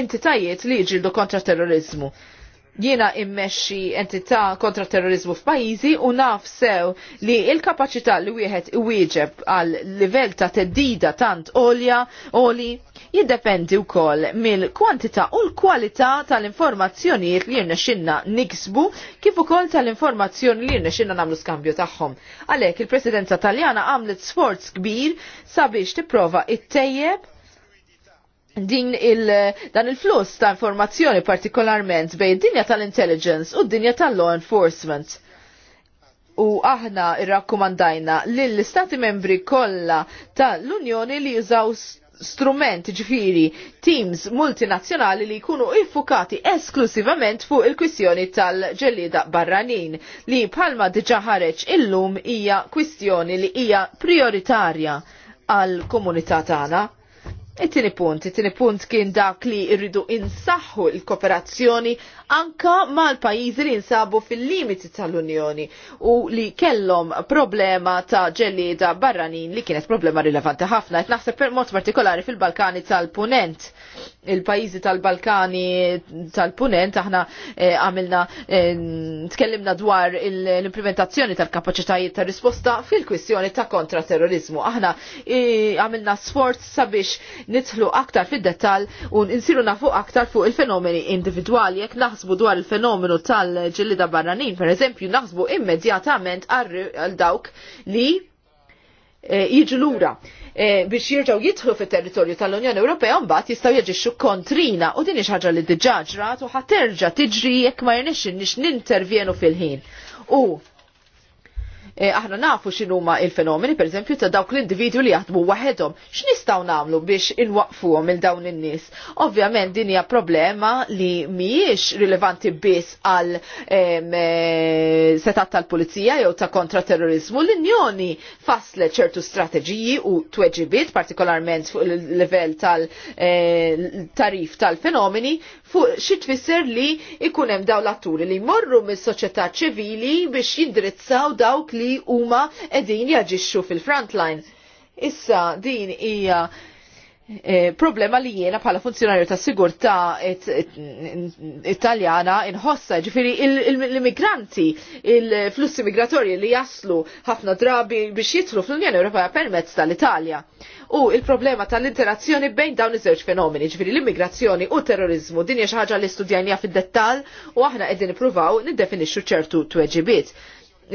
entitajiet li jġildu kontra terrorizmu jiena immexxi entità kontra terrorizmu f'pajjiżi u naf sew li l-kapaċità li wieħed iwieġeb għal livell ta' teddida tant olja oli jiddependi wkoll mill-kwantità u l-kwalità tal-informazzjonijiet li jirnexxinna niksbu kif ukoll tal-informazzjoni li jirnexinna nagħmlu skambju tagħhom. Għalhekk il-Presidenza Taljana għamlet sforz kbir sabiex tipprova it-tejjeb din il, dan il-fluss ta' informazzjoni partikolarment bej dinja tal-intelligence u dinja tal-law enforcement. U aħna irrakkomandajna lill istati membri kollha tal-Unjoni li jużaw strument ġifiri teams multinazzjonali li jkunu infukati esklusivament fuq il-kwistjoni tal-ġellida barranin li palma diġaħareċ ħareċ illum hija kwistjoni li hija prioritarja għal komunità tagħna. It-tieni punt, it-tieni punt kien dak li rridu insaħħu l-kooperazzjoni anka mal-pajjiżi li jinsabu fil-limiti tal-Unjoni u li kellhom problema ta' ġellieda barranin li kienet problema rilevanti ħafna qed naħseb per mod partikolari fil-Balkani tal-Punent. Il-pajjiżi tal-Balkani tal-Punent aħna eh, għamilna eh, tkellimna dwar l-implementazzjoni tal-kapaċitajiet ta' risposta fil-kwistjoni ta' kontraterrorizmu. Aħna eh, għamilna sforz sabiex nidħlu aktar fid-dettal u insiru nafu aktar fuq il-fenomeni individwali. Jekk naħsbu dwar il-fenomenu tal-ġillida barranin, per eżempju, naħsbu immedjatament għal dawk li eh, jiġu lura eh, biex jirġaw jidħlu fit territorju tal-Unjoni Ewropea mbagħad jistgħu jaġixxu kontrina u din ħaġa li diġà ġrat u ħaterġa' tiġri jekk ma jirnexxin nix nintervjenu fil-ħin. U E, aħna nafu x'inhuma il-fenomeni, pereżempju ta' dawk l-individwi li jaħdmu waħedhom. X'nistgħu nagħmlu biex inwaqfuhom il dawn in-nies? Ovvjament din hija problema li mhijiex rilevanti biss għal e, setat tal-pulizija jew ta' kontraterrorizmu. L-Unjoni fasle ċertu strateġiji u tweġibiet partikolarment fuq il-livell tal-tarif e, tal-fenomeni fuq xi tfisser li ikunem hemm dawn l-atturi li jmorru mis-soċjetà ċivili biex jindrizzaw dawk li huma qegħdin jaġixxu fil-frontline. Issa din hija E, problema li jiena bħala funzjonarju ta' sigurta italjana inħossa, ġifiri l-immigranti, il il-flussi migratorji li jaslu ħafna drabi biex jitlu fl-Unjoni Ewropea permezz tal-Italja u il-problema tal-interazzjoni bejn dawn iż-żewġ fenomeni, ġifiri l-immigrazzjoni u terrorizmu. Din hija xi ħaġa li studjajnija fid-dettall u aħna qegħdin ippruvaw niddefinixxu ċertu tweġibiet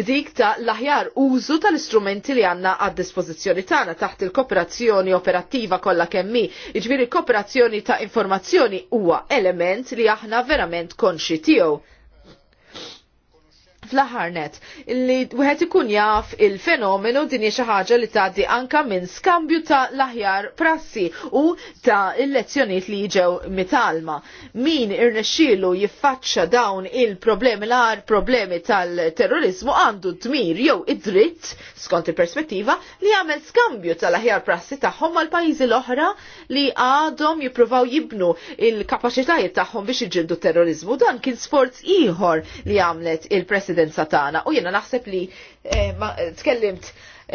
dik ta' l-aħjar użu tal-istrumenti li għanna għad dispożizzjoni tagħna taħt il-kooperazzjoni operattiva kollha kemmi. Iġbiri kooperazzjoni ta' informazzjoni huwa element li aħna verament konxi tiegħu fl-aħħar net li wieħed ikun jaf il-fenomenu din xi ħaġa li tgħaddi anka minn skambju ta' l-aħjar prassi u ta' il-lezzjonijiet li jiġew mitalma. Min irnexxielu jiffaċċa dawn il-problemi l-ar problemi tal-terrorizmu għandu dmir jew id-dritt skont il-perspettiva li jagħmel skambju tal-aħjar prassi tagħhom mal-pajjiżi l-oħra li għadhom jippruvaw jibnu il-kapaċitajiet tagħhom biex iġildu terrorizmu. Dan kien sforz ieħor li għamlet il-President l tagħna u jiena naħseb li eh, tkellimt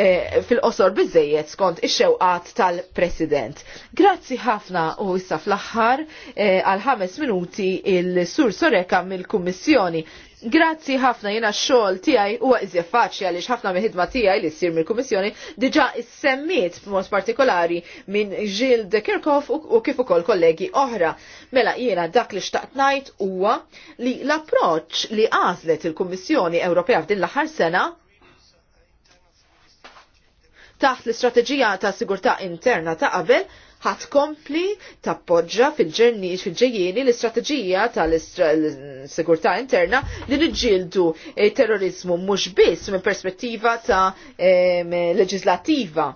eh, fil-qosor biżejjed skont ix-xewqat tal-President. Grazzi ħafna u issa fl-aħħar eh, għal ħames minuti il-Sur Soreka mill-Kummissjoni Grazzi ħafna jina xol tijaj u għazja faċi għalix ħafna meħidma tijaj li s-sir mil-Komissjoni diġa s-semmiet b'mod partikolari minn Gilles de Kirchhoff u kif ukoll kollegi oħra. Mela jina dak li xtaqt najt huwa li l-approċ li għazlet il-Komissjoni Ewropea f'din l-aħħar sena taħt l-istrateġija ta' sigurtà interna ta' qabel ħat kompli tappoġġa fil-ġerniġ fil-ġejjieni l-istrateġija tal-sigurtà interna li niġġieldu eh, terrorizmu mhux biss minn perspettiva ta' leġislattiva.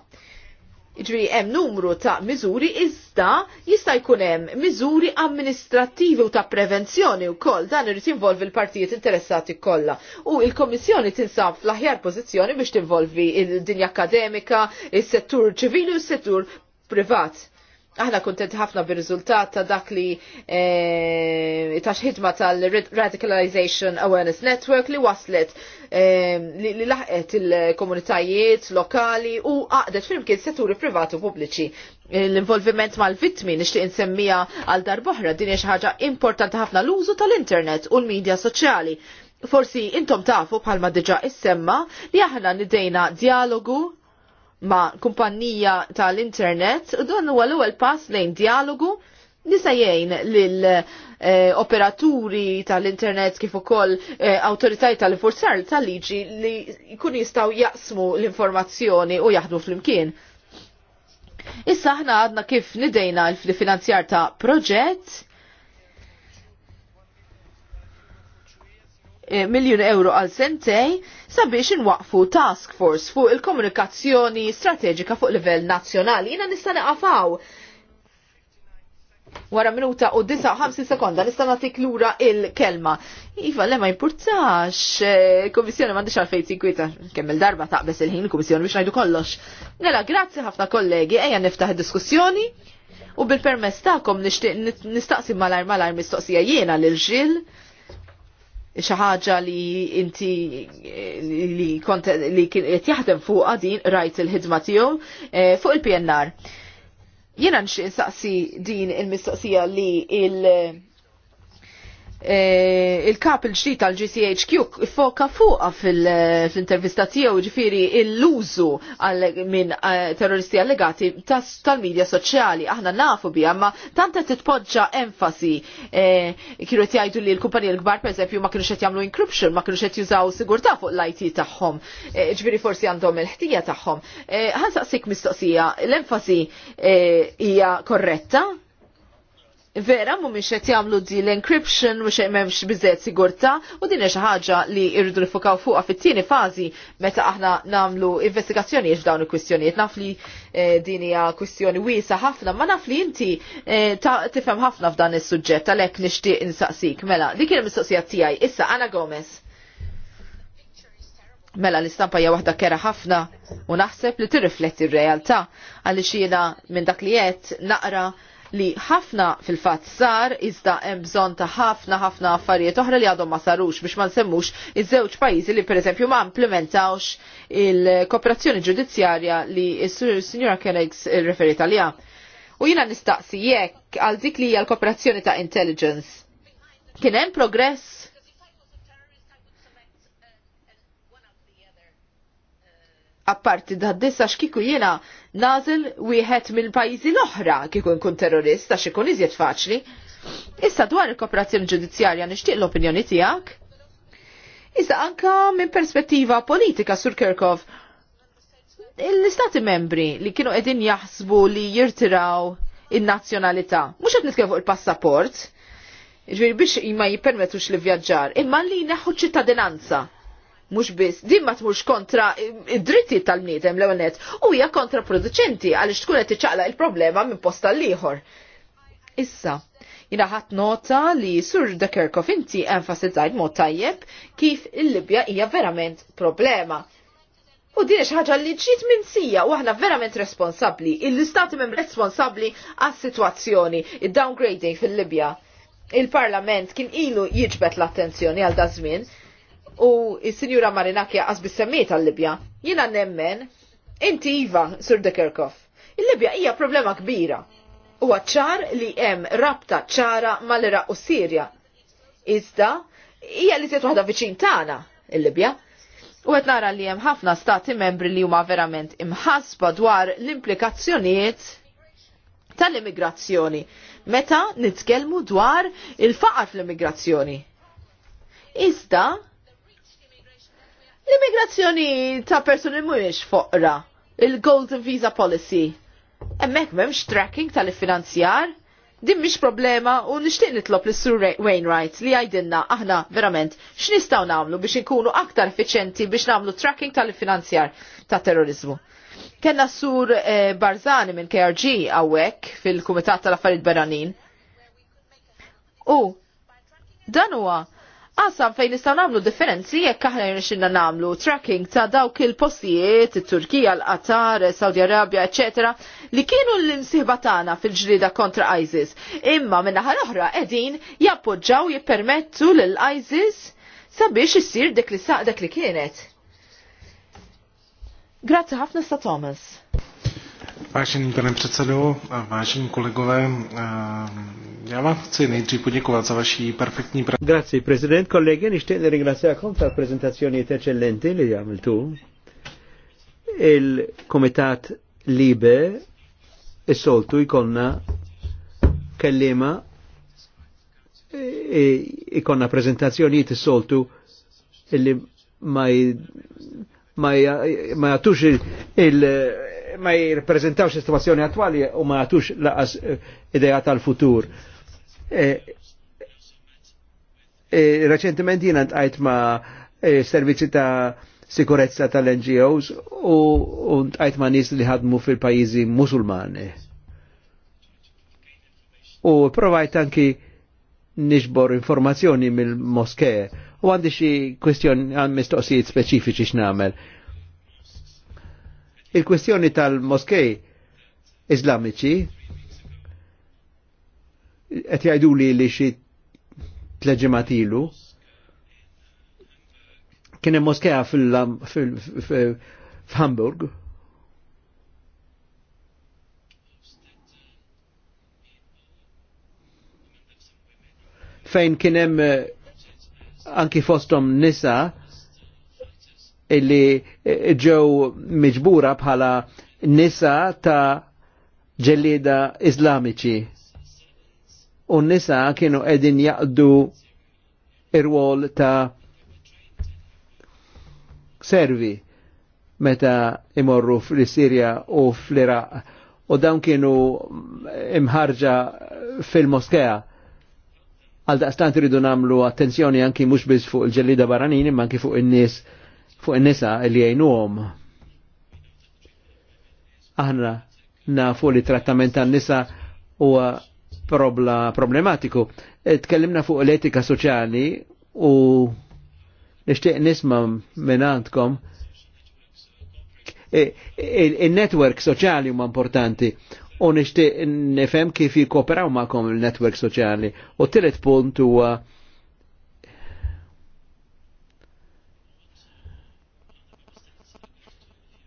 Ġri hemm numru ta' miżuri iżda jista' jkun hemm miżuri amministrativi u ta' prevenzjoni wkoll dan irid involvi l-partijiet interessati kollha. U l-Komissjoni tinsab fl-aħjar pożizzjoni biex tinvolvi il-dinja akademika, is-settur ċivili u s-settur privat aħna kontenti ħafna bir-riżultat ta' dak li e, ta' ħidma tal-Radicalization Awareness Network li waslet e, li laħqet il-komunitajiet lokali u għaqdet flimkien setturi privati u pubbliċi. L-involviment mal-vittmi nixtieq insemmija għal darboħra din hija ħaġa importanti ħafna l-użu tal-internet u l-medja soċjali. Forsi intom tafu bħalma diġa issemma li aħna nidejna dialogu ma' kumpanija tal-internet u dan huwa l-ewwel pass lejn dialogu nisajjajn jgħin lil eh, operaturi tal-internet kif ukoll eh, awtoritajiet tal-forzar tal-liġi li jkun jistgħu jaqsmu l-informazzjoni u jaħdu flimkien. Issa aħna għadna kif nidejna l-finanzjar ta' proġett Eh, miljun euro għal sentej sabiex inwaqfu task force fuq il-komunikazzjoni strateġika fuq livell nazzjonali. Jina nista' għafaw wara minuta u 59 sekonda nista' nagħtik lura il-kelma. Iva le ma jimpurtax, eh, il-Kummissjoni m'għandix għalfejn tinkwita kemm il-darba taqbess il-ħin il-Kummissjoni biex ngħidu kollox. Mela grazzi ħafna kollegi, ejja niftaħ id-diskussjoni u bil-permess tagħkom nistaqsim malar malar mistoqsija jiena lil ġil ħaġa li inti li kont li kienet jaħdem fuq din rajt il-ħidma tiegħu eh, fuq il-PNR. Jiena nixtieq saqsi din il-mistoqsija li il- Eh, il-kap il-ġdid tal-GCHQ foka fuqa fil-intervista tiegħu ġifieri l-użu minn eh, terroristi allegati tal-medja soċjali. Aħna nafu biha, ma tanta titpoġġa enfasi eh, kienu qed jgħidu li l-kumpanija l-kbar pereżempju ma kienu qed jagħmlu encryption, ma kienu qed jużaw sigurta fuq l-IT tagħhom. ġifiri forsi għandhom il-ħtija tagħhom. Ħansaqsik mistoqsija, l-enfasi hija korretta? vera mhumiex qed jagħmlu di l-encryption mhux xejn m'hemmx biżejjed sigurtà u din xi ħaġa li jridu nifukaw fuqha fit-tieni fażi meta aħna nagħmlu investigazzjonijiet f'dawn il-kwistjonijiet. Naf li eh, din hija kwistjoni wiesa ħafna, ma naf li inti eh, tifhem ħafna f'dan is-suġġett għalhekk nixtieq insaqsik. Mela, dik hija mistoqsija tiegħi issa Ana Gomez. Mela l-istampa hija waħda kera ħafna u naħseb li tirrifletti r-realtà għaliex jiena minn dak li qed naqra li ħafna fil-fatt sar iżda hemm bżonn ta' ħafna ħafna affarijiet oħra li għadhom ma sarux biex ma nsemmux iż-żewġ pajjiżi li pereżempju ma implementawx il-kooperazzjoni ġudizzjarja li s-Sinjura Kenegs referi talja. U jina nistaqsi jekk għal dik li hija l-kooperazzjoni ta' intelligence. Kien hemm progress apparti da' dissa xkiku jena nazil wieħed mill pajjiżi l-oħra kieku nkun terrorist għax ikun iżjed faċli. Issa dwar il-kooperazzjoni ġudizzjarja nixtieq l-opinjoni tiegħek. Issa anka minn perspettiva politika sur Kirkov, l-istati membri li kienu qegħdin jaħsbu li jirtiraw in-nazzjonalità, mhux qed nitkellem fuq il-passaport, ġviri biex ma jipermetux li vjaġġar, imma li neħu ċittadinanza mhux biss din ma tmurx kontra id-dritti tal-bniedem l nett u hija kontraproduċenti għaliex tkun qed tiċċaqla il-problema minn posta l-ieħor. Issa, jina ħadd nota li Sur de Kerkov inti enfasizzajt mod tajjeb kif il-Libja hija verament problema. U din ħaġa li ġiet minn sija u aħna verament responsabbli, il-istati mem responsabbli għas-sitwazzjoni, id-downgrading fil-Libja. Il-Parlament kien ilu jiġbet l-attenzjoni għal dażmin, u il-Sinjura Marinaki għas semmiet għal-Libja. Jina nemmen, inti Iva, Sur de Kerkov. Il-Libja hija problema kbira. U ċar li hemm rabta ċara mal-Iraq u Sirja. Iżda, hija li tiet waħda viċin tagħna il-Libja. U qed nara li hemm ħafna stati membri li huma verament imħasba dwar l-implikazzjonijiet tal-immigrazzjoni. Meta nitkellmu dwar il-faqar fl-immigrazzjoni. Iżda, L-immigrazzjoni ta' persuni mhuwiex foqra. Il-Golden Visa Policy. Hemmhekk m'hemmx tracking tal-finanzjar. Din mhix problema u nixtieq nitlob lis sur Wainwright li jgħidilna aħna verament x'nistgħu nagħmlu biex inkunu aktar effiċenti biex nagħmlu tracking tal-finanzjar ta' terrorizmu. Kenna sur eh, Barzani minn KRG għawek fil-Kumitat tal-Affarijiet Beranin. U dan huwa Għasam fejn nistgħu nagħmlu differenzi jekk aħna nixinna nagħmlu tracking ta' dawk il-postijiet, it-Turkija, l-Qatar, Saudi Arabia, eċetera, li kienu l insihbatana tagħna fil-ġrida kontra ISIS. Imma minn ħal-ohra oħra qegħdin jappoġġaw jippermettu l ISIS sabiex issir dik li saq li kienet. Grazzi ħafna sta Thomas. Vážený pane předsedo, vážení kolegové, já vám chci nejdřív poděkovat za vaši perfektní práci. Grazie, prezident, kolegy, než a konta prezentacioni je teče lenty, li tu. il komitát Libe is-soltu i konna kellima i konna prezentacioni je soltu illi ma ma jagħtux il-, il ma jirrepreżentawx is-sitwazzjoni attwali u ma jagħtux laqas eh, idea tal-futur. Eh, eh, reċentement jiena ntqajt ma' servizzi ta' sikurezza tal-NGOs u ntqajt ma' nies li ħadmu fil-pajjiżi Musulmani. U provajt anki nixbor informazzjoni mill-moskee u għandi xi kwestjoni għan mistoqsijiet speċifiċi x'namel. Il-kwestjoni tal-moskej islamiċi għet jajdu li li xie tleġematilu, kienem moskeja fil-Hamburg. Fejn kienem eh, anki fostom nisa illi ġew miġbura bħala nisa ta' ġellida islamiċi. U nisa kienu edin jaqdu ir-wol ta' servi meta imorru fl-Sirja u fl-Iraq u dawn kienu imħarġa fil-moskea. Għal daqstant rridu namlu attenzjoni anki mux biz fuq il-ġellida baranini, ma anki fuq il-nis fuq in-nisa li jgħinuhom. Aħna nafu li trattament tan-nisa huwa problematiku. Eh, tkellimna fuq l-etika soċjali u nixtieq nisma minnantkom eh, il-network soċjali huma importanti u nixtieq nifhem kif jikkoperaw ma'kom il-network soċjali. U tielet punt huwa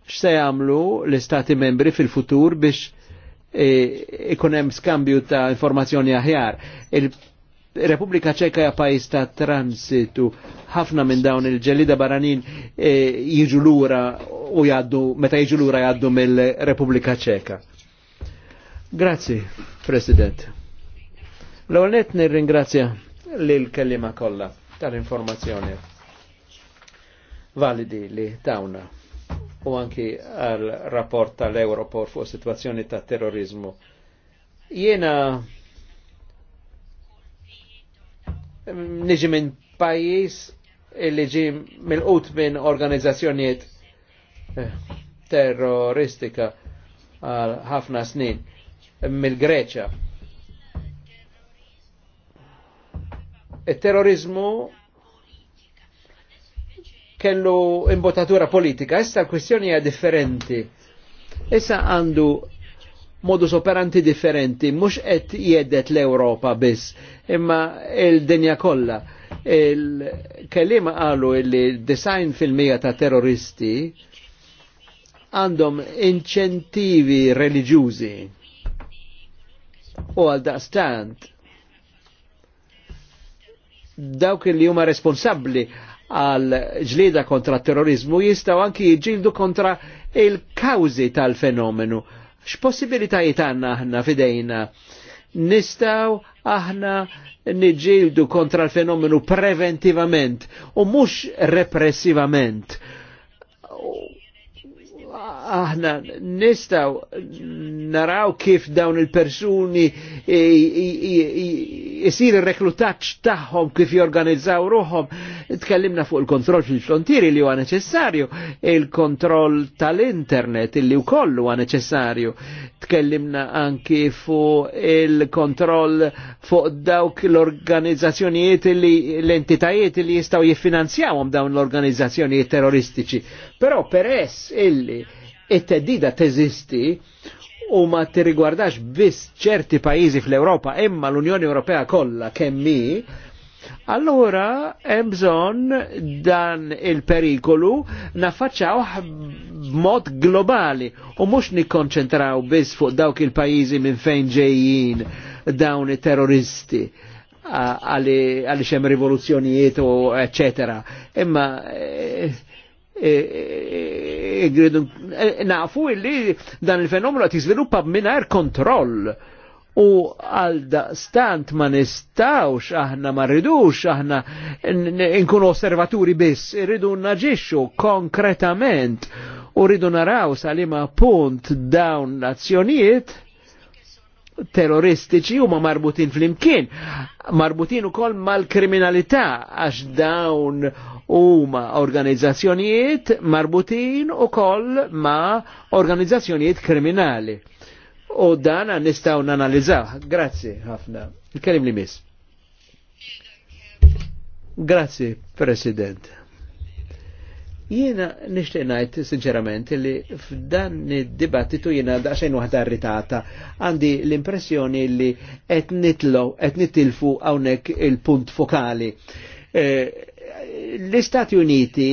x'se jagħmlu l-istati membri fil-futur biex e, ikun hemm skambju ta' informazzjoni aħjar. Il-Repubblika Ċeka hija pajjiż ta' transitu ħafna minn dawn il-ġelida baranin e, jiġu lura u jgħaddu meta jiġu lura jgħaddu mill-Repubblika Ċeka. Grazzi, President. L-ewwel qed nirringrazzja lil kellima kollha tal-informazzjoni validi li tawna u anki għal rapport tal-Europol fuq situazzjoni ta' terrorizmu. Jena niġi minn pajis illi ġi mill-qut minn organizzazzjonijiet eh, terroristika għal ħafna snin mill-Greċa. Il-terrorizmu e kellu imbotatura politika. Issa l-kwestjoni hija differenti. Issa għandu modus operanti differenti, mhux qed jedet l-Ewropa biss, imma il-dinja kollha. Il-kelima qalu li design filmija ta' terroristi għandhom inċentivi reliġjużi u għal daqstant dawk li huma responsabbli għal ġlida kontra terrorizmu jistaw anki jġildu kontra il-kawzi tal-fenomenu. X'possibilitajiet għanna aħna fidejna? Nistaw aħna niġildu kontra l-fenomenu preventivament u mhux repressivament aħna nistaw naraw kif dawn il-persuni jisir il-reklutaċ taħħom kif jorganizzaw ruħom. Tkellimna fuq il-kontroll fil-frontieri li huwa neċessarju, il-kontroll tal-internet li kollu huwa neċessarju. Tkellimna anki fuq il-kontroll fuq dawk l-organizzazzjonijiet li l-entitajiet li jistaw jiffinanzjawhom dawn l-organizzazzjonijiet terroristiċi. Però peress illi it-teddida teżisti u ma tirrigwardax biss ċerti pajjiżi fl europa imma l-Unjoni Ewropea kollha kemm hi, allura hemm bżonn dan il-perikolu nafaċċaw b'mod globali u mhux nikkonċentraw biss fuq dawk il-pajjiżi minn fejn ġejjin dawn it-terroristi għaliex hemm rivoluzzjonijiet u eccetera. Imma eh, E, e, e, nafu illi dan il-fenomenu għat jizviluppa minar kontroll u għal stant ma nistawx aħna ma ridux aħna nkunu osservaturi biss irridu naġixxu konkretament u rridu naraw salima punt dawn nazzjonijiet terroristiċi huma marbutin fl-imkien, marbutin ukoll mal-kriminalità għax dawn huma organizzazzjonijiet marbutin u koll ma organizzazzjonijiet kriminali. U dan nistaw nanalizzaw. Grazzi ħafna. il Kelim li mis. Grazzi, President. Jiena nishtiq ngħid sinċerament li f'dan id-dibattitu jiena daqsxejn waħda irritata għandi l-impressjoni li qed nitlgħu qed nitilfu hawnhekk il-punt fokali. Eh, L-Istati Uniti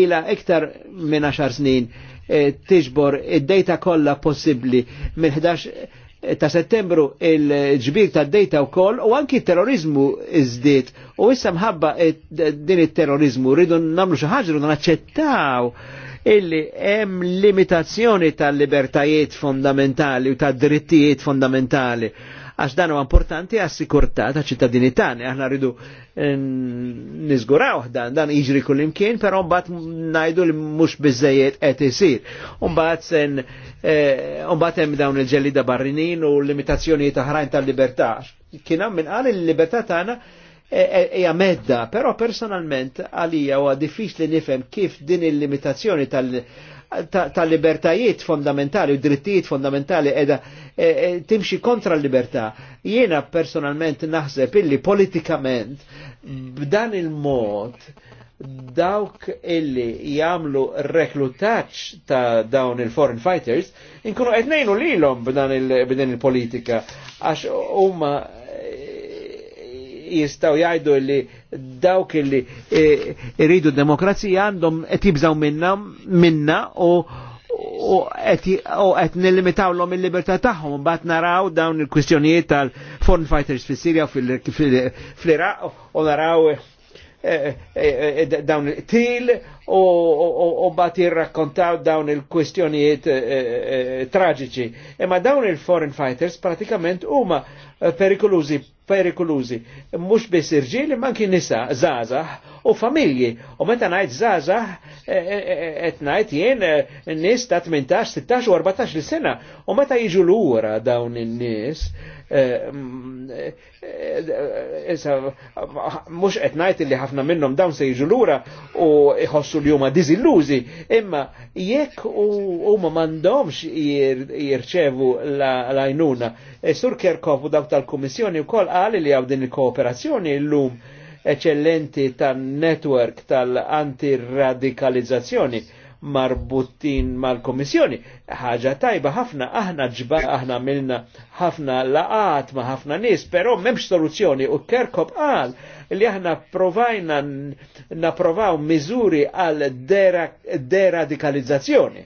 ila iktar minn 10 snin eh, tiġbor id-data kollha possibbli minn 11 eh, ta' settembru il-ġbir ta' dejta u koll u anki terrorizmu iżdiet u issa mħabba eh, din il-terrorizmu rridu namlu xaħġru rridu naċċettaw illi hemm limitazzjoni tal-libertajiet fondamentali u tad-drittijiet fondamentali għax dan huwa importanti għas sikurtà ta' ċittadini tagħni, Aħna rridu eh, niżguraw dan, dan jiġri kullimkien, però mbagħad ngħidu li mhux biżejjed qed isir. Mbagħad sen eh, mbagħad hemm dawn il-ġellida barrinin u l limitazzjonijiet oħrajn tal-libertà. Kien hemm min qal il-libertà tagħna eh, hija medda, però personalment għalija huwa diffiċli nifhem kif din il-limitazzjoni tal-libertà ta' libertajiet fondamentali u drittijiet fondamentali edha e, e, timxi kontra l-libertà. Jiena personalment naħseb illi politikament b'dan il-mod dawk illi jamlu reklutaċ ta' dawn il-foreign fighters inkunu etnejnu li l-om b'dan il-politika għax umma e, jistaw jajdu illi dawk illi eh, iridu demokrazija għandhom qed jibżaw minna minna u u qed nillimitaw l il-libertà tagħhom mbagħad naraw dawn il-kwistjonijiet tal-foreign fighters fis-Sirja fl-Iraq u naraw eh, eh, dawn il-til u bat jirrakkontaw dawn il-kwistjonijiet traġiċi. Imma dawn il-foreign fighters pratikament huma perikolużi perikolużi. Mux biss irġieli manki nisa, zazax u familji. U meta najt zazax, et najt jien e, nis ta' 18, 16 u 14 il sena. U meta jiġu l-ura dawn il-nis, e, e, mux et najt li ħafna minnom dawn se jiġu l-ura u jħossu li huma dizilluzi, imma jekk u ma mandomx jirċevu l-ajnuna. Sur Kerkov u dawk tal-Komissjoni u koll qal li għaw din il-kooperazzjoni l-lum eccellenti tan-network tal-antiradikalizzazzjoni marbuttin mal-Komissjoni. ħaġa tajba ħafna, aħna ġba, aħna milna ħafna laqat ma ħafna nis, pero memx soluzzjoni u Kerkop qal li aħna provajna naprovaw miżuri għal deradikalizzazzjoni.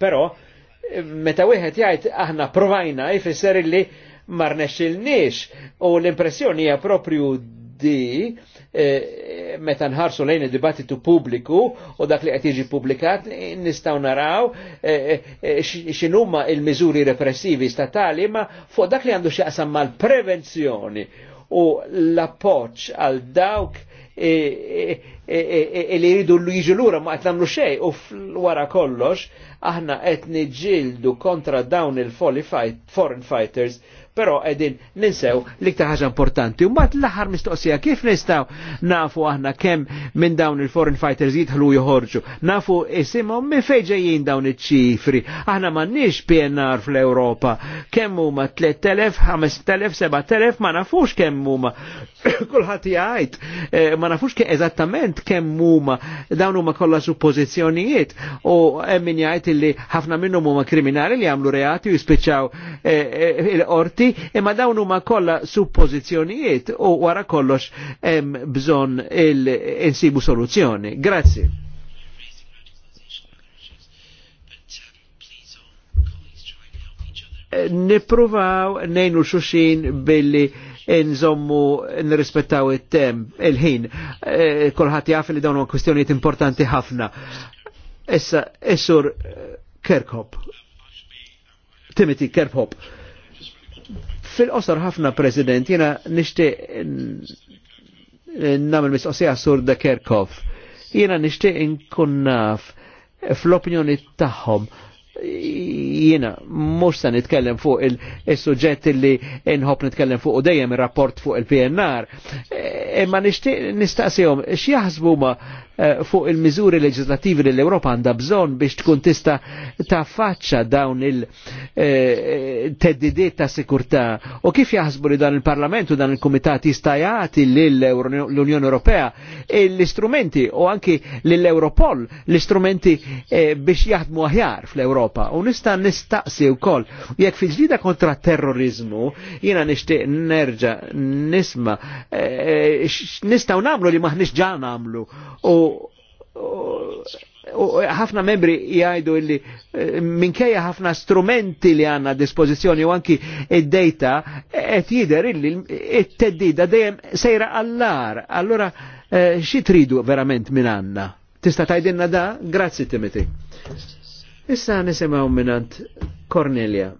Pero, meta wieħed jgħid aħna provajna jfisser li marnexxilniex u l-impressjoni hija propju di eh, meta nħarsu lejn id-dibattitu pubbliku u dak li qed jiġi pubblikat nistgħu naraw eh, eh, x'inhuma il-miżuri repressivi statali ma fuq dak li għandu x'jaqsam mal-prevenzjoni u l-appoġġ għal dawk li jridu l jiġu lura ma qed nagħmlu xejn u wara kollox aħna qed niġġieldu kontra dawn il-foreign fighters però qegħdin ninsew l-iktar ħaġa importanti. Umbat mbagħad l-aħħar mistoqsija kif nistgħu nafu aħna kemm minn dawn il-foreign fighters jidħlu joħorġu. Nafu isimhom minn fejn dawn iċ-ċifri. Aħna nix PNR fl-Ewropa. Kemm huma 3000, 5000, 7000 ma nafux kemm huma. Kulħadd jgħid, eh, ma nafux ke eżattament kemm huma dawn huma kollha suppożizzjonijiet u hemm min jgħid illi ħafna minnhom huma kriminali li jagħmlu reati u jispiċċaw eh, eh, il-qorti esperti, imma dawn huma kollha suppożizzjonijiet u wara kollox hemm bżonn insibu soluzzjoni. Grazzi. Nipruvaw nejnu xuxin billi nżommu nirrispettaw it-tem, il-ħin. Eh, kolħat jaf li dawn huwa importanti ħafna. Issa, essur Kerkop. Timothy Kerkhop. Fil-qosor ħafna, President, jena nishti namel mistoqsija sur da Kerkov. Jena nishti nkun naf fl-opinjoni tagħhom jiena mhux se nitkellem fuq il sujġet il li inħobb nitkellem fuq u dejjem ir-rapport fuq il-PNR, e, imma nishti nixtieq nistaqsihom x'jaħsbu ma Eh, fuq il-miżuri leġislativi li l-Europa għandha bżonn biex tkun tista' ta' faċċa dawn il-teddidiet eh, eh, ta' sikurtà u kif jaħsbu li dan il-Parlament u dan il-Kumitat jista' jagħti lill-Unjoni Ewropea l-istrumenti u anki lill-Europol l-istrumenti biex jaħdmu aħjar fl europa U nista' nistaqsi wkoll jekk fil-ġlida kontra terrorizmu jiena nixtieq nerġa' nisma' nistgħu nagħmlu li maħniex ġa nagħmlu u u ħafna membri jgħidu illi eh, minkejja ħafna strumenti li għanna dispożizzjoni u anki id-data qed jidher illi it-teddida dejjem sejra allar. Allora eh, xi tridu verament minn għandna? Tista' tgħidilna da? Grazzi Timothy. Issa nisimgħu minant Cornelia.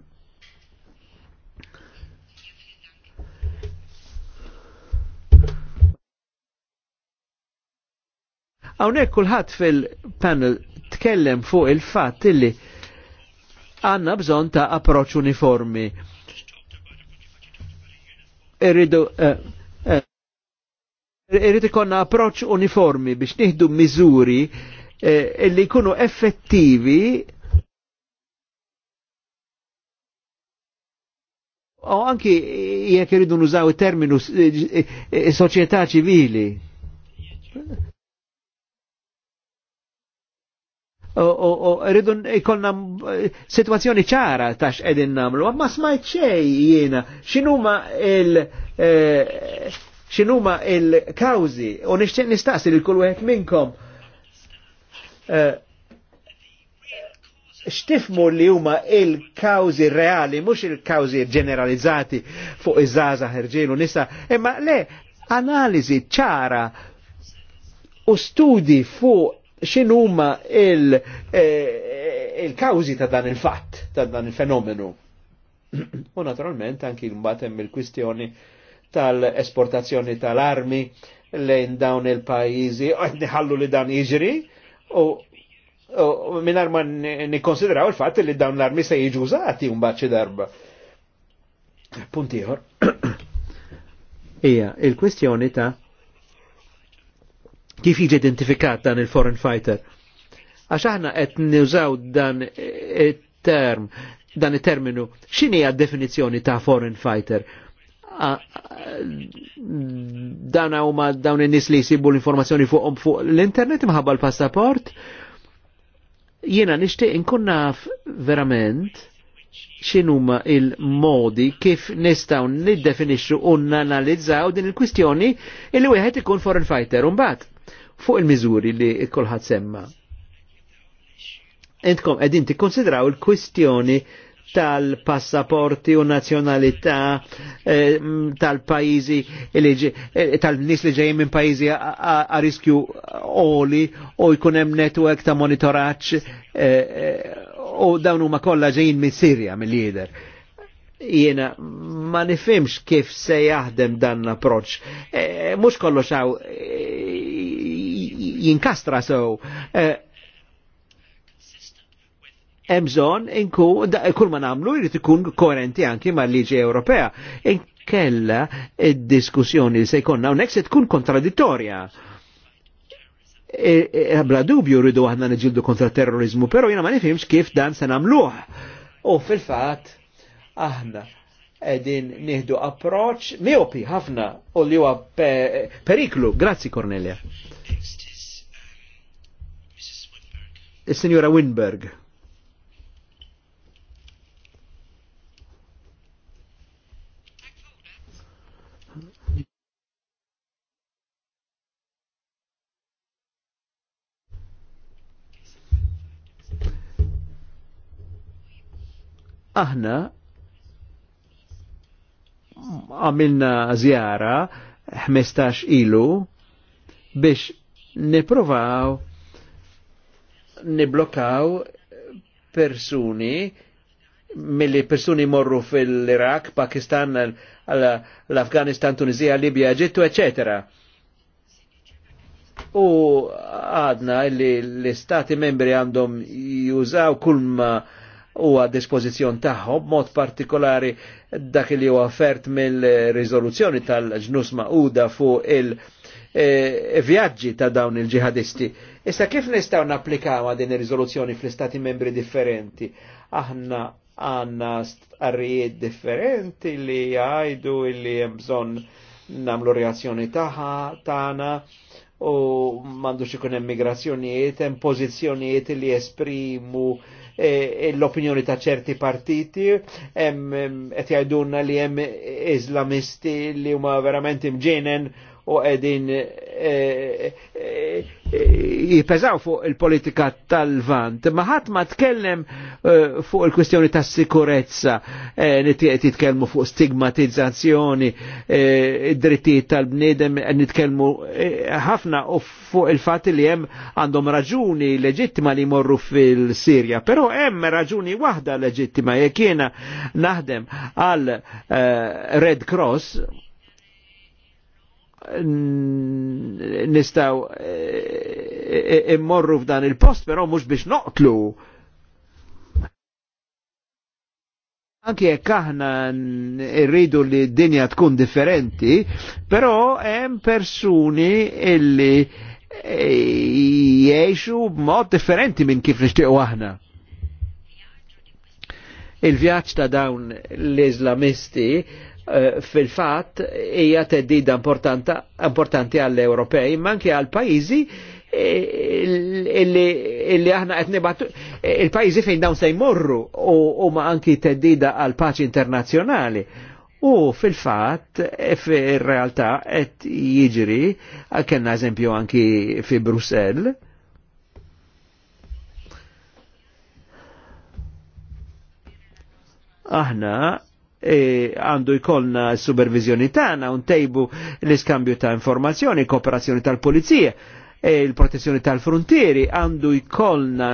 Hawnhekk kulħadd fil-panel tkellem fuq il-fatt illi għandna bżonn ta' approċ uniformi. Irridu eh, eh, approċċ uniformi biex nieħdu miżuri eh, illi li jkunu effettivi o anki jekk iridu nużaw terminu eh, eh, soċieta ċivili. rridu jkollna eh, situazzjoni ċara tax edin nagħmlu, ma smajt xejn jiena, x'inhuma il- eh, x'inhuma il kawżi u nixtieq nistaqsi li kull wieħed minnkom. Eh, xtifmu li huma il-kawzi reali, mhux il kawżi ġeneralizzati fuq iż-żaza ħerġielu nisa, imma le analiżi ċara u studi fuq xinuma il-kawzi eh, eh, ta' dan il-fatt, ta' dan il-fenomenu. U naturalment anki l mbatem il-kwistjoni tal-esportazzjoni tal-armi lejn dawn il-pajizi, niħallu li dan iġri, u minar ma nikonsideraw il-fatt li dawn l-armi se jiġu użati un baċi darba. Puntiħor. Ija, il-kwistjoni ta' kif jiġi identifikat dan il-foreign fighter. Għax aħna qed nużaw dan it-term, dan it-terminu, x'inhi definizzjoni ta' foreign fighter? dan huma dawn in-nies li jsibu l-informazzjoni fuqhom fuq l-internet imħabba l-passaport. Jiena nixtieq inkun naf verament x'inhuma il-modi kif nistgħu niddefinixxu u nanalizzaw din il-kwistjoni illi wieħed ikun foreign fighter u mbagħad fuq il-miżuri li kolħat semma. Entkom edin tikkonsidraw il-kwistjoni tal-passaporti u nazjonalità eh, tal-pajizi eh, tal-nis li ġejjin minn pajizi a riskju oli u jkun hemm netwerk ta' monitoraġġ eh, u dawn huma kollha ġejjin minn Sirja mill-lider. Jiena ma nifhimx kif se jaħdem dan l-approċċ. Mhux kollox jinkastra so Emżon eh, inku, kull ma namlu jrid ikun koerenti anki mal-liġi Ewropea. Inkella id-diskussjoni li se jkunna hawnhekk se tkun kontradittorja. E, e, bla dubju rridu aħna niġildu kontra terrorizmu, però jiena ma nifhimx kif dan se nagħmluh. U fil-fatt aħna edin nieħdu approċ miopi ħafna u li huwa periklu. Grazzi Cornelia il-Sinjora Winberg. Aħna għamilna zjara 15 ilu biex niprovaw niblokaw persuni mill persuni morru fil-Iraq, Pakistan, l-Afganistan, Tunizija, Libja, Ġittu, eccetera. U għadna li l-istati membri għandhom jużaw kulma u għad-dispozizjon taħħom, mod partikolari dak li u għafert mill-rizoluzzjoni tal-ġnus ma'uda fuq il- e, e vjaġġi ta' dawn il-ġihadisti. Issa kif nistaw napplikaw din ir-riżoluzzjoni fl-istati membri differenti? Aħna għanna arrijiet differenti li għajdu li jemżon namlu reazzjoni taħħa taħna u mandu xikun emigrazzjonijiet, hemm pożizzjonijiet li esprimu E, e l-opinjoni ta' ċerti partiti, qed jgħidulna li hemm Islamisti li huma verament imġenen u għedin eh, eh, eh, jipeżaw fuq il-politika tal-vant. Ma ħadd ma tkellem fuq il-kwestjoni tas sikurezza nitkellmu fuq stigmatizzazzjoni, id-drittijiet tal-bniedem, nitkellmu ħafna u fuq il fat li hemm għandhom raġuni leġittima li morru fil-Sirja, però hemm raġuni waħda leġittima jekk naħdem għal Red Cross nistaw e, e, e, immorru f'dan il-post, però mhux biex noqtlu. Anki jekk aħna rridu li d-dinja tkun differenti, però hemm persuni illi jiexu b'mod differenti minn kif nixtiequ aħna. Il-vjaġġ ta' dawn l-Islamisti Eh, fil-fat hija teddida importanti għall-Ewropej, ma anke għall-pajjiżi eh, illi aħna qed nibgħatu eh, il-pajjiżi fejn dawn se jmorru u ma anki teddida għal paċi internazzjonali. U fil-fatt, fil-realtà, qed jiġri, kellna eżempju anki fi Brussell, aħna E għandu e, jkollna supervizjoni tagħna u ntejbu l-iskambju ta' informazzjoni, kooperazzjoni tal-pulizija, e, il-protezzjoni tal-frontieri, għandu jkollna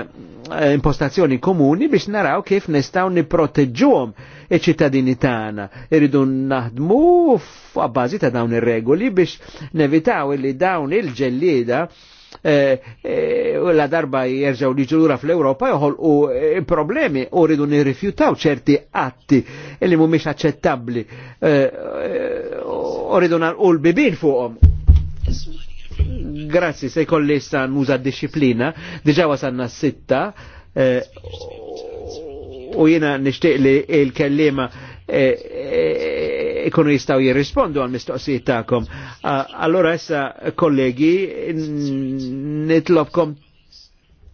e, impostazzjoni komuni biex naraw kif nistgħu nipproteġġuhom iċ-ċittadini tagħna. Irridu naħdmu f'abbażi ta' dawn ir-regoli biex nevitaw li dawn il-ġellieda il ġellieda Eh, eh, u la darba jerġaw li ġurura fl-Europa joħol u eh, problemi u rridu nirrifjutaw ċerti atti li mumiex accettabli u rridu narqu l-bibin fuqom. Grazzi, sej kolli san muza disciplina, diġa wasanna sitta u jina nishtiq li il-kellima ikunu jistaw jirrispondu għal mistoqsijiet ta'kom. Allora issa kollegi nitlobkom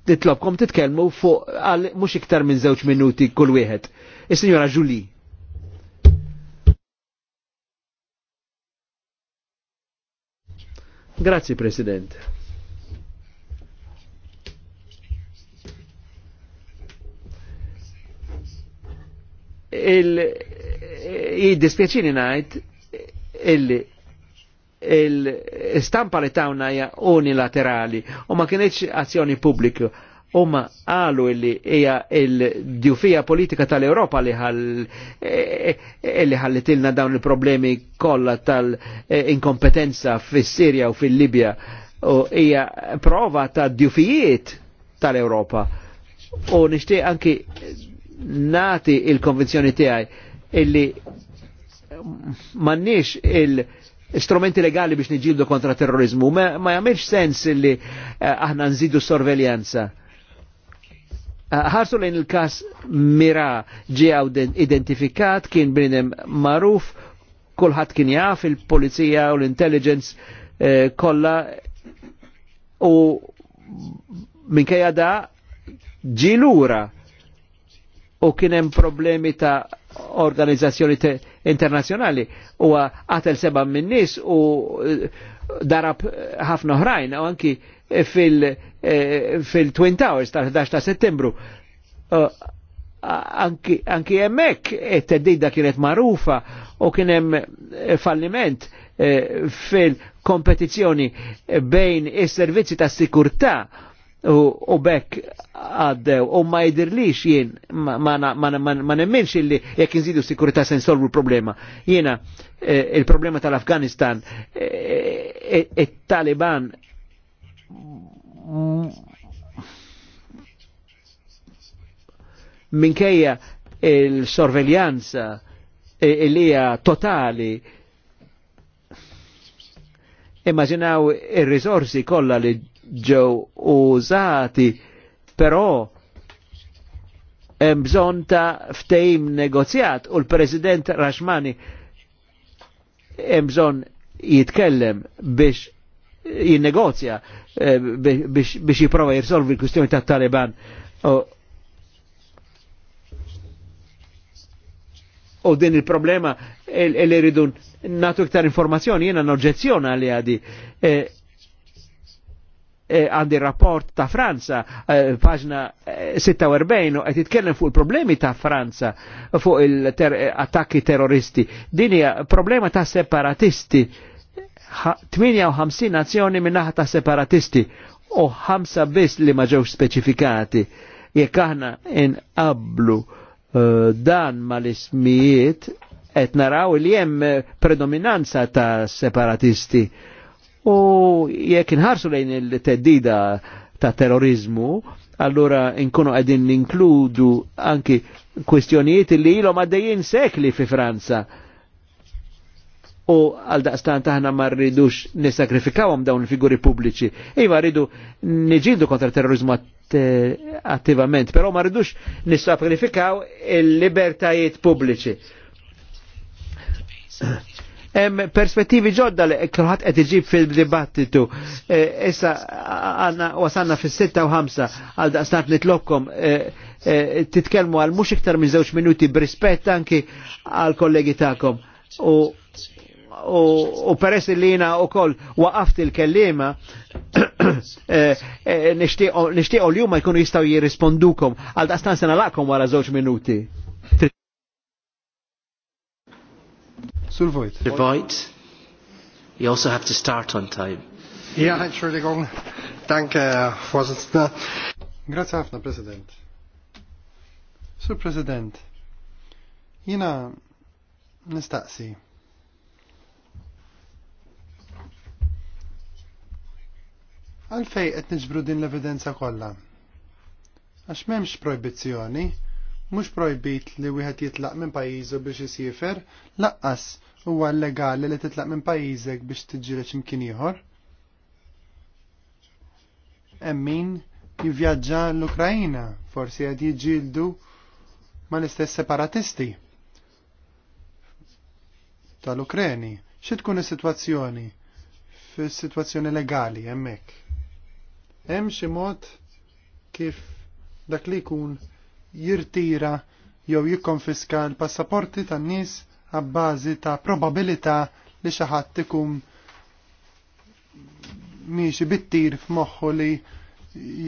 nitlobkom titkellmu fuq għal mhux iktar minn żewġ minuti kull wieħed. Is-Sinjora Julie. Grazzi President. il jiddispjaċini najt illi il-stampa li tawna hija unilaterali u ma kienieċ azzjoni pubbliku huma għalu illi hija il djufija politika tal-Europa li ħall eh, eh, li ħallitilna dawn il-problemi kollha tal-inkompetenza fis-Sirja u fil-Libja u hija prova ta' djufijiet tal-Europa. U nixtieq anki nati il-konvenzjoni tiegħi illi mannix il- strumenti legali biex niġildu kontra terrorizmu. Ma, jamilx sens illi eh, aħna nżidu sorveljanza. Eh, ħarsu lejn il-kas mira ġie identifikat, kien binem maruf, kulħadd kien jaf il-polizija u l-intelligence kolla eh, kollha u minkejja da ġilura u kien hemm problemi ta' organizzazzjoni internazjonali u għatel seba minn nis u eh, darab eh, ħafna oħrajn u anki fil-Twin eh, Towers tal-11 ta' settembru. Anki jemmek it-teddida kienet marufa u kienem falliment fil-kompetizjoni bejn is-servizzi ta' sikurta' u bekk għaddew u ma jidirlix jien ma nemmenx illi jek nżidu sikurita se nsolvu l-problema. Jiena eh, il-problema tal-Afganistan eh, eh, il taliban minkejja il-sorveljanza li hija totali immaginaw il-rizorsi kolla li ġew użati, però hemm bżonn ta' ftehim negozjat u l-President Rashmani hemm bżonn jitkellem biex jinnegozja eh, biex jiprova jirsolvi l-kustjoni ta' Taliban. U din il-problema l-iridun natu iktar informazzjoni jena noġezzjona li għadi. Eh, Eh, għandi rapport ta' Franza, eh, paġna 46, eh, għet jitkellem fuq il-problemi ta' Franza, fuq il-attakki terroristi. Dinja problema ta' separatisti, 58 nazzjoni minnaħa ta' separatisti u ħamsa biss li ma ġewx speċifikati. Jekk aħna inqablu dan mal-ismijiet et naraw li jem predominanza ta' separatisti U jekk inħarsu lejn il-teddida ta' terrorizmu, allura nkunu għedin ninkludu anki kwestjonijiet li ilhom għaddejjin sekli fi Franza. U għal daqstan taħna ma rridux nisakrifikawhom dawn il-figuri pubbliċi. Iva rridu niġildu kontra terrorizmu attivament, però ma rridux nissakrifikaw il-libertajiet pubbliċi hemm perspettivi ġodda li kulħadd qed iġib fil-dibattitu. E, issa għandna wasanna fis-sitta u ħamsa għal daqsnat nitlobkom e, e, titkellmu għal mhux iktar minn żewġ minuti b'rispett anki għal kollegi tagħkom. U peress li jina u koll waqaft il-kellima, nishtiqo li juma jkunu jistaw jirrispondukom għal daqstan sena laqkom wara żewġ minuti. Sur Vojt. Sir Vojt, you also have to start on time. Ja, entschuldigung. Danke, Vorsitzender. Grazie Herr Präsident. Sur President, jina nistaqsi. Għalfej qed niġbru din l-evidenza kollha. Għax m'hemmx proibizzjoni, mhux projbit li wieħed jitlaq minn pajjiżu biex isifer, laqqas huwa legali li titlaq minn pajjiżek biex tiġġieleġ imkien ieħor. Hemm min jivvjaġġa l-Ukrajna, forsi qed jiġġieldu ma l-istess separatisti tal-Ukreni. Xi tkun is-sitwazzjoni? Fis-sitwazzjoni legali hemmhekk. Hemm xi mod kif dak li jkun jirtira jew jikkonfiska l-passaporti tan-nies għabbażi ta' probabilità li xi ħadd ikun miexi bittir f'moħħu li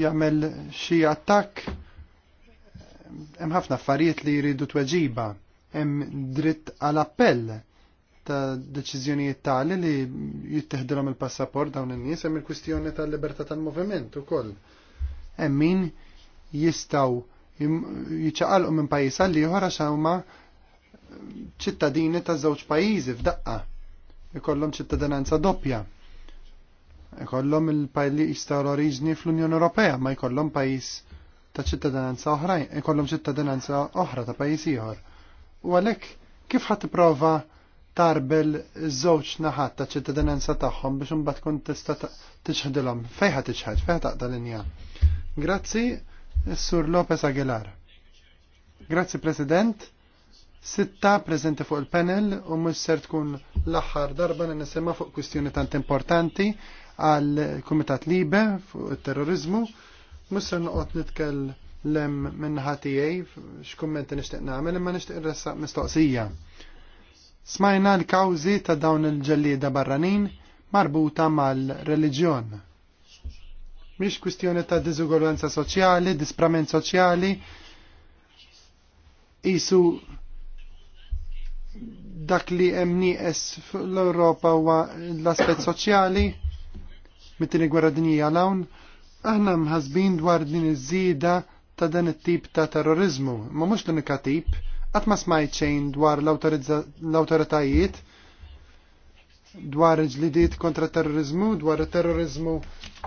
jagħmel xi attakk hemm ħafna affarijiet li jridu tweġiba, hemm dritt għal appell ta' deċiżjonijiet tali li jittieħdilhom il-passaport dawn in-nies hemm il-kwistjoni tal-libertà tal-moviment ukoll. Hemm min jistgħu jiċċaqalqu minn pajjiż għal ieħor għax huma ċittadini ta' żewġ pajjiżi f'daqqa. Ikollhom ċittadinanza doppja. Ikollhom il-pajjiż ta' oriġni fl-Unjoni Ewropea ma jkollhom pajjiż ta' ċittadinanza oħrajn, ikollhom ċittadinanza oħra ta' pajjiż ieħor. U għalhekk kif ħadd tipprova tarbel żewġ naħat ta' ċittadinanza tagħhom biex imbagħad tkun tista' tiċħdilhom. Fejn ħad tiċħed, fejn taqta' linja. Grazzi. Sur Lopez Aguilar. Grazzi President. Sitta prezenti fuq il-panel u mhux ser tkun l-aħħar darba li fuq kwistjoni tant importanti għal Kumitat Libe fuq it-terrorizmu. Mux ser nitkell lem minn ħatijaj x'kummenti nixtieq nagħmel imma nixtieq irressaq mistoqsija. Smajna l-kawżi ta' dawn il-ġellieda barranin marbuta mal-reliġjon Mhix kwistjoni ta' diżugoljanza soċjali, disprament soċjali. Isu dak li hemm nieqes l-Ewropa huwa l-aspett soċjali mit-tieni gwerra dinjija l-hawn, aħna mħasbin dwar din iż-żieda ta' dan it-tip ta' terrorizmu, ma mhux l-unika tip, qatt ma smajt xejn dwar l-awtoritajiet dwar ġlidiet kontra terrorizmu, dwar terrorizmu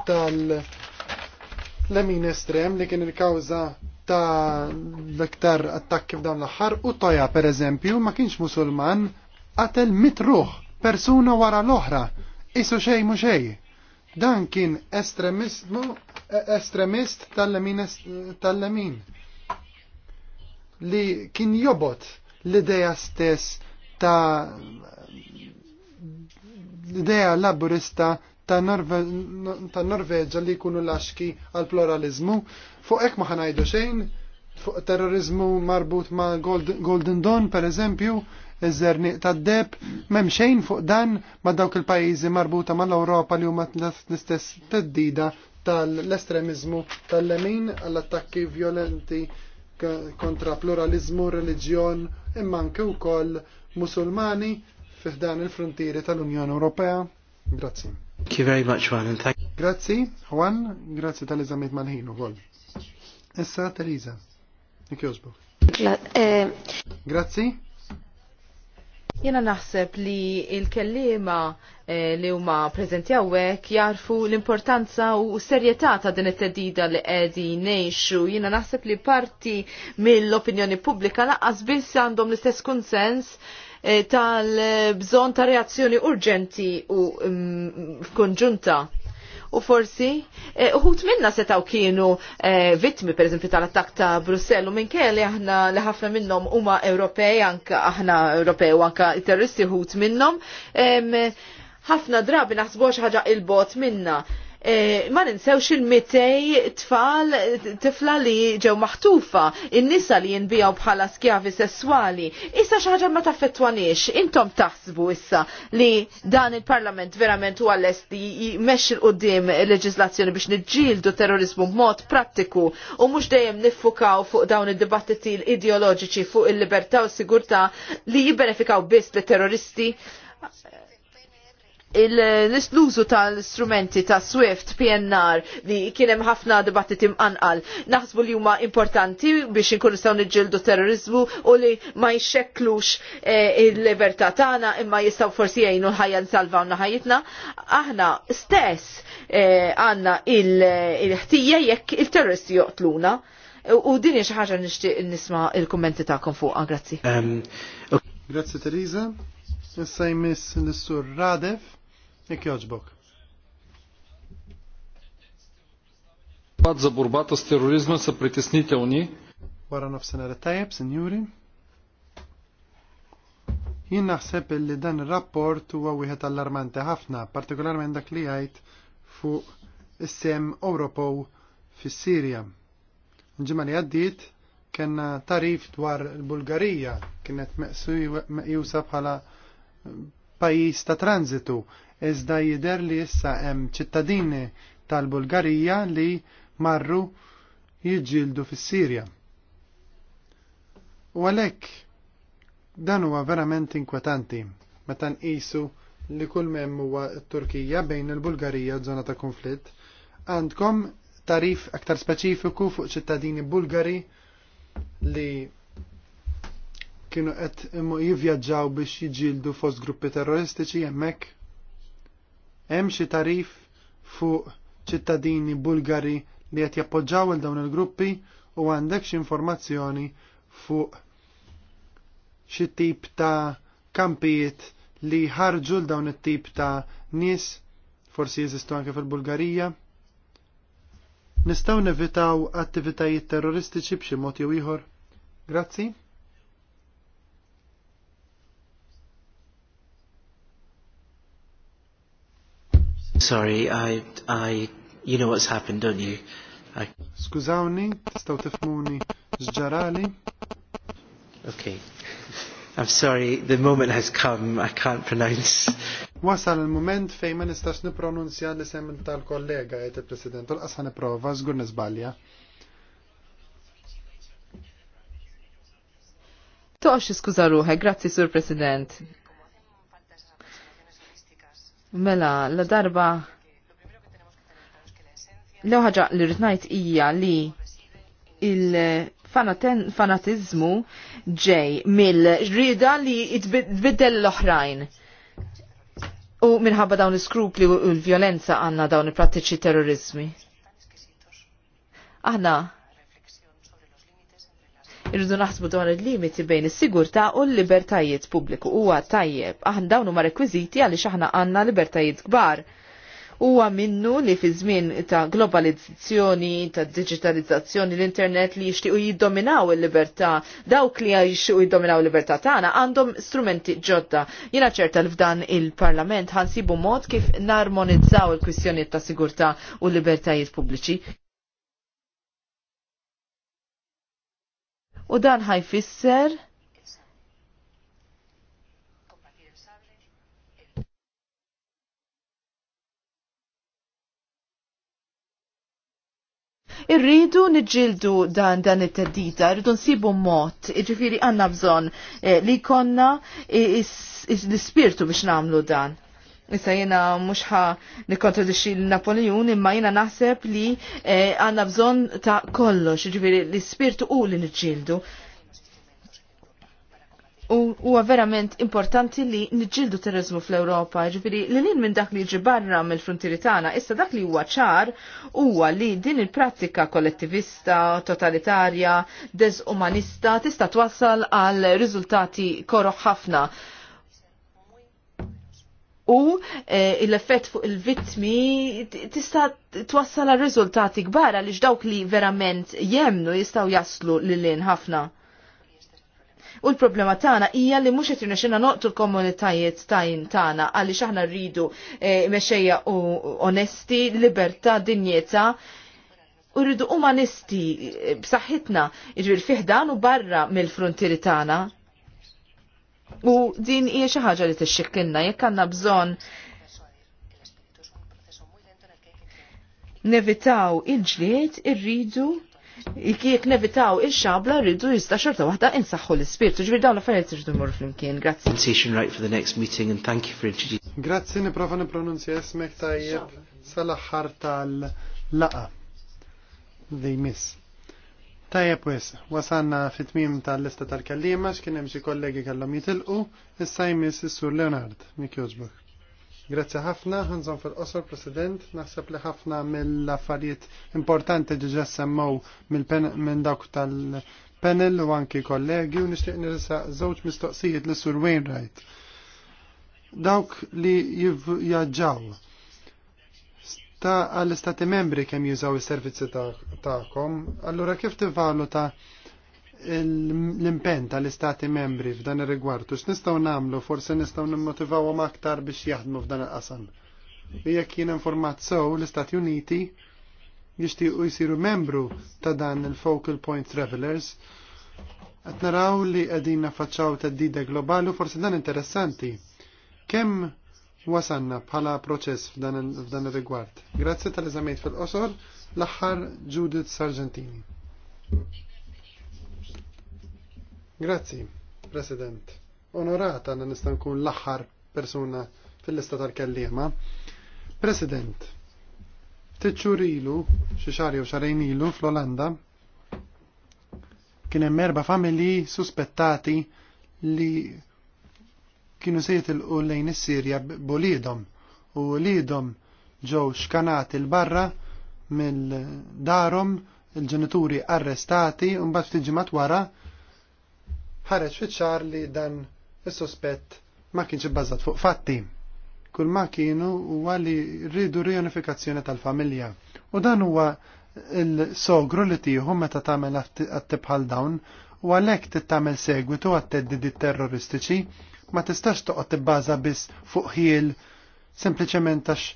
tal- l-emin estrem li kien il-kawza ta' l-iktar attakki f'dan l-aħħar u toja per eżempju ma kienx musulman qatel mitruħ persuna wara l-oħra isu xej mu xej. Dan kien estremismu e- estremist tal-lemin tal-lemin li kien jobot l-ideja stess ta' l-ideja laburista ta' Norveġa li jkunu laxki għal pluralizmu. Fuq ek ma ħanajdu xejn, fuq terrorizmu marbut ma' Golden Dawn per eżempju, iż ta' tad-deb, m'hemm xejn fuq dan ma' dawk il-pajjiżi marbuta mal-Ewropa li huma l-istess teddida tal-estremizmu tal-lemin għall-attakki violenti kontra pluralizmu, reliġjon, imma anke wkoll musulmani fiħdan il-frontieri tal-Unjoni Ewropea. Grazzi. Thank you very much, Juan, and thank Grazzi, Juan, grazie tal-eżamiet mal-ħin u għol. Issa, Teresa, nikjozbu. Eh, grazzi. Jena naħseb li il-kellima eh, li huma prezenti għawek jarfu l-importanza u serjetà ta' din it-tedida li qegħdi ngħixu. Jiena naħseb li parti mill-opinjoni pubblika laqas biss għandhom l-istess konsens Eh, tal-bżon ta' reazzjoni urġenti u f'konġunta mm, u forsi eh, uħut minna setaw kienu eh, vittmi per eżempju tal-attak ta' Brussell u minn kelli aħna li ħafna minnom huma Ewropej anka aħna Ewropej u anka terroristi uħut minnom ħafna drabi naħsbu xi ħaġa il-bot minna. E, ma ninsewx il Mitej tfal tifla li ġew maħtufa, in-nisa li jinbijaw bħala skjavi sessuali. Issa xaħġa ma taffettwanix, intom taħsbu issa li dan il-parlament verament u lest li jmexxi l-qoddim leġislazzjoni biex niġġieldu terrorizmu b'mod prattiku u mhux dejjem niffukaw fuq dawn id-dibattiti ideoloġiċi fuq il-libertà u sigurtà li jibbenefikaw biss li terroristi l-użu tal-strumenti ta' Swift, PNR, li kienem ħafna dibattiti mqanqal, naħsbu li huma importanti biex inkunu staw nġildu terrorizmu u li ma jxekklux eh, il-libertà tagħna imma jistgħu forsi jgħinu ħajja nsalvawna ħajjitna. Aħna stess eh, għandna il-ħtija jekk il-terroristi joqtluna. U din xi ħaġa nixtieq nisma' il-kummenti tagħkom fuqha, grazzi. Grazzi Teresa. Issa jmiss l-sur Radef. Jek joġbok. Pad za burbata s terorizma sa pritisnite uni. Wara nafsena retajab, senjuri. Jien naħseb li dan rapport huwa wieħed allarmanti ħafna, partikolarment dak li jgħid fuq is-sem Ewropew fis-Sirja. Ġimgħa li għaddiet kena tarif dwar il-Bulgarija kienet meqjusa bħala pajis ta' tranzitu iżda jider li issa hemm ċittadini tal-Bulgarija li marru jiġġieldu fis-Sirja. U għalhekk dan huwa verament inkwetanti meta nqisu li kull memm huwa t-Turkija bejn il-Bulgarija u żona ta' konflitt. Għandkom tarif aktar speċifiku fuq ċittadini Bulgari li kienu qed jivvjaġġaw biex jiġildu fost gruppi terroristiċi hemmhekk? Hemm xi tarif fuq ċittadini Bulgari li qed jappoġġaw il dawn il-gruppi u għandek informazzjoni fuq xi tip ta' kampijiet li ħarġu l dawn it-tip ta' nies forsi jeżistu anke fil-Bulgarija. Nistgħu nevitaw attivitajiet terroristiċi b'xi mod jew ieħor? Grazzi. Sorry, I, I, you know what's happened, don't you? I... Skużawni, staw tifmuni ġġarali. Okay. I'm sorry, the moment has come, I can't pronounce. Wasal il-moment fej ma nistax nipronunzja l-isem tal-kollega jgħid il-President, u l-qasħan niprofa, zgur nizbalja. Toqx iskuża ruħek, grazzi Sur President. Mela, la darba Lew ħaġa li rritnajt ija li il-fanatizmu ġej mill-rida li tbiddel l-oħrajn. U minħabba dawn l-skrupli u l-violenza għanna dawn il-prattiċi terrorizmi. Aħna irridu naħsbu dawn il-limiti bejn is-sigurtà u l-libertajiet pubbliku huwa tajjeb. Aħna dawn huma rekwiżiti għaliex aħna għandna libertajiet kbar. Huwa minnu li fi żmien ta' globalizzazzjoni, ta' digitalizzazzjoni l-internet li jixtiequ jiddominaw il-libertà, dawk li jixtiequ jiddominaw il-libertà tagħna għandhom strumenti ġodda. Jiena ċerta li f'dan il-Parlament ħansibu mod kif narmonizzaw il-kwistjonijiet ta' sigurtà u l-libertajiet pubbliċi. u dan ħajfisser Irridu nġildu dan dan it-teddita, irridu nsibu mod, iġifiri għanna bżon eh, li konna eh, l-spirtu biex namlu dan. Issa jena mux ħa nikontradixi l-Napoleon imma jena naħseb li eh, għanna bżon ta' kollox, ġviri l-spirtu u li nġildu. U huwa verament importanti li nġildu terrorizmu fl-Ewropa, ġviri li lin minn dak li ġi barra mill-frontieri tagħna, issa dak li huwa ċar huwa li din il-prattika kollettivista, totalitarja, dezumanista tista' twassal għal riżultati koroħ ħafna u eh, l-effett fuq il-vittmi tista' twassal għal riżultati kbar għaliex dawk li verament jemnu jistgħu jaslu lilin ħafna. U l-problema tagħna hija li mhux qed irnexxina noqtu l-komunitajiet tajn tagħna għaliex aħna rridu eh, mexejja onesti, libertà, dinjeta. U rridu umanisti eh, b'saħħitna, irrid fiħdan u barra mill-frontieri tagħna. U din hija xi ħaġa li tixxikkilna jekk għandna bżonn nevitaw il-ġlied irridu jekk nevitaw il-xabla rridu jista' xorta waħda insaħħu l-ispirtu. Ġbir dawn l-affarijiet irridu mmorru flimkien. Grazzi. right for the next Grazzi nipprova nippronunzja ismek tajjeb sal-aħħar tal-laqa. They miss. Tajjeb wis, wasanna fit-tmim tal-lista tal-kallima x'kien hemm xi kollegi kellhom jitilqu, issa jmiss is-Sur Leonard Jozbuk. Grazzi ħafna, ħanżon fil-qosor, President, naħseb li ħafna mill-affarijiet importanti ġiġa semmow minn dawk tal-panel u anki kollegi u nixtieq nirsa żewġ mistoqsijiet l-Sur Wainwright. Dawk li jivvjaġġaw ta' għall-istati membri kemm jużaw is-servizzi tagħkom, allora kif t-valuta l-impenn tal-istati membri f'dan ir-rigward u x'nistgħu nagħmlu forsi nistgħu nimmotivawhom aktar biex jaħdmu f'dan il-qasam. Jekk jien informat sew l-Istati Uniti jixtiequ jsiru membru ta' dan il-Focal Point Travelers qed naraw li qegħdin naffaċċaw teddida globali u forsi dan interessanti. Kemm wasanna bħala proċess f'dan ir-rigward. Grazzi tal-eżamejt fil-qosor l-aħħar Judith Sargentini. Grazzi, President. Onorata għanna nista' nkun l-aħħar persuna fil-lista tal-kellima. President, tiċċur ilu, xi xar jew xarejn ilu fl-Olanda, kien hemm erba' familji suspettati li kienu se jitilqu lejn is-Sirja bolidom u lidom ġew xkanati l-barra mill-darhom il-ġenituri arrestati u mbagħad ftit ġimgħat wara ħareġ fi ċar li dan is-sospett ma kienx ibbażat fuq fatti. Kull ma kienu huwa li rridu riunifikazzjoni tal-familja. U dan huwa il-sogru li tieħu meta tagħmel għattib bħal dawn u għalhekk tittamel segwitu għat-teddidi terroristiċi ma tistax toqgħod tibbaża biss fuq ħiel sempliċement għax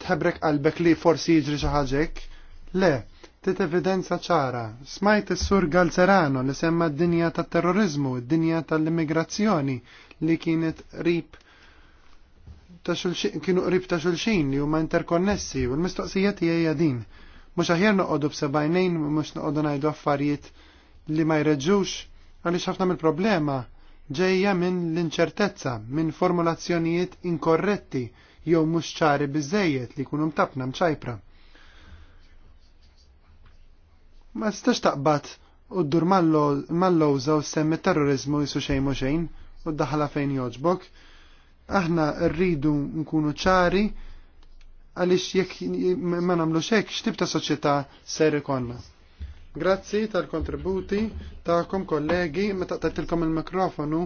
tħebrek qalbek li forsi jiġri xi Le, tit evidenza ċara. Smajt is-sur Galzerano li semma d-dinja tat-terrorizmu, d-dinja tal-immigrazzjoni li kienet rib ta' xulxin, kienu qrib ta' xulxin li huma interkonnessi u l-mistoqsija tiegħi din. Mhux aħjar noqogħdu b'sebajnejn mhux noqogħdu ngħidu affarijiet li ma jreġġux Għaliex ħafna mill-problema ġejja minn l-inċertezza, minn formulazzjonijiet inkorretti jew mhux ċari biżejjed li jkunu mtabna mċajpra. Ma stax taqbad u ddur mal-lowza u semmi terrorizmu jisu xejn u xejn u d-daħla fejn joġbok. Aħna rridu nkunu ċari għaliex jekk ma nagħmlu xek xtibta ta' soċjetà ser ikonna. Grazzi tal-kontributi ta'kom kollegi, meta taqtatilkom il-mikrofonu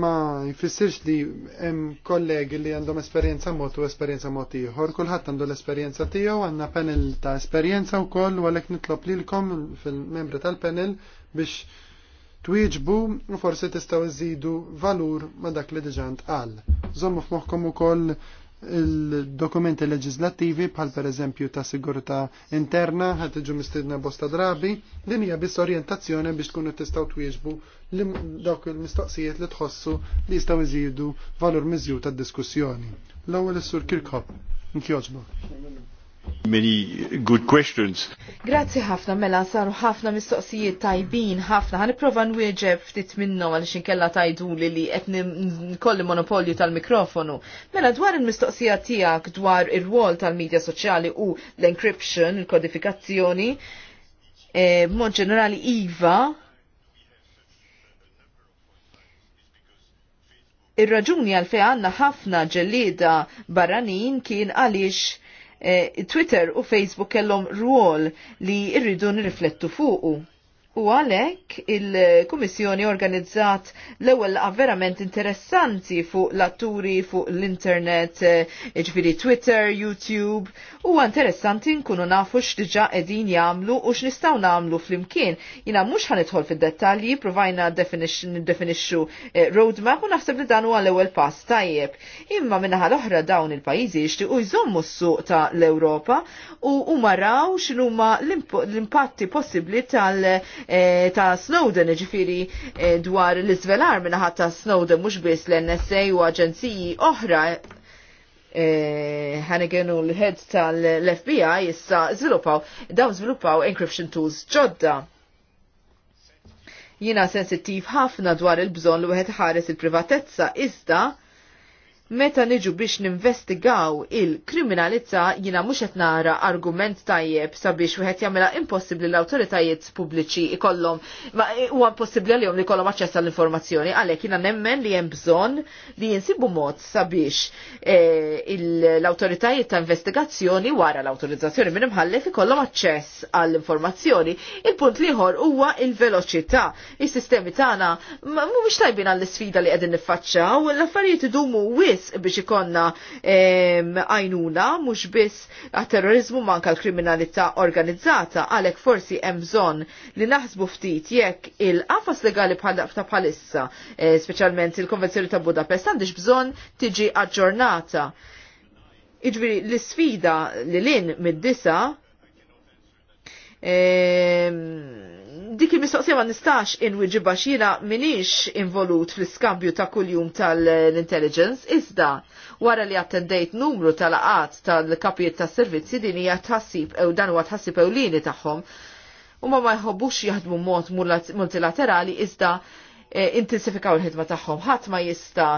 ma jfissirx li hemm kollegi li għandhom esperjenza mod u esperjenza mod ieħor, kulħadd għandu l-esperjenza tiegħu, għandna panel ta' esperjenza wkoll u għalhekk nitlob lilkom fil-membri tal-panel biex twieġbu u forsi tistgħu iżidu valur ma' dak li diġà ntqal. Żommu f'moħħkom ukoll il-dokumenti leġislattivi bħal per eżempju ta' sigurta interna ħad iġu mistidna bosta drabi, din hija biss orientazzjoni biex tkunu tistgħu twieġbu dawk il-mistoqsijiet li tħossu li jistgħu iżidu valur miżju tad-diskussjoni. L-ewwel is-Sur Kirkhop, nkjoġbok. Many good questions. Grazzi ħafna mela saru ħafna mistoqsijiet tajbin ħafna ħaniprofa nwieġeb ftit minnhom għaliex inkella tajdu li li qed nkolli monopolju tal-mikrofonu. Mela dwar il-mistoqsija tiegħek dwar ir-rwol tal-medja soċjali u l-encryption, il-kodifikazzjoni, e, b'mod ġenerali iva Ir-raġuni għalfej għandna ħafna ġellieda barranin kien għaliex Eh, Twitter u Facebook kellhom rwol li rridu nirriflettu fuqu. U għalek il-Kummissjoni organizzat l-ewwel verament interessanti fuq l-atturi fuq l-internet, eh, ġviri Twitter, YouTube, u interessanti nkunu nafu x'diġà qegħdin jagħmlu u x'nistgħu nagħmlu flimkien. Jiena mhux ħanidħol fid-dettalji, provajna definixxu eh, roadmap u naħseb li dan huwa l-ewwel pass tajjeb. Imma minnaħa l-oħra dawn il-pajjiżi jixtiequ jżommu s-suq ta' l-Ewropa u maraw x'inhuma l-impatti possibbli tal- Eh, ta' Snowden, ġifiri eh, dwar l-izvelar minna ta' Snowden, mux biss l-NSA u aġenziji oħra ħanegenu eh, l-head tal-FBI issa zviluppaw, daw zviluppaw encryption tools ġodda. Jina sensittiv ħafna dwar il-bżon l-wieħed ħares il-privatezza iżda Meta niġu biex ninvestigaw il-kriminalizza jina mhux qed nara argument tajjeb sabiex wieħed jagħmilha impossibbli l-awtoritajiet pubbliċi ikollhom ma huwa impossibbli għalihom li jkollhom aċċess għall-informazzjoni għalhekk jiena nemmen li hemm bżonn li jinsibu mod sabiex e, l-awtoritajiet ta' investigazzjoni wara l-awtorizzazzjoni minn imħallef ikollhom aċċess għall-informazzjoni. Il-punt liħor huwa il-veloċità. Is-sistemi tagħna mhumiex tajbin għall-isfida li qegħdin niffaċċaw, l-affarijiet idumu wis biss biex ikonna għajnuna, mhux biss għat-terrorizmu manka l-kriminalità organizzata, għalek forsi hemm bżonn li naħsbu ftit jekk il-qafas legali ta' bħalissa, e, speċjalment il-Konvenzjoni ta' Budapest, għandix bżonn tiġi aġġornata. Iġbiri, l-sfida li l-in mid-disa dik il-mistoqsija ma nistax inwiġiba xina minix involut fl-iskambju ta' kuljum tal-intelligence, iżda wara li attendejt numru tal-qat tal-kapijiet ta' servizzi din hija tħassib ew dan huwa tħassib ewlieni tagħhom. U ma ma jħobbux jaħdmu mod multilaterali iżda e, intensifikaw il-ħidma tagħhom. Ħadd ma jista'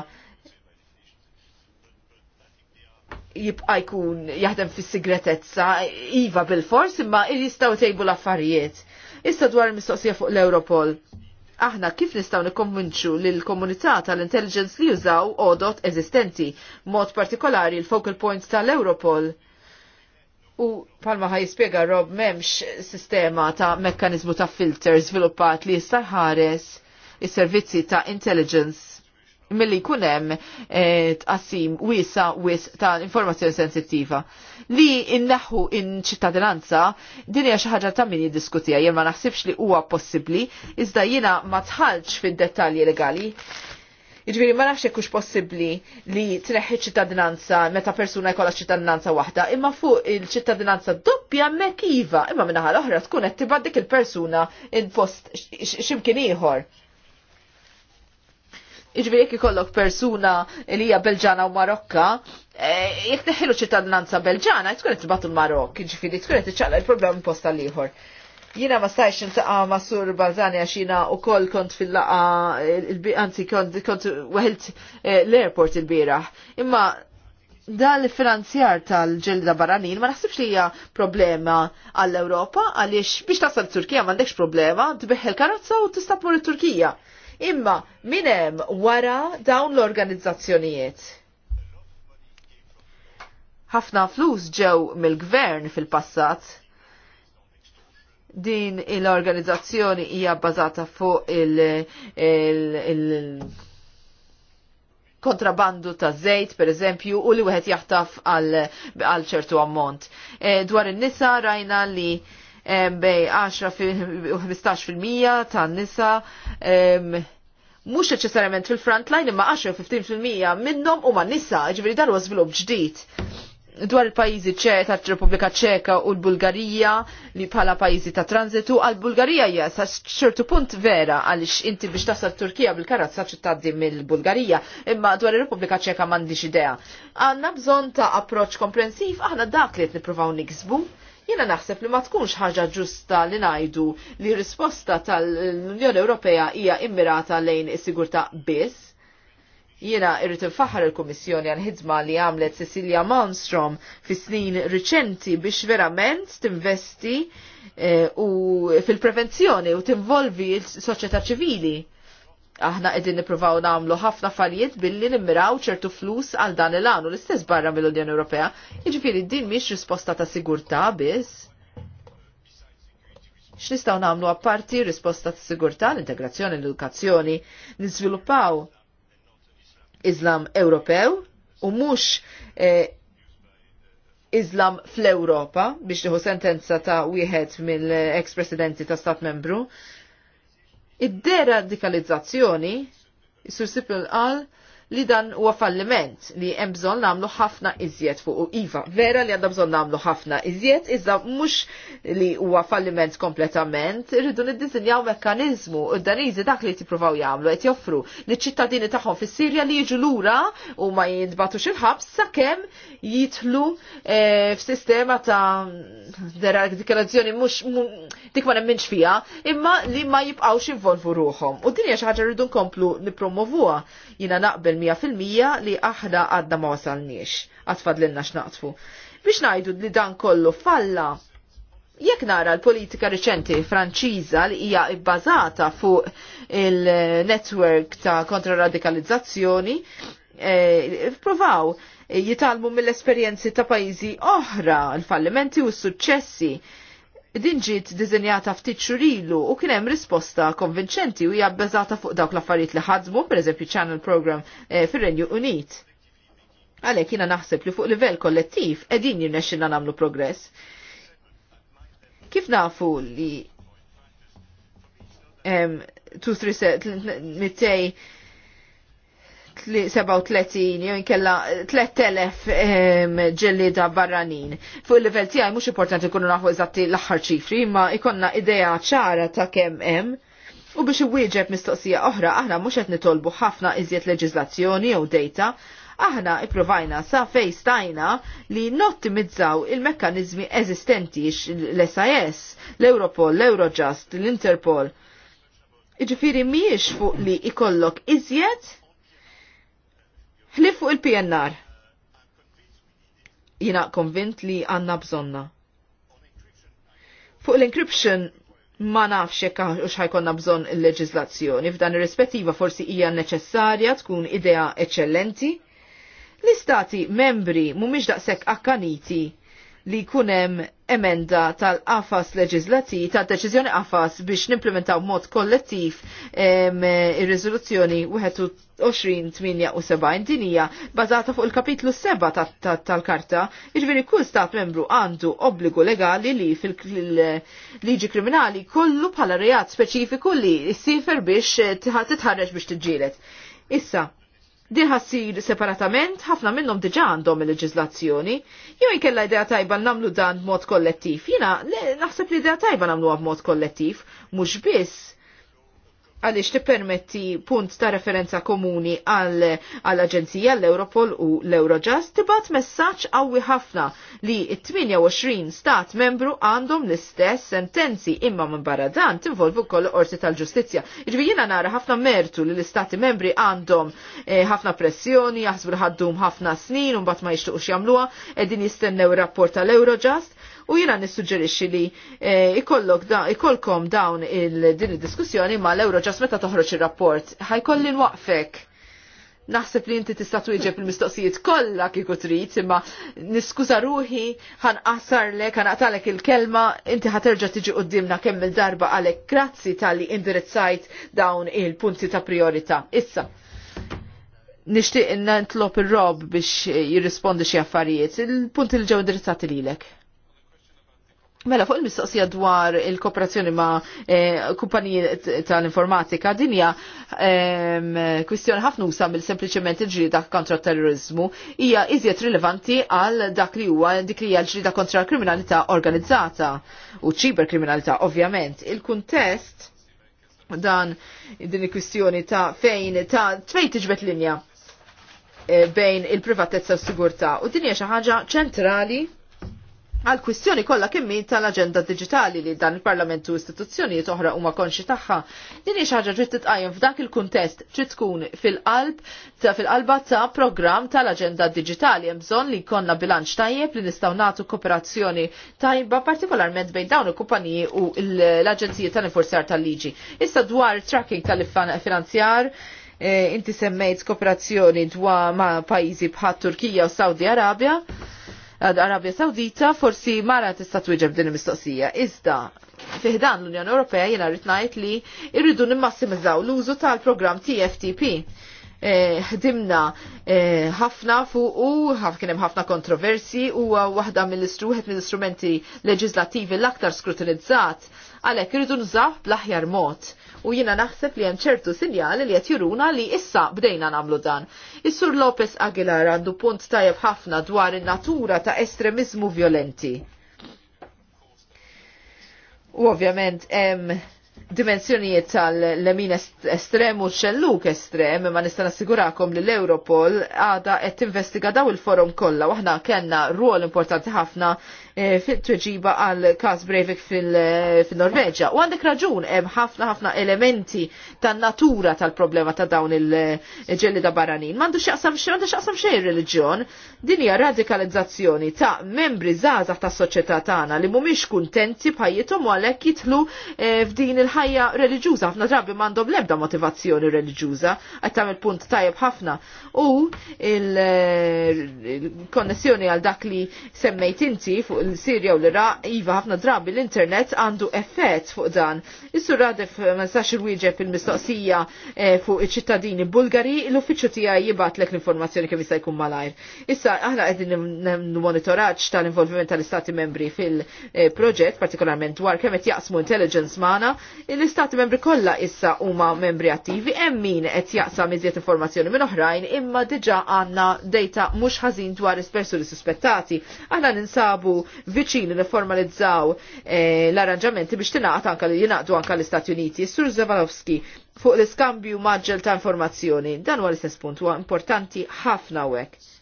jibqa jkun jaħdem fis sigretezza iva bil-fors imma jistgħu tejbu l-affarijiet Issa dwar il-mistoqsija fuq l-Europol. Aħna kif nistaw nikkonvinċu l komunità tal-intelligence li jużaw odot eżistenti, mod partikolari il-focal point tal-Europol? U palma ħaj spiega Rob memx sistema ta' mekkanizmu ta' filter sviluppat li jista' ħares is-servizzi ta' intelligence milli jkun hemm eh, tqassim wiesa wis ta' informazzjoni sensittiva. Li innaħu in ċittadinanza din hija xi ħaġa ta' min jiddiskutija jien ma naħsibx li huwa possibbli iżda jiena ma tħallx fid-dettalji legali. Iġbiri, ma nafx hux possibbli li treħħi ċittadinanza meta persuna jkollha ċittadinanza waħda, imma fuq il-ċittadinanza doppja mekk iva, imma minnaħal l-oħra tkun qed dik il-persuna il-post x'imkien ieħor Iġbiri jek ikollok persuna li hija Belġana u Marokka, eh, jek teħilu ċittadinanza Belġana, tkun qed tibgħatu l-Marok, jiġifieri tkun qed tiċċaqla l-problem posta l-ieħor. Jina ma stajx ntaqa ma sur Balzani għax jina u koll kont fil-laqa, eh, anzi kont, kont weħilt eh, l-airport il-biraħ. Imma dan l-finanzjar tal-ġelda barranin ma naħsibx li hija problema għall-Ewropa għaliex biex tasal Turkija m'għandekx problema, tbeħħel karozza u tista' tmur it-Turkija. Imma min hemm wara dawn l-organizzazzjonijiet? Ħafna flus ġew mill-gvern fil-passat. Din l-organizzazzjoni hija bbażata fuq il-, il, il kontrabandu ta' zejt, per eżempju, u li wieħed jaħtaf għal ċertu ammont. E, dwar in-nisa rajna li bej 10 15% tan nisa mhux neċessarjament fil-front line imma 10 u 15% minnhom ma' nisa, ġifieri dan huwa żvilupp ġdid dwar il-pajizi ċeħ ta' Repubblika Ċeka u l-Bulgarija li bħala pajizi ta' tranzitu għal-Bulgarija hija sa' ċertu punt vera għaliex inti biex tasal Turkija bil-karazza ċittaddi mill-Bulgarija imma dwar il repubblika Ċeka m'għandix idea. Għandna bżonn ta' approċċ komprensiv aħna dak li qed nippruvaw niksbu jina naħseb li ma tkunx ħaġa ġusta li najdu li risposta tal-Unjoni Ewropea hija immirata lejn is-sigurtà biss. Jiena irrid infaħħar il kummissjoni għal ħidma li għamlet Cecilia Malmstrom fi snin riċenti biex verament tinvesti eh, u fil-prevenzjoni u tinvolvi s soċjetà ċivili aħna qegħdin nippruvaw nagħmlu ħafna affarijiet billi nimmiraw ċertu flus għal dan il-għanu l-istess barra mill-Unjoni Ewropea. Jiġifieri din mhix risposta ta' sigurtà biss. X'nistgħu nagħmlu apparti risposta ta' sigurtà, l-integrazzjoni, l-edukazzjoni, niżviluppaw Iżlam Ewropew u mhux Iżlam eh, Islam fl-Europa biex nieħu sentenza ta' wieħed mill-ex-presidenti ta' stat membru Id-deradikalizzazzjoni, is sursipil għal, li dan huwa falliment li hemm bżonn nagħmlu ħafna iżjed fuq u iva. Vera li għandha bżonn nagħmlu ħafna iżjed iżda mhux li huwa falliment kompletament, irridu niddisinjaw mekkaniżmu u d-Daniżi dak li tippruvaw jagħmlu qed joffru liċ-ċittadini tagħhom fis-Sirja li jiġu lura u ma jintbatux il-ħabs sakemm jitlu e, f'sistema ta' dikjarazzjoni mhux dik ma nemminx fija, imma li ma jibqgħux involvu ruhom. U din hija xi ħaġa rridu nkomplu nippromovuha. Jiena naqbel fil mija li aħna għadna ma wasalniex, għatfad l-inna xnaqtfu. Biex najdu li dan kollu falla, jekk nara l-politika reċenti franċiża li hija bbażata fuq il-network ta' kontraradikalizzazzjoni, e, provaw jitalmu mill-esperjenzi ta' pajjiżi oħra, l-fallimenti u s-suċċessi din ġiet dizinjata ftit xurilu u kien hemm risposta konvinċenti u hija bbażata fuq dawk l-affarijiet li ħadmu, pereżempju Channel Program eh, fir-Renju Unit. Għalhekk jiena naħseb li fuq livell kollettiv qegħdin jirnexxinna nagħmlu progress. Kif nafu li em, 237 37 jew inkella 3000 ġellida barranin. Fuq il-level tiegħi mhux importanti jkunu naħu eżatti l-aħħar ċifri, imma ikonna idea ċara ta' kemm hemm. U biex iwieġeb mistoqsija oħra, aħna mhux qed nitolbu ħafna iżjed leġiżlazzjoni jew data, aħna ipprovajna sa fejstajna stajna li nottimizzaw il-mekkanizmi eżistenti l-SIS, l-Europol, l-Eurojust, l-Interpol. Iġifiri miex fuq li ikollok iżjed Ħlif fuq il-PNR. Jina konvint li għanna bżonna. Fuq l-encryption ma nafx jekk u ħajkonna bżonn il-leġiżlazzjoni f'dan ir-rispettiva forsi hija neċessarja tkun idea eċċellenti. L-istati membri mhumiex daqshekk akkaniti li kunem emenda tal-qafas leġizlati, tal-deċizjoni qafas biex nimplementaw mod kollettiv ir rezoluzzjoni 21-78 dinija bazata fuq il-kapitlu 7 tal-karta, iġveri kull stat membru għandu obbligu legali li fil-liġi kriminali kollu bħala rejat speċifiku li s-sifer biex titħarreġ biex tġilet. Issa, Din ħassir separatament, ħafna minnhom diġa' għandhom il-leġiżlazzjoni. Jew inkella idea tajba nagħmlu dan b'mod kollettiv. Jiena naħseb li idea tajba għab b'mod kollettiv, mhux biss għaliex tippermetti punt ta' referenza komuni għall-Aġenzija l-Europol u l-Eurojust tibgħat messaġġ qawwi ħafna li t-28 stat membru għandhom l-istess sentenzi imma minn barra dan tinvolvu wkoll orsi tal-ġustizzja. Iġbi jiena nara ħafna mertu li l-istati membri għandhom eh, ħafna pressjoni, jaħsbu ħaddum ħafna snin u mbagħad ma jixtuqux jagħmluha, qegħdin jistennew rapport tal-Eurojust u jina nissuġġerixxi li eh, ikollok da, ikolkom dawn il-din id-diskussjoni ma l-Eurojust meta toħroġ ir-rapport. Ħajkolli nwaqfek. Naħseb li inti tista' twieġeb il-mistoqsijiet kollha kieku trid, imma niskuża ruħi ħanqasarlek, ħanaqtalek il-kelma, inti ħaterġa' tiġi qudiemna kemm il-darba għalek grazzi tal-li indirizzajt dawn il-punti ta' priorità. Issa, nishtiq nantlop il-rob biex jirrispondi xie affarijiet. il punti il-ġew indirizzati lilek. Mela, fuq il-mistoqsija dwar il-kooperazzjoni ma' eh, kumpaniji tal-informatika, dinja kwistjoni ħafna usa mill-sempliċement il-ġrida kontra terrorizmu, hija iżjed rilevanti għal dak li huwa dik li hija ġrida kontra kriminalità organizzata u ċiberkriminalità, ovvjament. Il-kuntest dan din il-kwistjoni ta' fejn ta' fejn tiġbet linja eh, bejn il-privatezza u s-sigurtà u dinja xi ħaġa ċentrali għal kwistjoni kollha kemm tal-aġenda digitali li dan il-Parlament u istituzzjonijiet oħra huma konxi tagħha. Din hi xi ħaġa trid titqajjem f'dak il-kuntest trid tkun fil-qalb ta' fil-qalba ta' programm tal-aġenda digitali hemm bżonn li jkollna bilanċ tajjeb li nistgħu nagħtu kooperazzjoni tajba partikolarment bejn dawn il-kumpaniji u l-aġenziji tal-infurzjar tal-liġi. Issa dwar tracking tal-finanzjar eh, inti semmejt kooperazzjoni dwar ma' pajjiżi bħat Turkija u Saudi Arabja Arabja Sawdita forsi mara tista' twieġeb din il-mistoqsija. Iżda fiħdan l-Unjoni Ewropea jiena rrid ngħid li rridu nimmassimizzaw l-użu tal-programm TFTP. Eh, ħdimna eh, ħafna fuq u kien hemm ħafna kontroversi u waħda mill-istruħet mill-istrumenti leġislattivi l-aktar skrutinizzat għalhekk irridu nżaw bl-aħjar mod u jina naħseb li hemm ċertu sinjali li qed juruna li issa bdejna nagħmlu dan. Is-Sur Lopez Aguilar għandu punt tajjeb ħafna dwar in-natura ta' estremizmu violenti. U ovvjament hemm dimensjonijiet tal-lemin estrem u xelluk estrem, ma nista' nassigurakom li l-Europol għada qed tinvestiga daw il-forum kollha u aħna kena rwol importanti ħafna E, fit-tweġiba għal kas Breivik e, fil-Norveġa. U għandek raġun, hemm ħafna ħafna elementi tan natura tal-problema ta' dawn il-ġellida barranin. Mandu xaqsam xe, mandu xaqsam xejn reliġjon, din hija radikalizzazzjoni ta' membri żgħażagħ tas soċjetà tagħna li mhumiex kuntenti bħajietom u għalhekk jitlu e, f'din il-ħajja reliġjuża ħafna drabi m'għandhom l-ebda motivazzjoni reliġjuża qed tagħmel punt tajjeb ħafna. U il-konnessjoni għal dak li semmejt inti fuq l-Sirja u l-Iraq, iva ħafna drabi l-internet għandu effett fuq dan. Issu radef eh, ma sax il-wieġeb il-mistoqsija eh, fuq iċ-ċittadini bulgari, l-uffiċċju tiegħi jibatlek l-informazzjoni kemm jista' jkun malajr. Issa aħna qegħdin monitoraġġ tal-involviment tal-Istati membri fil-proġett, eh, partikolarment dwar kemm qed jaqsmu intelligence magħna, l-Istati membri kollha issa huma membri attivi hemm min qed jaqsam iżjed informazzjoni minn oħrajn imma diġà għandna data mhux ħażin dwar is-persuni suspettati. Aħna ninsabu viċini niformalizzaw eh, l-arranġamenti biex tingħaqad anka li jingħaqdu anka l-Istati Uniti. Sur Zavalovski, fuq l-iskambju maġġel ta' informazzjoni. Dan huwa l-istess punt huwa importanti ħafna hekk.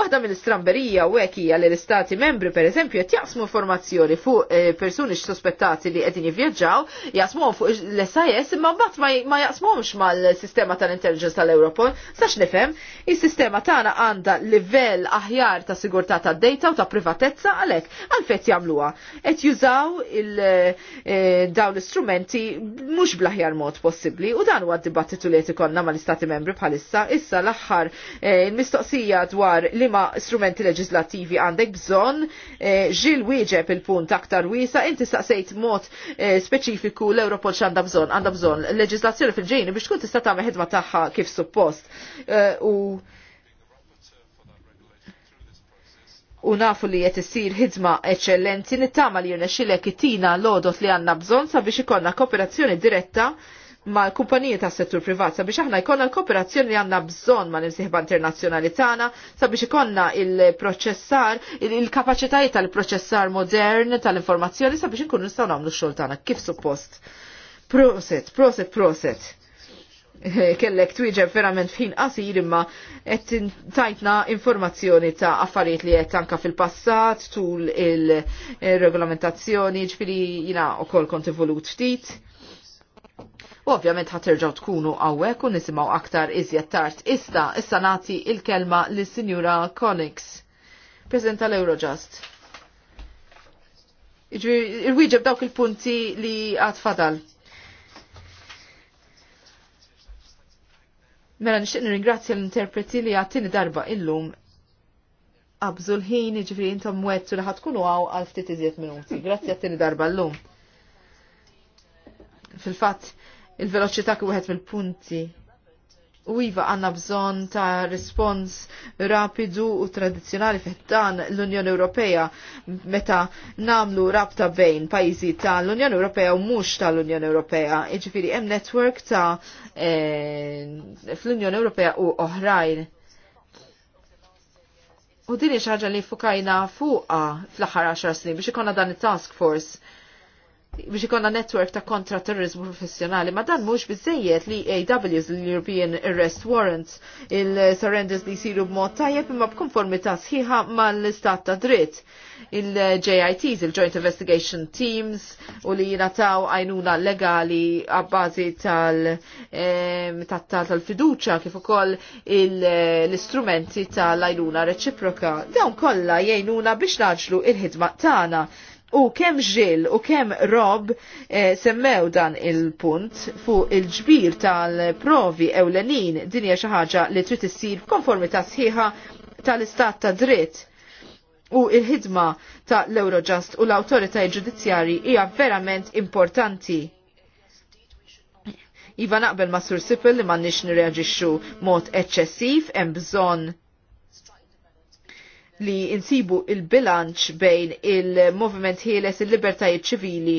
Waħda minn stramberija u hekk hija li l-istati membri pereżempju qed jaqsmu informazzjoni fuq eh, persuni x'sospettati li qegħdin jivvjaġġaw, jaqsmuhom fuq l-SIS imma mbagħad ma jaqsmuhomx mal-sistema tal-intelligence tal-Europol. Sax nifhem, is-sistema tagħna għandha livell aħjar ta' sigurtà tad-data u ta' privatezza għalhekk għalfejn jagħmluha. Qed jużaw eh, dawn l-istrumenti mhux bl-aħjar mod possibbli u dan huwa d-dibattitu li qed ikollna mal-istati membri bħalissa issa l-aħħar il-mistoqsija eh, dwar li ma strumenti leġislattivi għandek bżon, eh, ġil wieġeb il-punt aktar wisa, inti saqsejt mod eh, speċifiku l-Europol x'għandha bżonn, għandha bżonn leġislazzjoni fil-ġejni biex tkun tista' tagħmel ħidma tagħha kif suppost. Eh, u u nafu li qed issir ħidma eċċellenti nittama li jirnexxilek it-tina l-odot li għandna bżonn sabiex ikonna kooperazzjoni diretta mal-kumpaniji tas settur privat sabiex aħna jkollna l-kooperazzjoni li għandna bżonn mal-imsieħba internazzjonali tagħna sabiex ikollna il-proċessar, il-kapaċitajiet tal-proċessar modern tal-informazzjoni sabiex inkunu nistgħu nagħmlu x-xogħol tagħna kif suppost. Proset, proset, proset. Kellek twieġeb verament fin qasir imma qed tajtna informazzjoni ta' affarijiet li qed anka fil-passat tul il-regolamentazzjoni ġifieri jiena wkoll kont evolut ftit u ovvjament ħaterġaw tkunu għawek u nisimaw aktar iżjed tard. Issa, issa nati il-kelma l-Sinjura Konix, President tal-Eurojust. Irwiġeb dawk il-punti li għad fadal. Mela nixtieq nirringrazzja l-interpreti li għattini darba illum qabżu l-ħin ġifri intom wettu li ħatkunu għaw għal ftit iżjed minuti. Grazzi għattini darba llum. Fil-fatt, il-veloċità kif wieħed mill-punti. U iva għanna bżon ta' respons rapidu u tradizjonali dan l-Unjoni Ewropea meta namlu rabta bejn pajizi ta' l-Unjoni Ewropeja u mux ta' l-Unjoni Ewropeja. Iġifiri, hemm network ta' eh, fl-Unjoni Ewropeja u oħrajn. U din xaġa li fukajna fuqa fl-aħħar 10 snin biex ikonna dan il-task force biex ikonna network ta' kontra terrorizmu professjonali, ma dan mhux bizzejiet li AWs l-European Arrest Warrants il-surrenders li jsiru b'mod tajjeb imma ta' sħiħa mal-istat ta' dritt il-JITs, il-Joint Investigation Teams, u li jinataw għajnuna legali għabbazi tal-fiduċa kif ukoll l-istrumenti tal-għajnuna reċiproka. Dawn kollha jgħinuna biex naġlu il-ħidma tagħna U kem ġil u kem rob e, semmew dan il-punt fuq il-ġbir tal-provi ewlenin dinja xaħġa li trid issir ta' sħiħa tal-istat ta' dritt u il-ħidma ta' l-Eurojust u l-autorità ġudizzjari hija verament importanti. Iva naqbel ma' Sur Sipil li ma' nix nireagġixxu mod eċċessiv, hemm bżonn li insibu il-bilanċ bejn il-movement ħieles il-libertajiet ċivili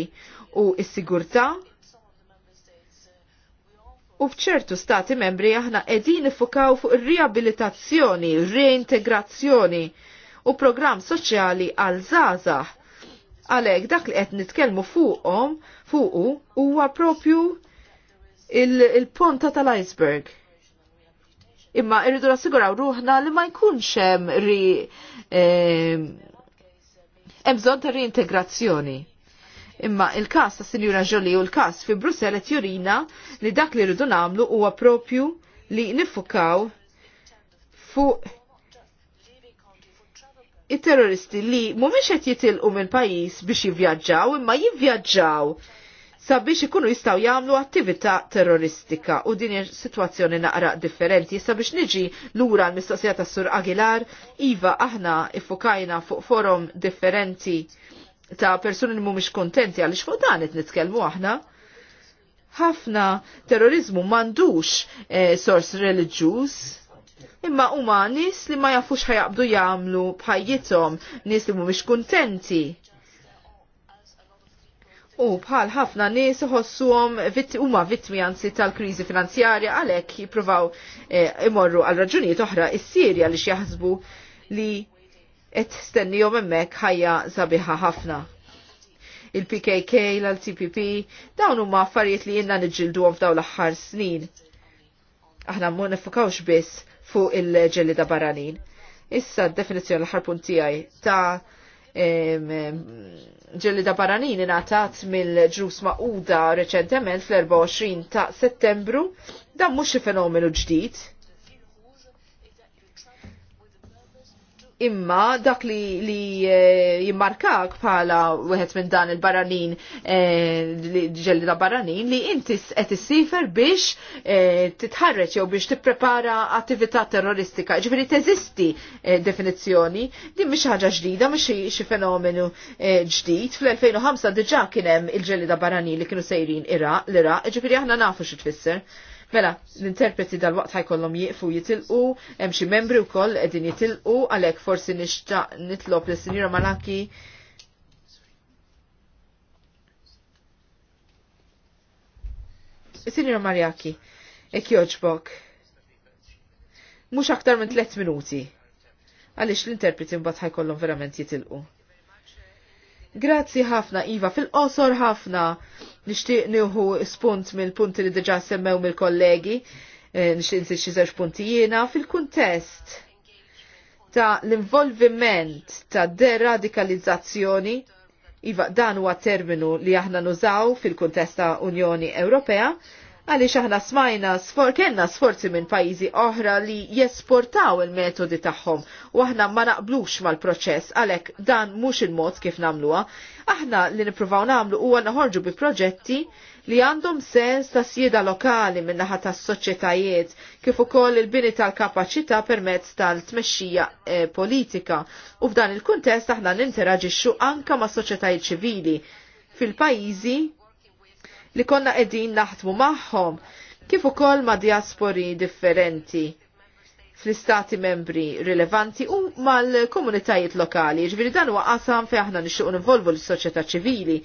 u s-sigurtà. U fċertu stati membri aħna edin ifukaw fuq ir-riabilitazzjoni, reintegrazzjoni u programm soċjali għal żgħażagħ għalek dak li qed nitkellmu fuqhom fuqu huwa propju il-ponta il tal-iceberg. Imma irridu nassiguraw ruħna li ma jkunx hemm ri hemm bżonn ta' reintegrazzjoni. Imma il-każ ta' Sinjura Ġoli u l-każ fi Brussell qed jurina li dak li rridu nagħmlu huwa propju li nifukaw fuq it-terroristi li mhumiex qed jitilqu mill-pajjiż biex jivvjaġġaw imma jivvjaġġaw sabiex ikunu jistaw jagħmlu attività terroristika u din situazzjoni naqra differenti sabiex niġi lura l-mistoqsija tas Sur Aguilar iva aħna ifukajna fuq forum differenti ta' persuni li mhumiex kontenti għaliex fuq dan qed nitkellmu aħna ħafna terrorizmu mandux eh, sors reliġjuż imma huma nies li ma jafux ħajabdu jagħmlu bħajjithom, nies li mhumiex kuntenti U bħal ħafna nies iħossuhom huma vittmi anzi tal-kriżi finanzjarja għalhekk jippruvaw eh, imorru għal raġunijiet oħra is-Sirja li jaħsbu li qed stennihom hemmhekk ħajja sabiħa ħafna. Il-PKK, l tpp dawn huma affarijiet li jenna niġġilduhom f'dawn l-aħħar snin. Aħna ma nifukawx biss fuq il-ġelli ta' barranin. Issa d definizzjoni l-ħarpun tiegħi ta' ġellida barranini natat mill-ġus maquda reċentement fl-24 ta' settembru, dan mhux xi fenomenu ġdid, imma dak li, li eh, jimmarkak bħala wieħed minn dan il-baranin eh, ġelli da baranin li inti qed issifer biex eh, titħarreġ jew biex tipprepara attività terroristika. Ġifieri teżisti definizzjoni din mhix ħaġa ġdida, mhix xi fenomenu ġdid. Fl-2005 diġà kien hemm il-ġelli da baranin li kienu sejrin l-Iraq, ġifieri aħna nafu xi tfisser. Mela, l-interpreti dal-waqt ħajkollhom jieqfu jitilqu, hemm xi membri wkoll qegħdin jitilqu għalhekk forsi nixtaq nitlob lis-Sinjura Malaki Sinjor Marjaki, ek joġbok. Mux aktar minn tlet minuti. Għalix l-interpreti mbat ħajkollhom verament jitilqu. Grazzi ħafna, Iva, fil-qosor ħafna. Nixtieq nieħu spunt mill-punti li diġà semmew mill-kollegi, eh, nishtiq nsi xi żewġ punti jiena fil-kuntest ta' l-involviment ta' deradikalizzazzjoni Iva dan huwa terminu li aħna nużaw fil-kuntest ta' Unjoni Ewropea għaliex aħna smajna sfor, kellna sforzi minn pajjiżi oħra li jesportaw il-metodi tagħhom u aħna ma naqblux mal-proċess għalhekk dan mhux il-mod kif nagħmluha. Aħna li nippruvaw nagħmlu huwa naħorġu bi proġetti li għandhom sens ta' sjeda lokali minn naħa tas-soċjetajiet kif ukoll il-bini tal-kapaċità permezz tal-tmexxija e, politika u f'dan il-kuntest aħna ninteraġixxu anka ma' soċjetajiet ċivili fil-pajjiżi li konna qegħdin naħdmu magħhom kif ukoll ma' diaspori differenti fl-istati membri rilevanti u mal-komunitajiet lokali. Ġviri dan huwa qasam fejn aħna nixtiequ involvu l-soċjetà ċivili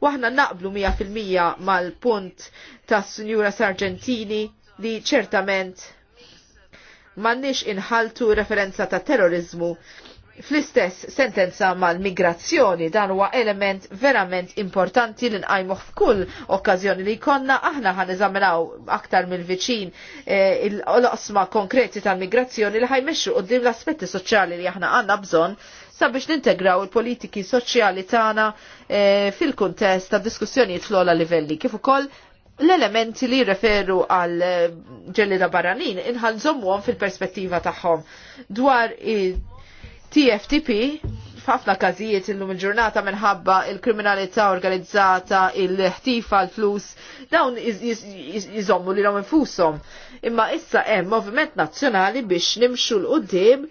u aħna naqblu 100% mal-punt tas Sinjura Sargentini li ċertament m'għandniex inħaltu referenza ta' terrorizmu fl-istess sentenza mal-migrazzjoni dan huwa element verament importanti li nqajmuh f'kull okkażjoni li jkollna aħna ħan eżaminaw aktar mill-viċin eh, l-osma konkreti tal-migrazzjoni li ħajmexxu qudiem l-aspetti soċjali li aħna għandna bżonn sabiex nintegraw il-politiki soċjali tagħna eh, fil-kuntest ta' diskussjonijiet fl livelli kif ukoll l-elementi li referu għal eh, ġellida barranin inħalżomwom fil-perspettiva tagħhom dwar TFTP f'ħafna każijiet illum il-ġurnata minħabba il-kriminalità organizzata, il-ħtifa, l-flus, dawn jizommu li l infushom. Imma issa hemm moviment nazzjonali biex nimxu l-qudiem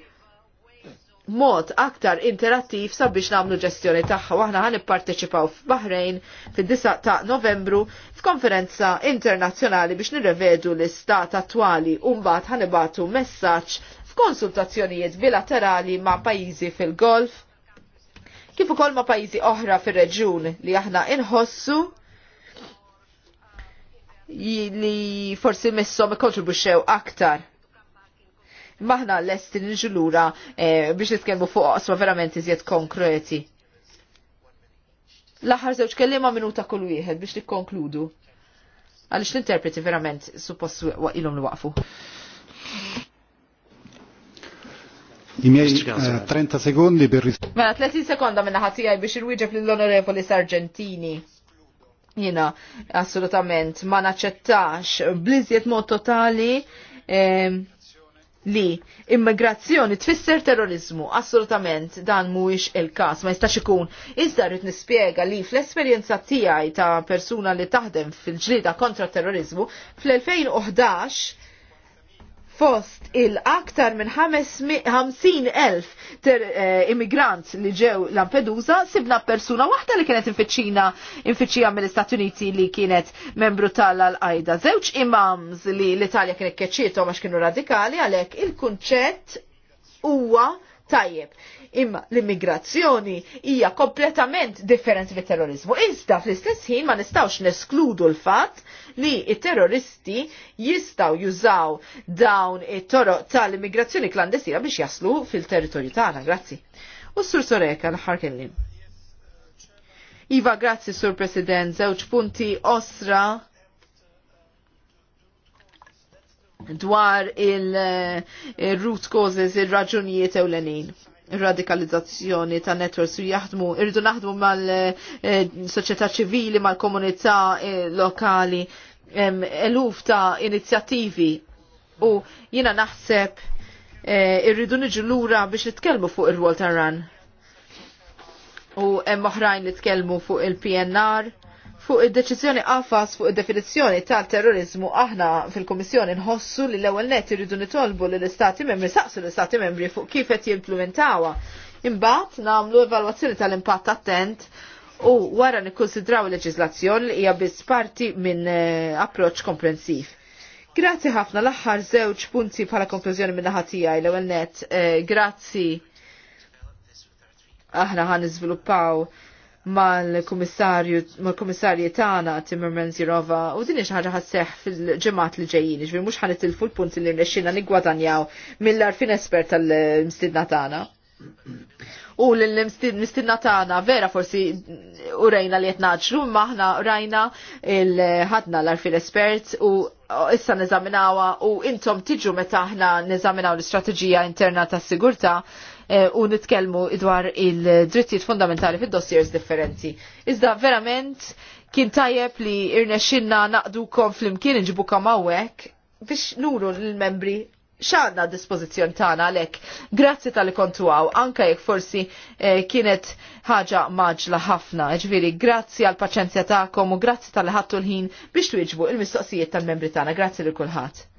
mod aktar interattiv sabiex namlu ġestjoni tagħha waħna ħan ipparteċipaw f'Bahrejn fid-9 ta' Novembru f'konferenza internazzjonali biex nirrevedu l-istat attwali u mbagħad ħanibatu messaġġ f'konsultazzjonijiet bilaterali ma' pajjiżi fil-Golf, kif ukoll ma' pajjiżi oħra fir-reġjun li aħna inħossu li forsi missom kontribuxew aktar. Maħna l-est nġulura eh, biex nitkellmu fuq osma verament iżjed konkreti. L-aħħar żewġ kellima minuta kull wieħed biex nikkonkludu. Għaliex l-interpreti verament suppost waqilhom li waqfu. I 30 eh, sekondi per rispondere. Mela 30 sekondi minna ħatijaj biex il-wieġeb l-onorevoli Sargentini. Jina, assolutament, ma naċċettax bliżjed mod totali li immigrazzjoni tfisser terrorizmu, assolutament dan mhuwiex il-każ, ma jistax ikun. Iżda rrid nispjega li fl-esperjenza tiegħi ta' persuna li taħdem fil-ġlida kontra terrorizmu fl-2011 fost il-aktar minn 50.000 ter eh, immigrant li ġew Lampedusa sibna persuna waħda li kienet infiċina infiċija mill-Istati Uniti li kienet membru tal-Al-Qaida. Żewġ imams li l-Italja kienet keċċietom għax kienu radikali għalhekk il-kunċett huwa Tajjeb, imma l-immigrazzjoni hija kompletament differenti mit terrorizmu. Iżda fl-istess ħin ma nistawx neskludu l-fatt li i-terroristi jistaw jużaw dawn it-toroq tal-immigrazzjoni klandestina biex jaslu fil-territorju tagħna. Grazzi. U sur Soreka l-ħar Iva, grazzi, Sur President, żewġ punti osra dwar il-root eh, causes, il-raġunijiet ewlenin radikalizzazzjoni ta' networks u jaħdmu, irridu naħdmu mal-soċjetà eh, ċivili, mal-komunità eh, lokali, eluf ta' inizjattivi u jina naħseb irridu niġu lura biex nitkellmu fuq ir walter Run ran. U hemm oħrajn li tkellmu fuq il-PNR Fuq id-deċizjoni għafas fuq id-definizzjoni tal-terrorizmu aħna fil-Komissjoni nħossu li l-ewwel net irridu nitolbu li l-Istati membri saqsu l-Istati membri fuq kif qed jimplementawha. Imbagħad nagħmlu evalwazzjoni tal-impatt attent u wara nikkonsidraw il-leġiżlazzjoni li hija biss parti minn eh, approċċ komprensiv. Grazzi ħafna l-aħħar żewġ punti bħala konklużjoni minn naħa tiegħi l-ewwel net. Eh, grazzi aħna ħan iżviluppaw mal-komissarju mal-komissarji tagħna Timmermans Jirova u din hija ħaġa ħasseħ fil-ġimgħat li ġejjin, ġifier mhux ħanitilfu l-punti li rnexxina niggwadanjaw mill fin espert tal-mstidna tagħna. U l-mstidna tagħna vera forsi u rejna li qed maħna rajna il-ħadna l fin espert u issa neżaminawa u intom tiġu meta aħna neżaminaw l-istrateġija interna tas-sigurtà Eh, u nitkellmu dwar il-drittijiet fundamentali fid-dossiers differenti. Iżda verament kien tajjeb li irnexxinna naqdu kom fl-imkien nġibu kam hawnhekk biex nuru l-membri x'għandna dispożizzjoni tagħna għalhekk. Grazzi tal kontu għaw, anke jekk forsi eh, kienet ħaġa maġla ħafna. Ġifieri grazzi għall paċenzja tagħkom u grazzi tal ħattu l-ħin biex twieġbu il-mistoqsijiet tal-membri tagħna. Grazzi lil kulħadd.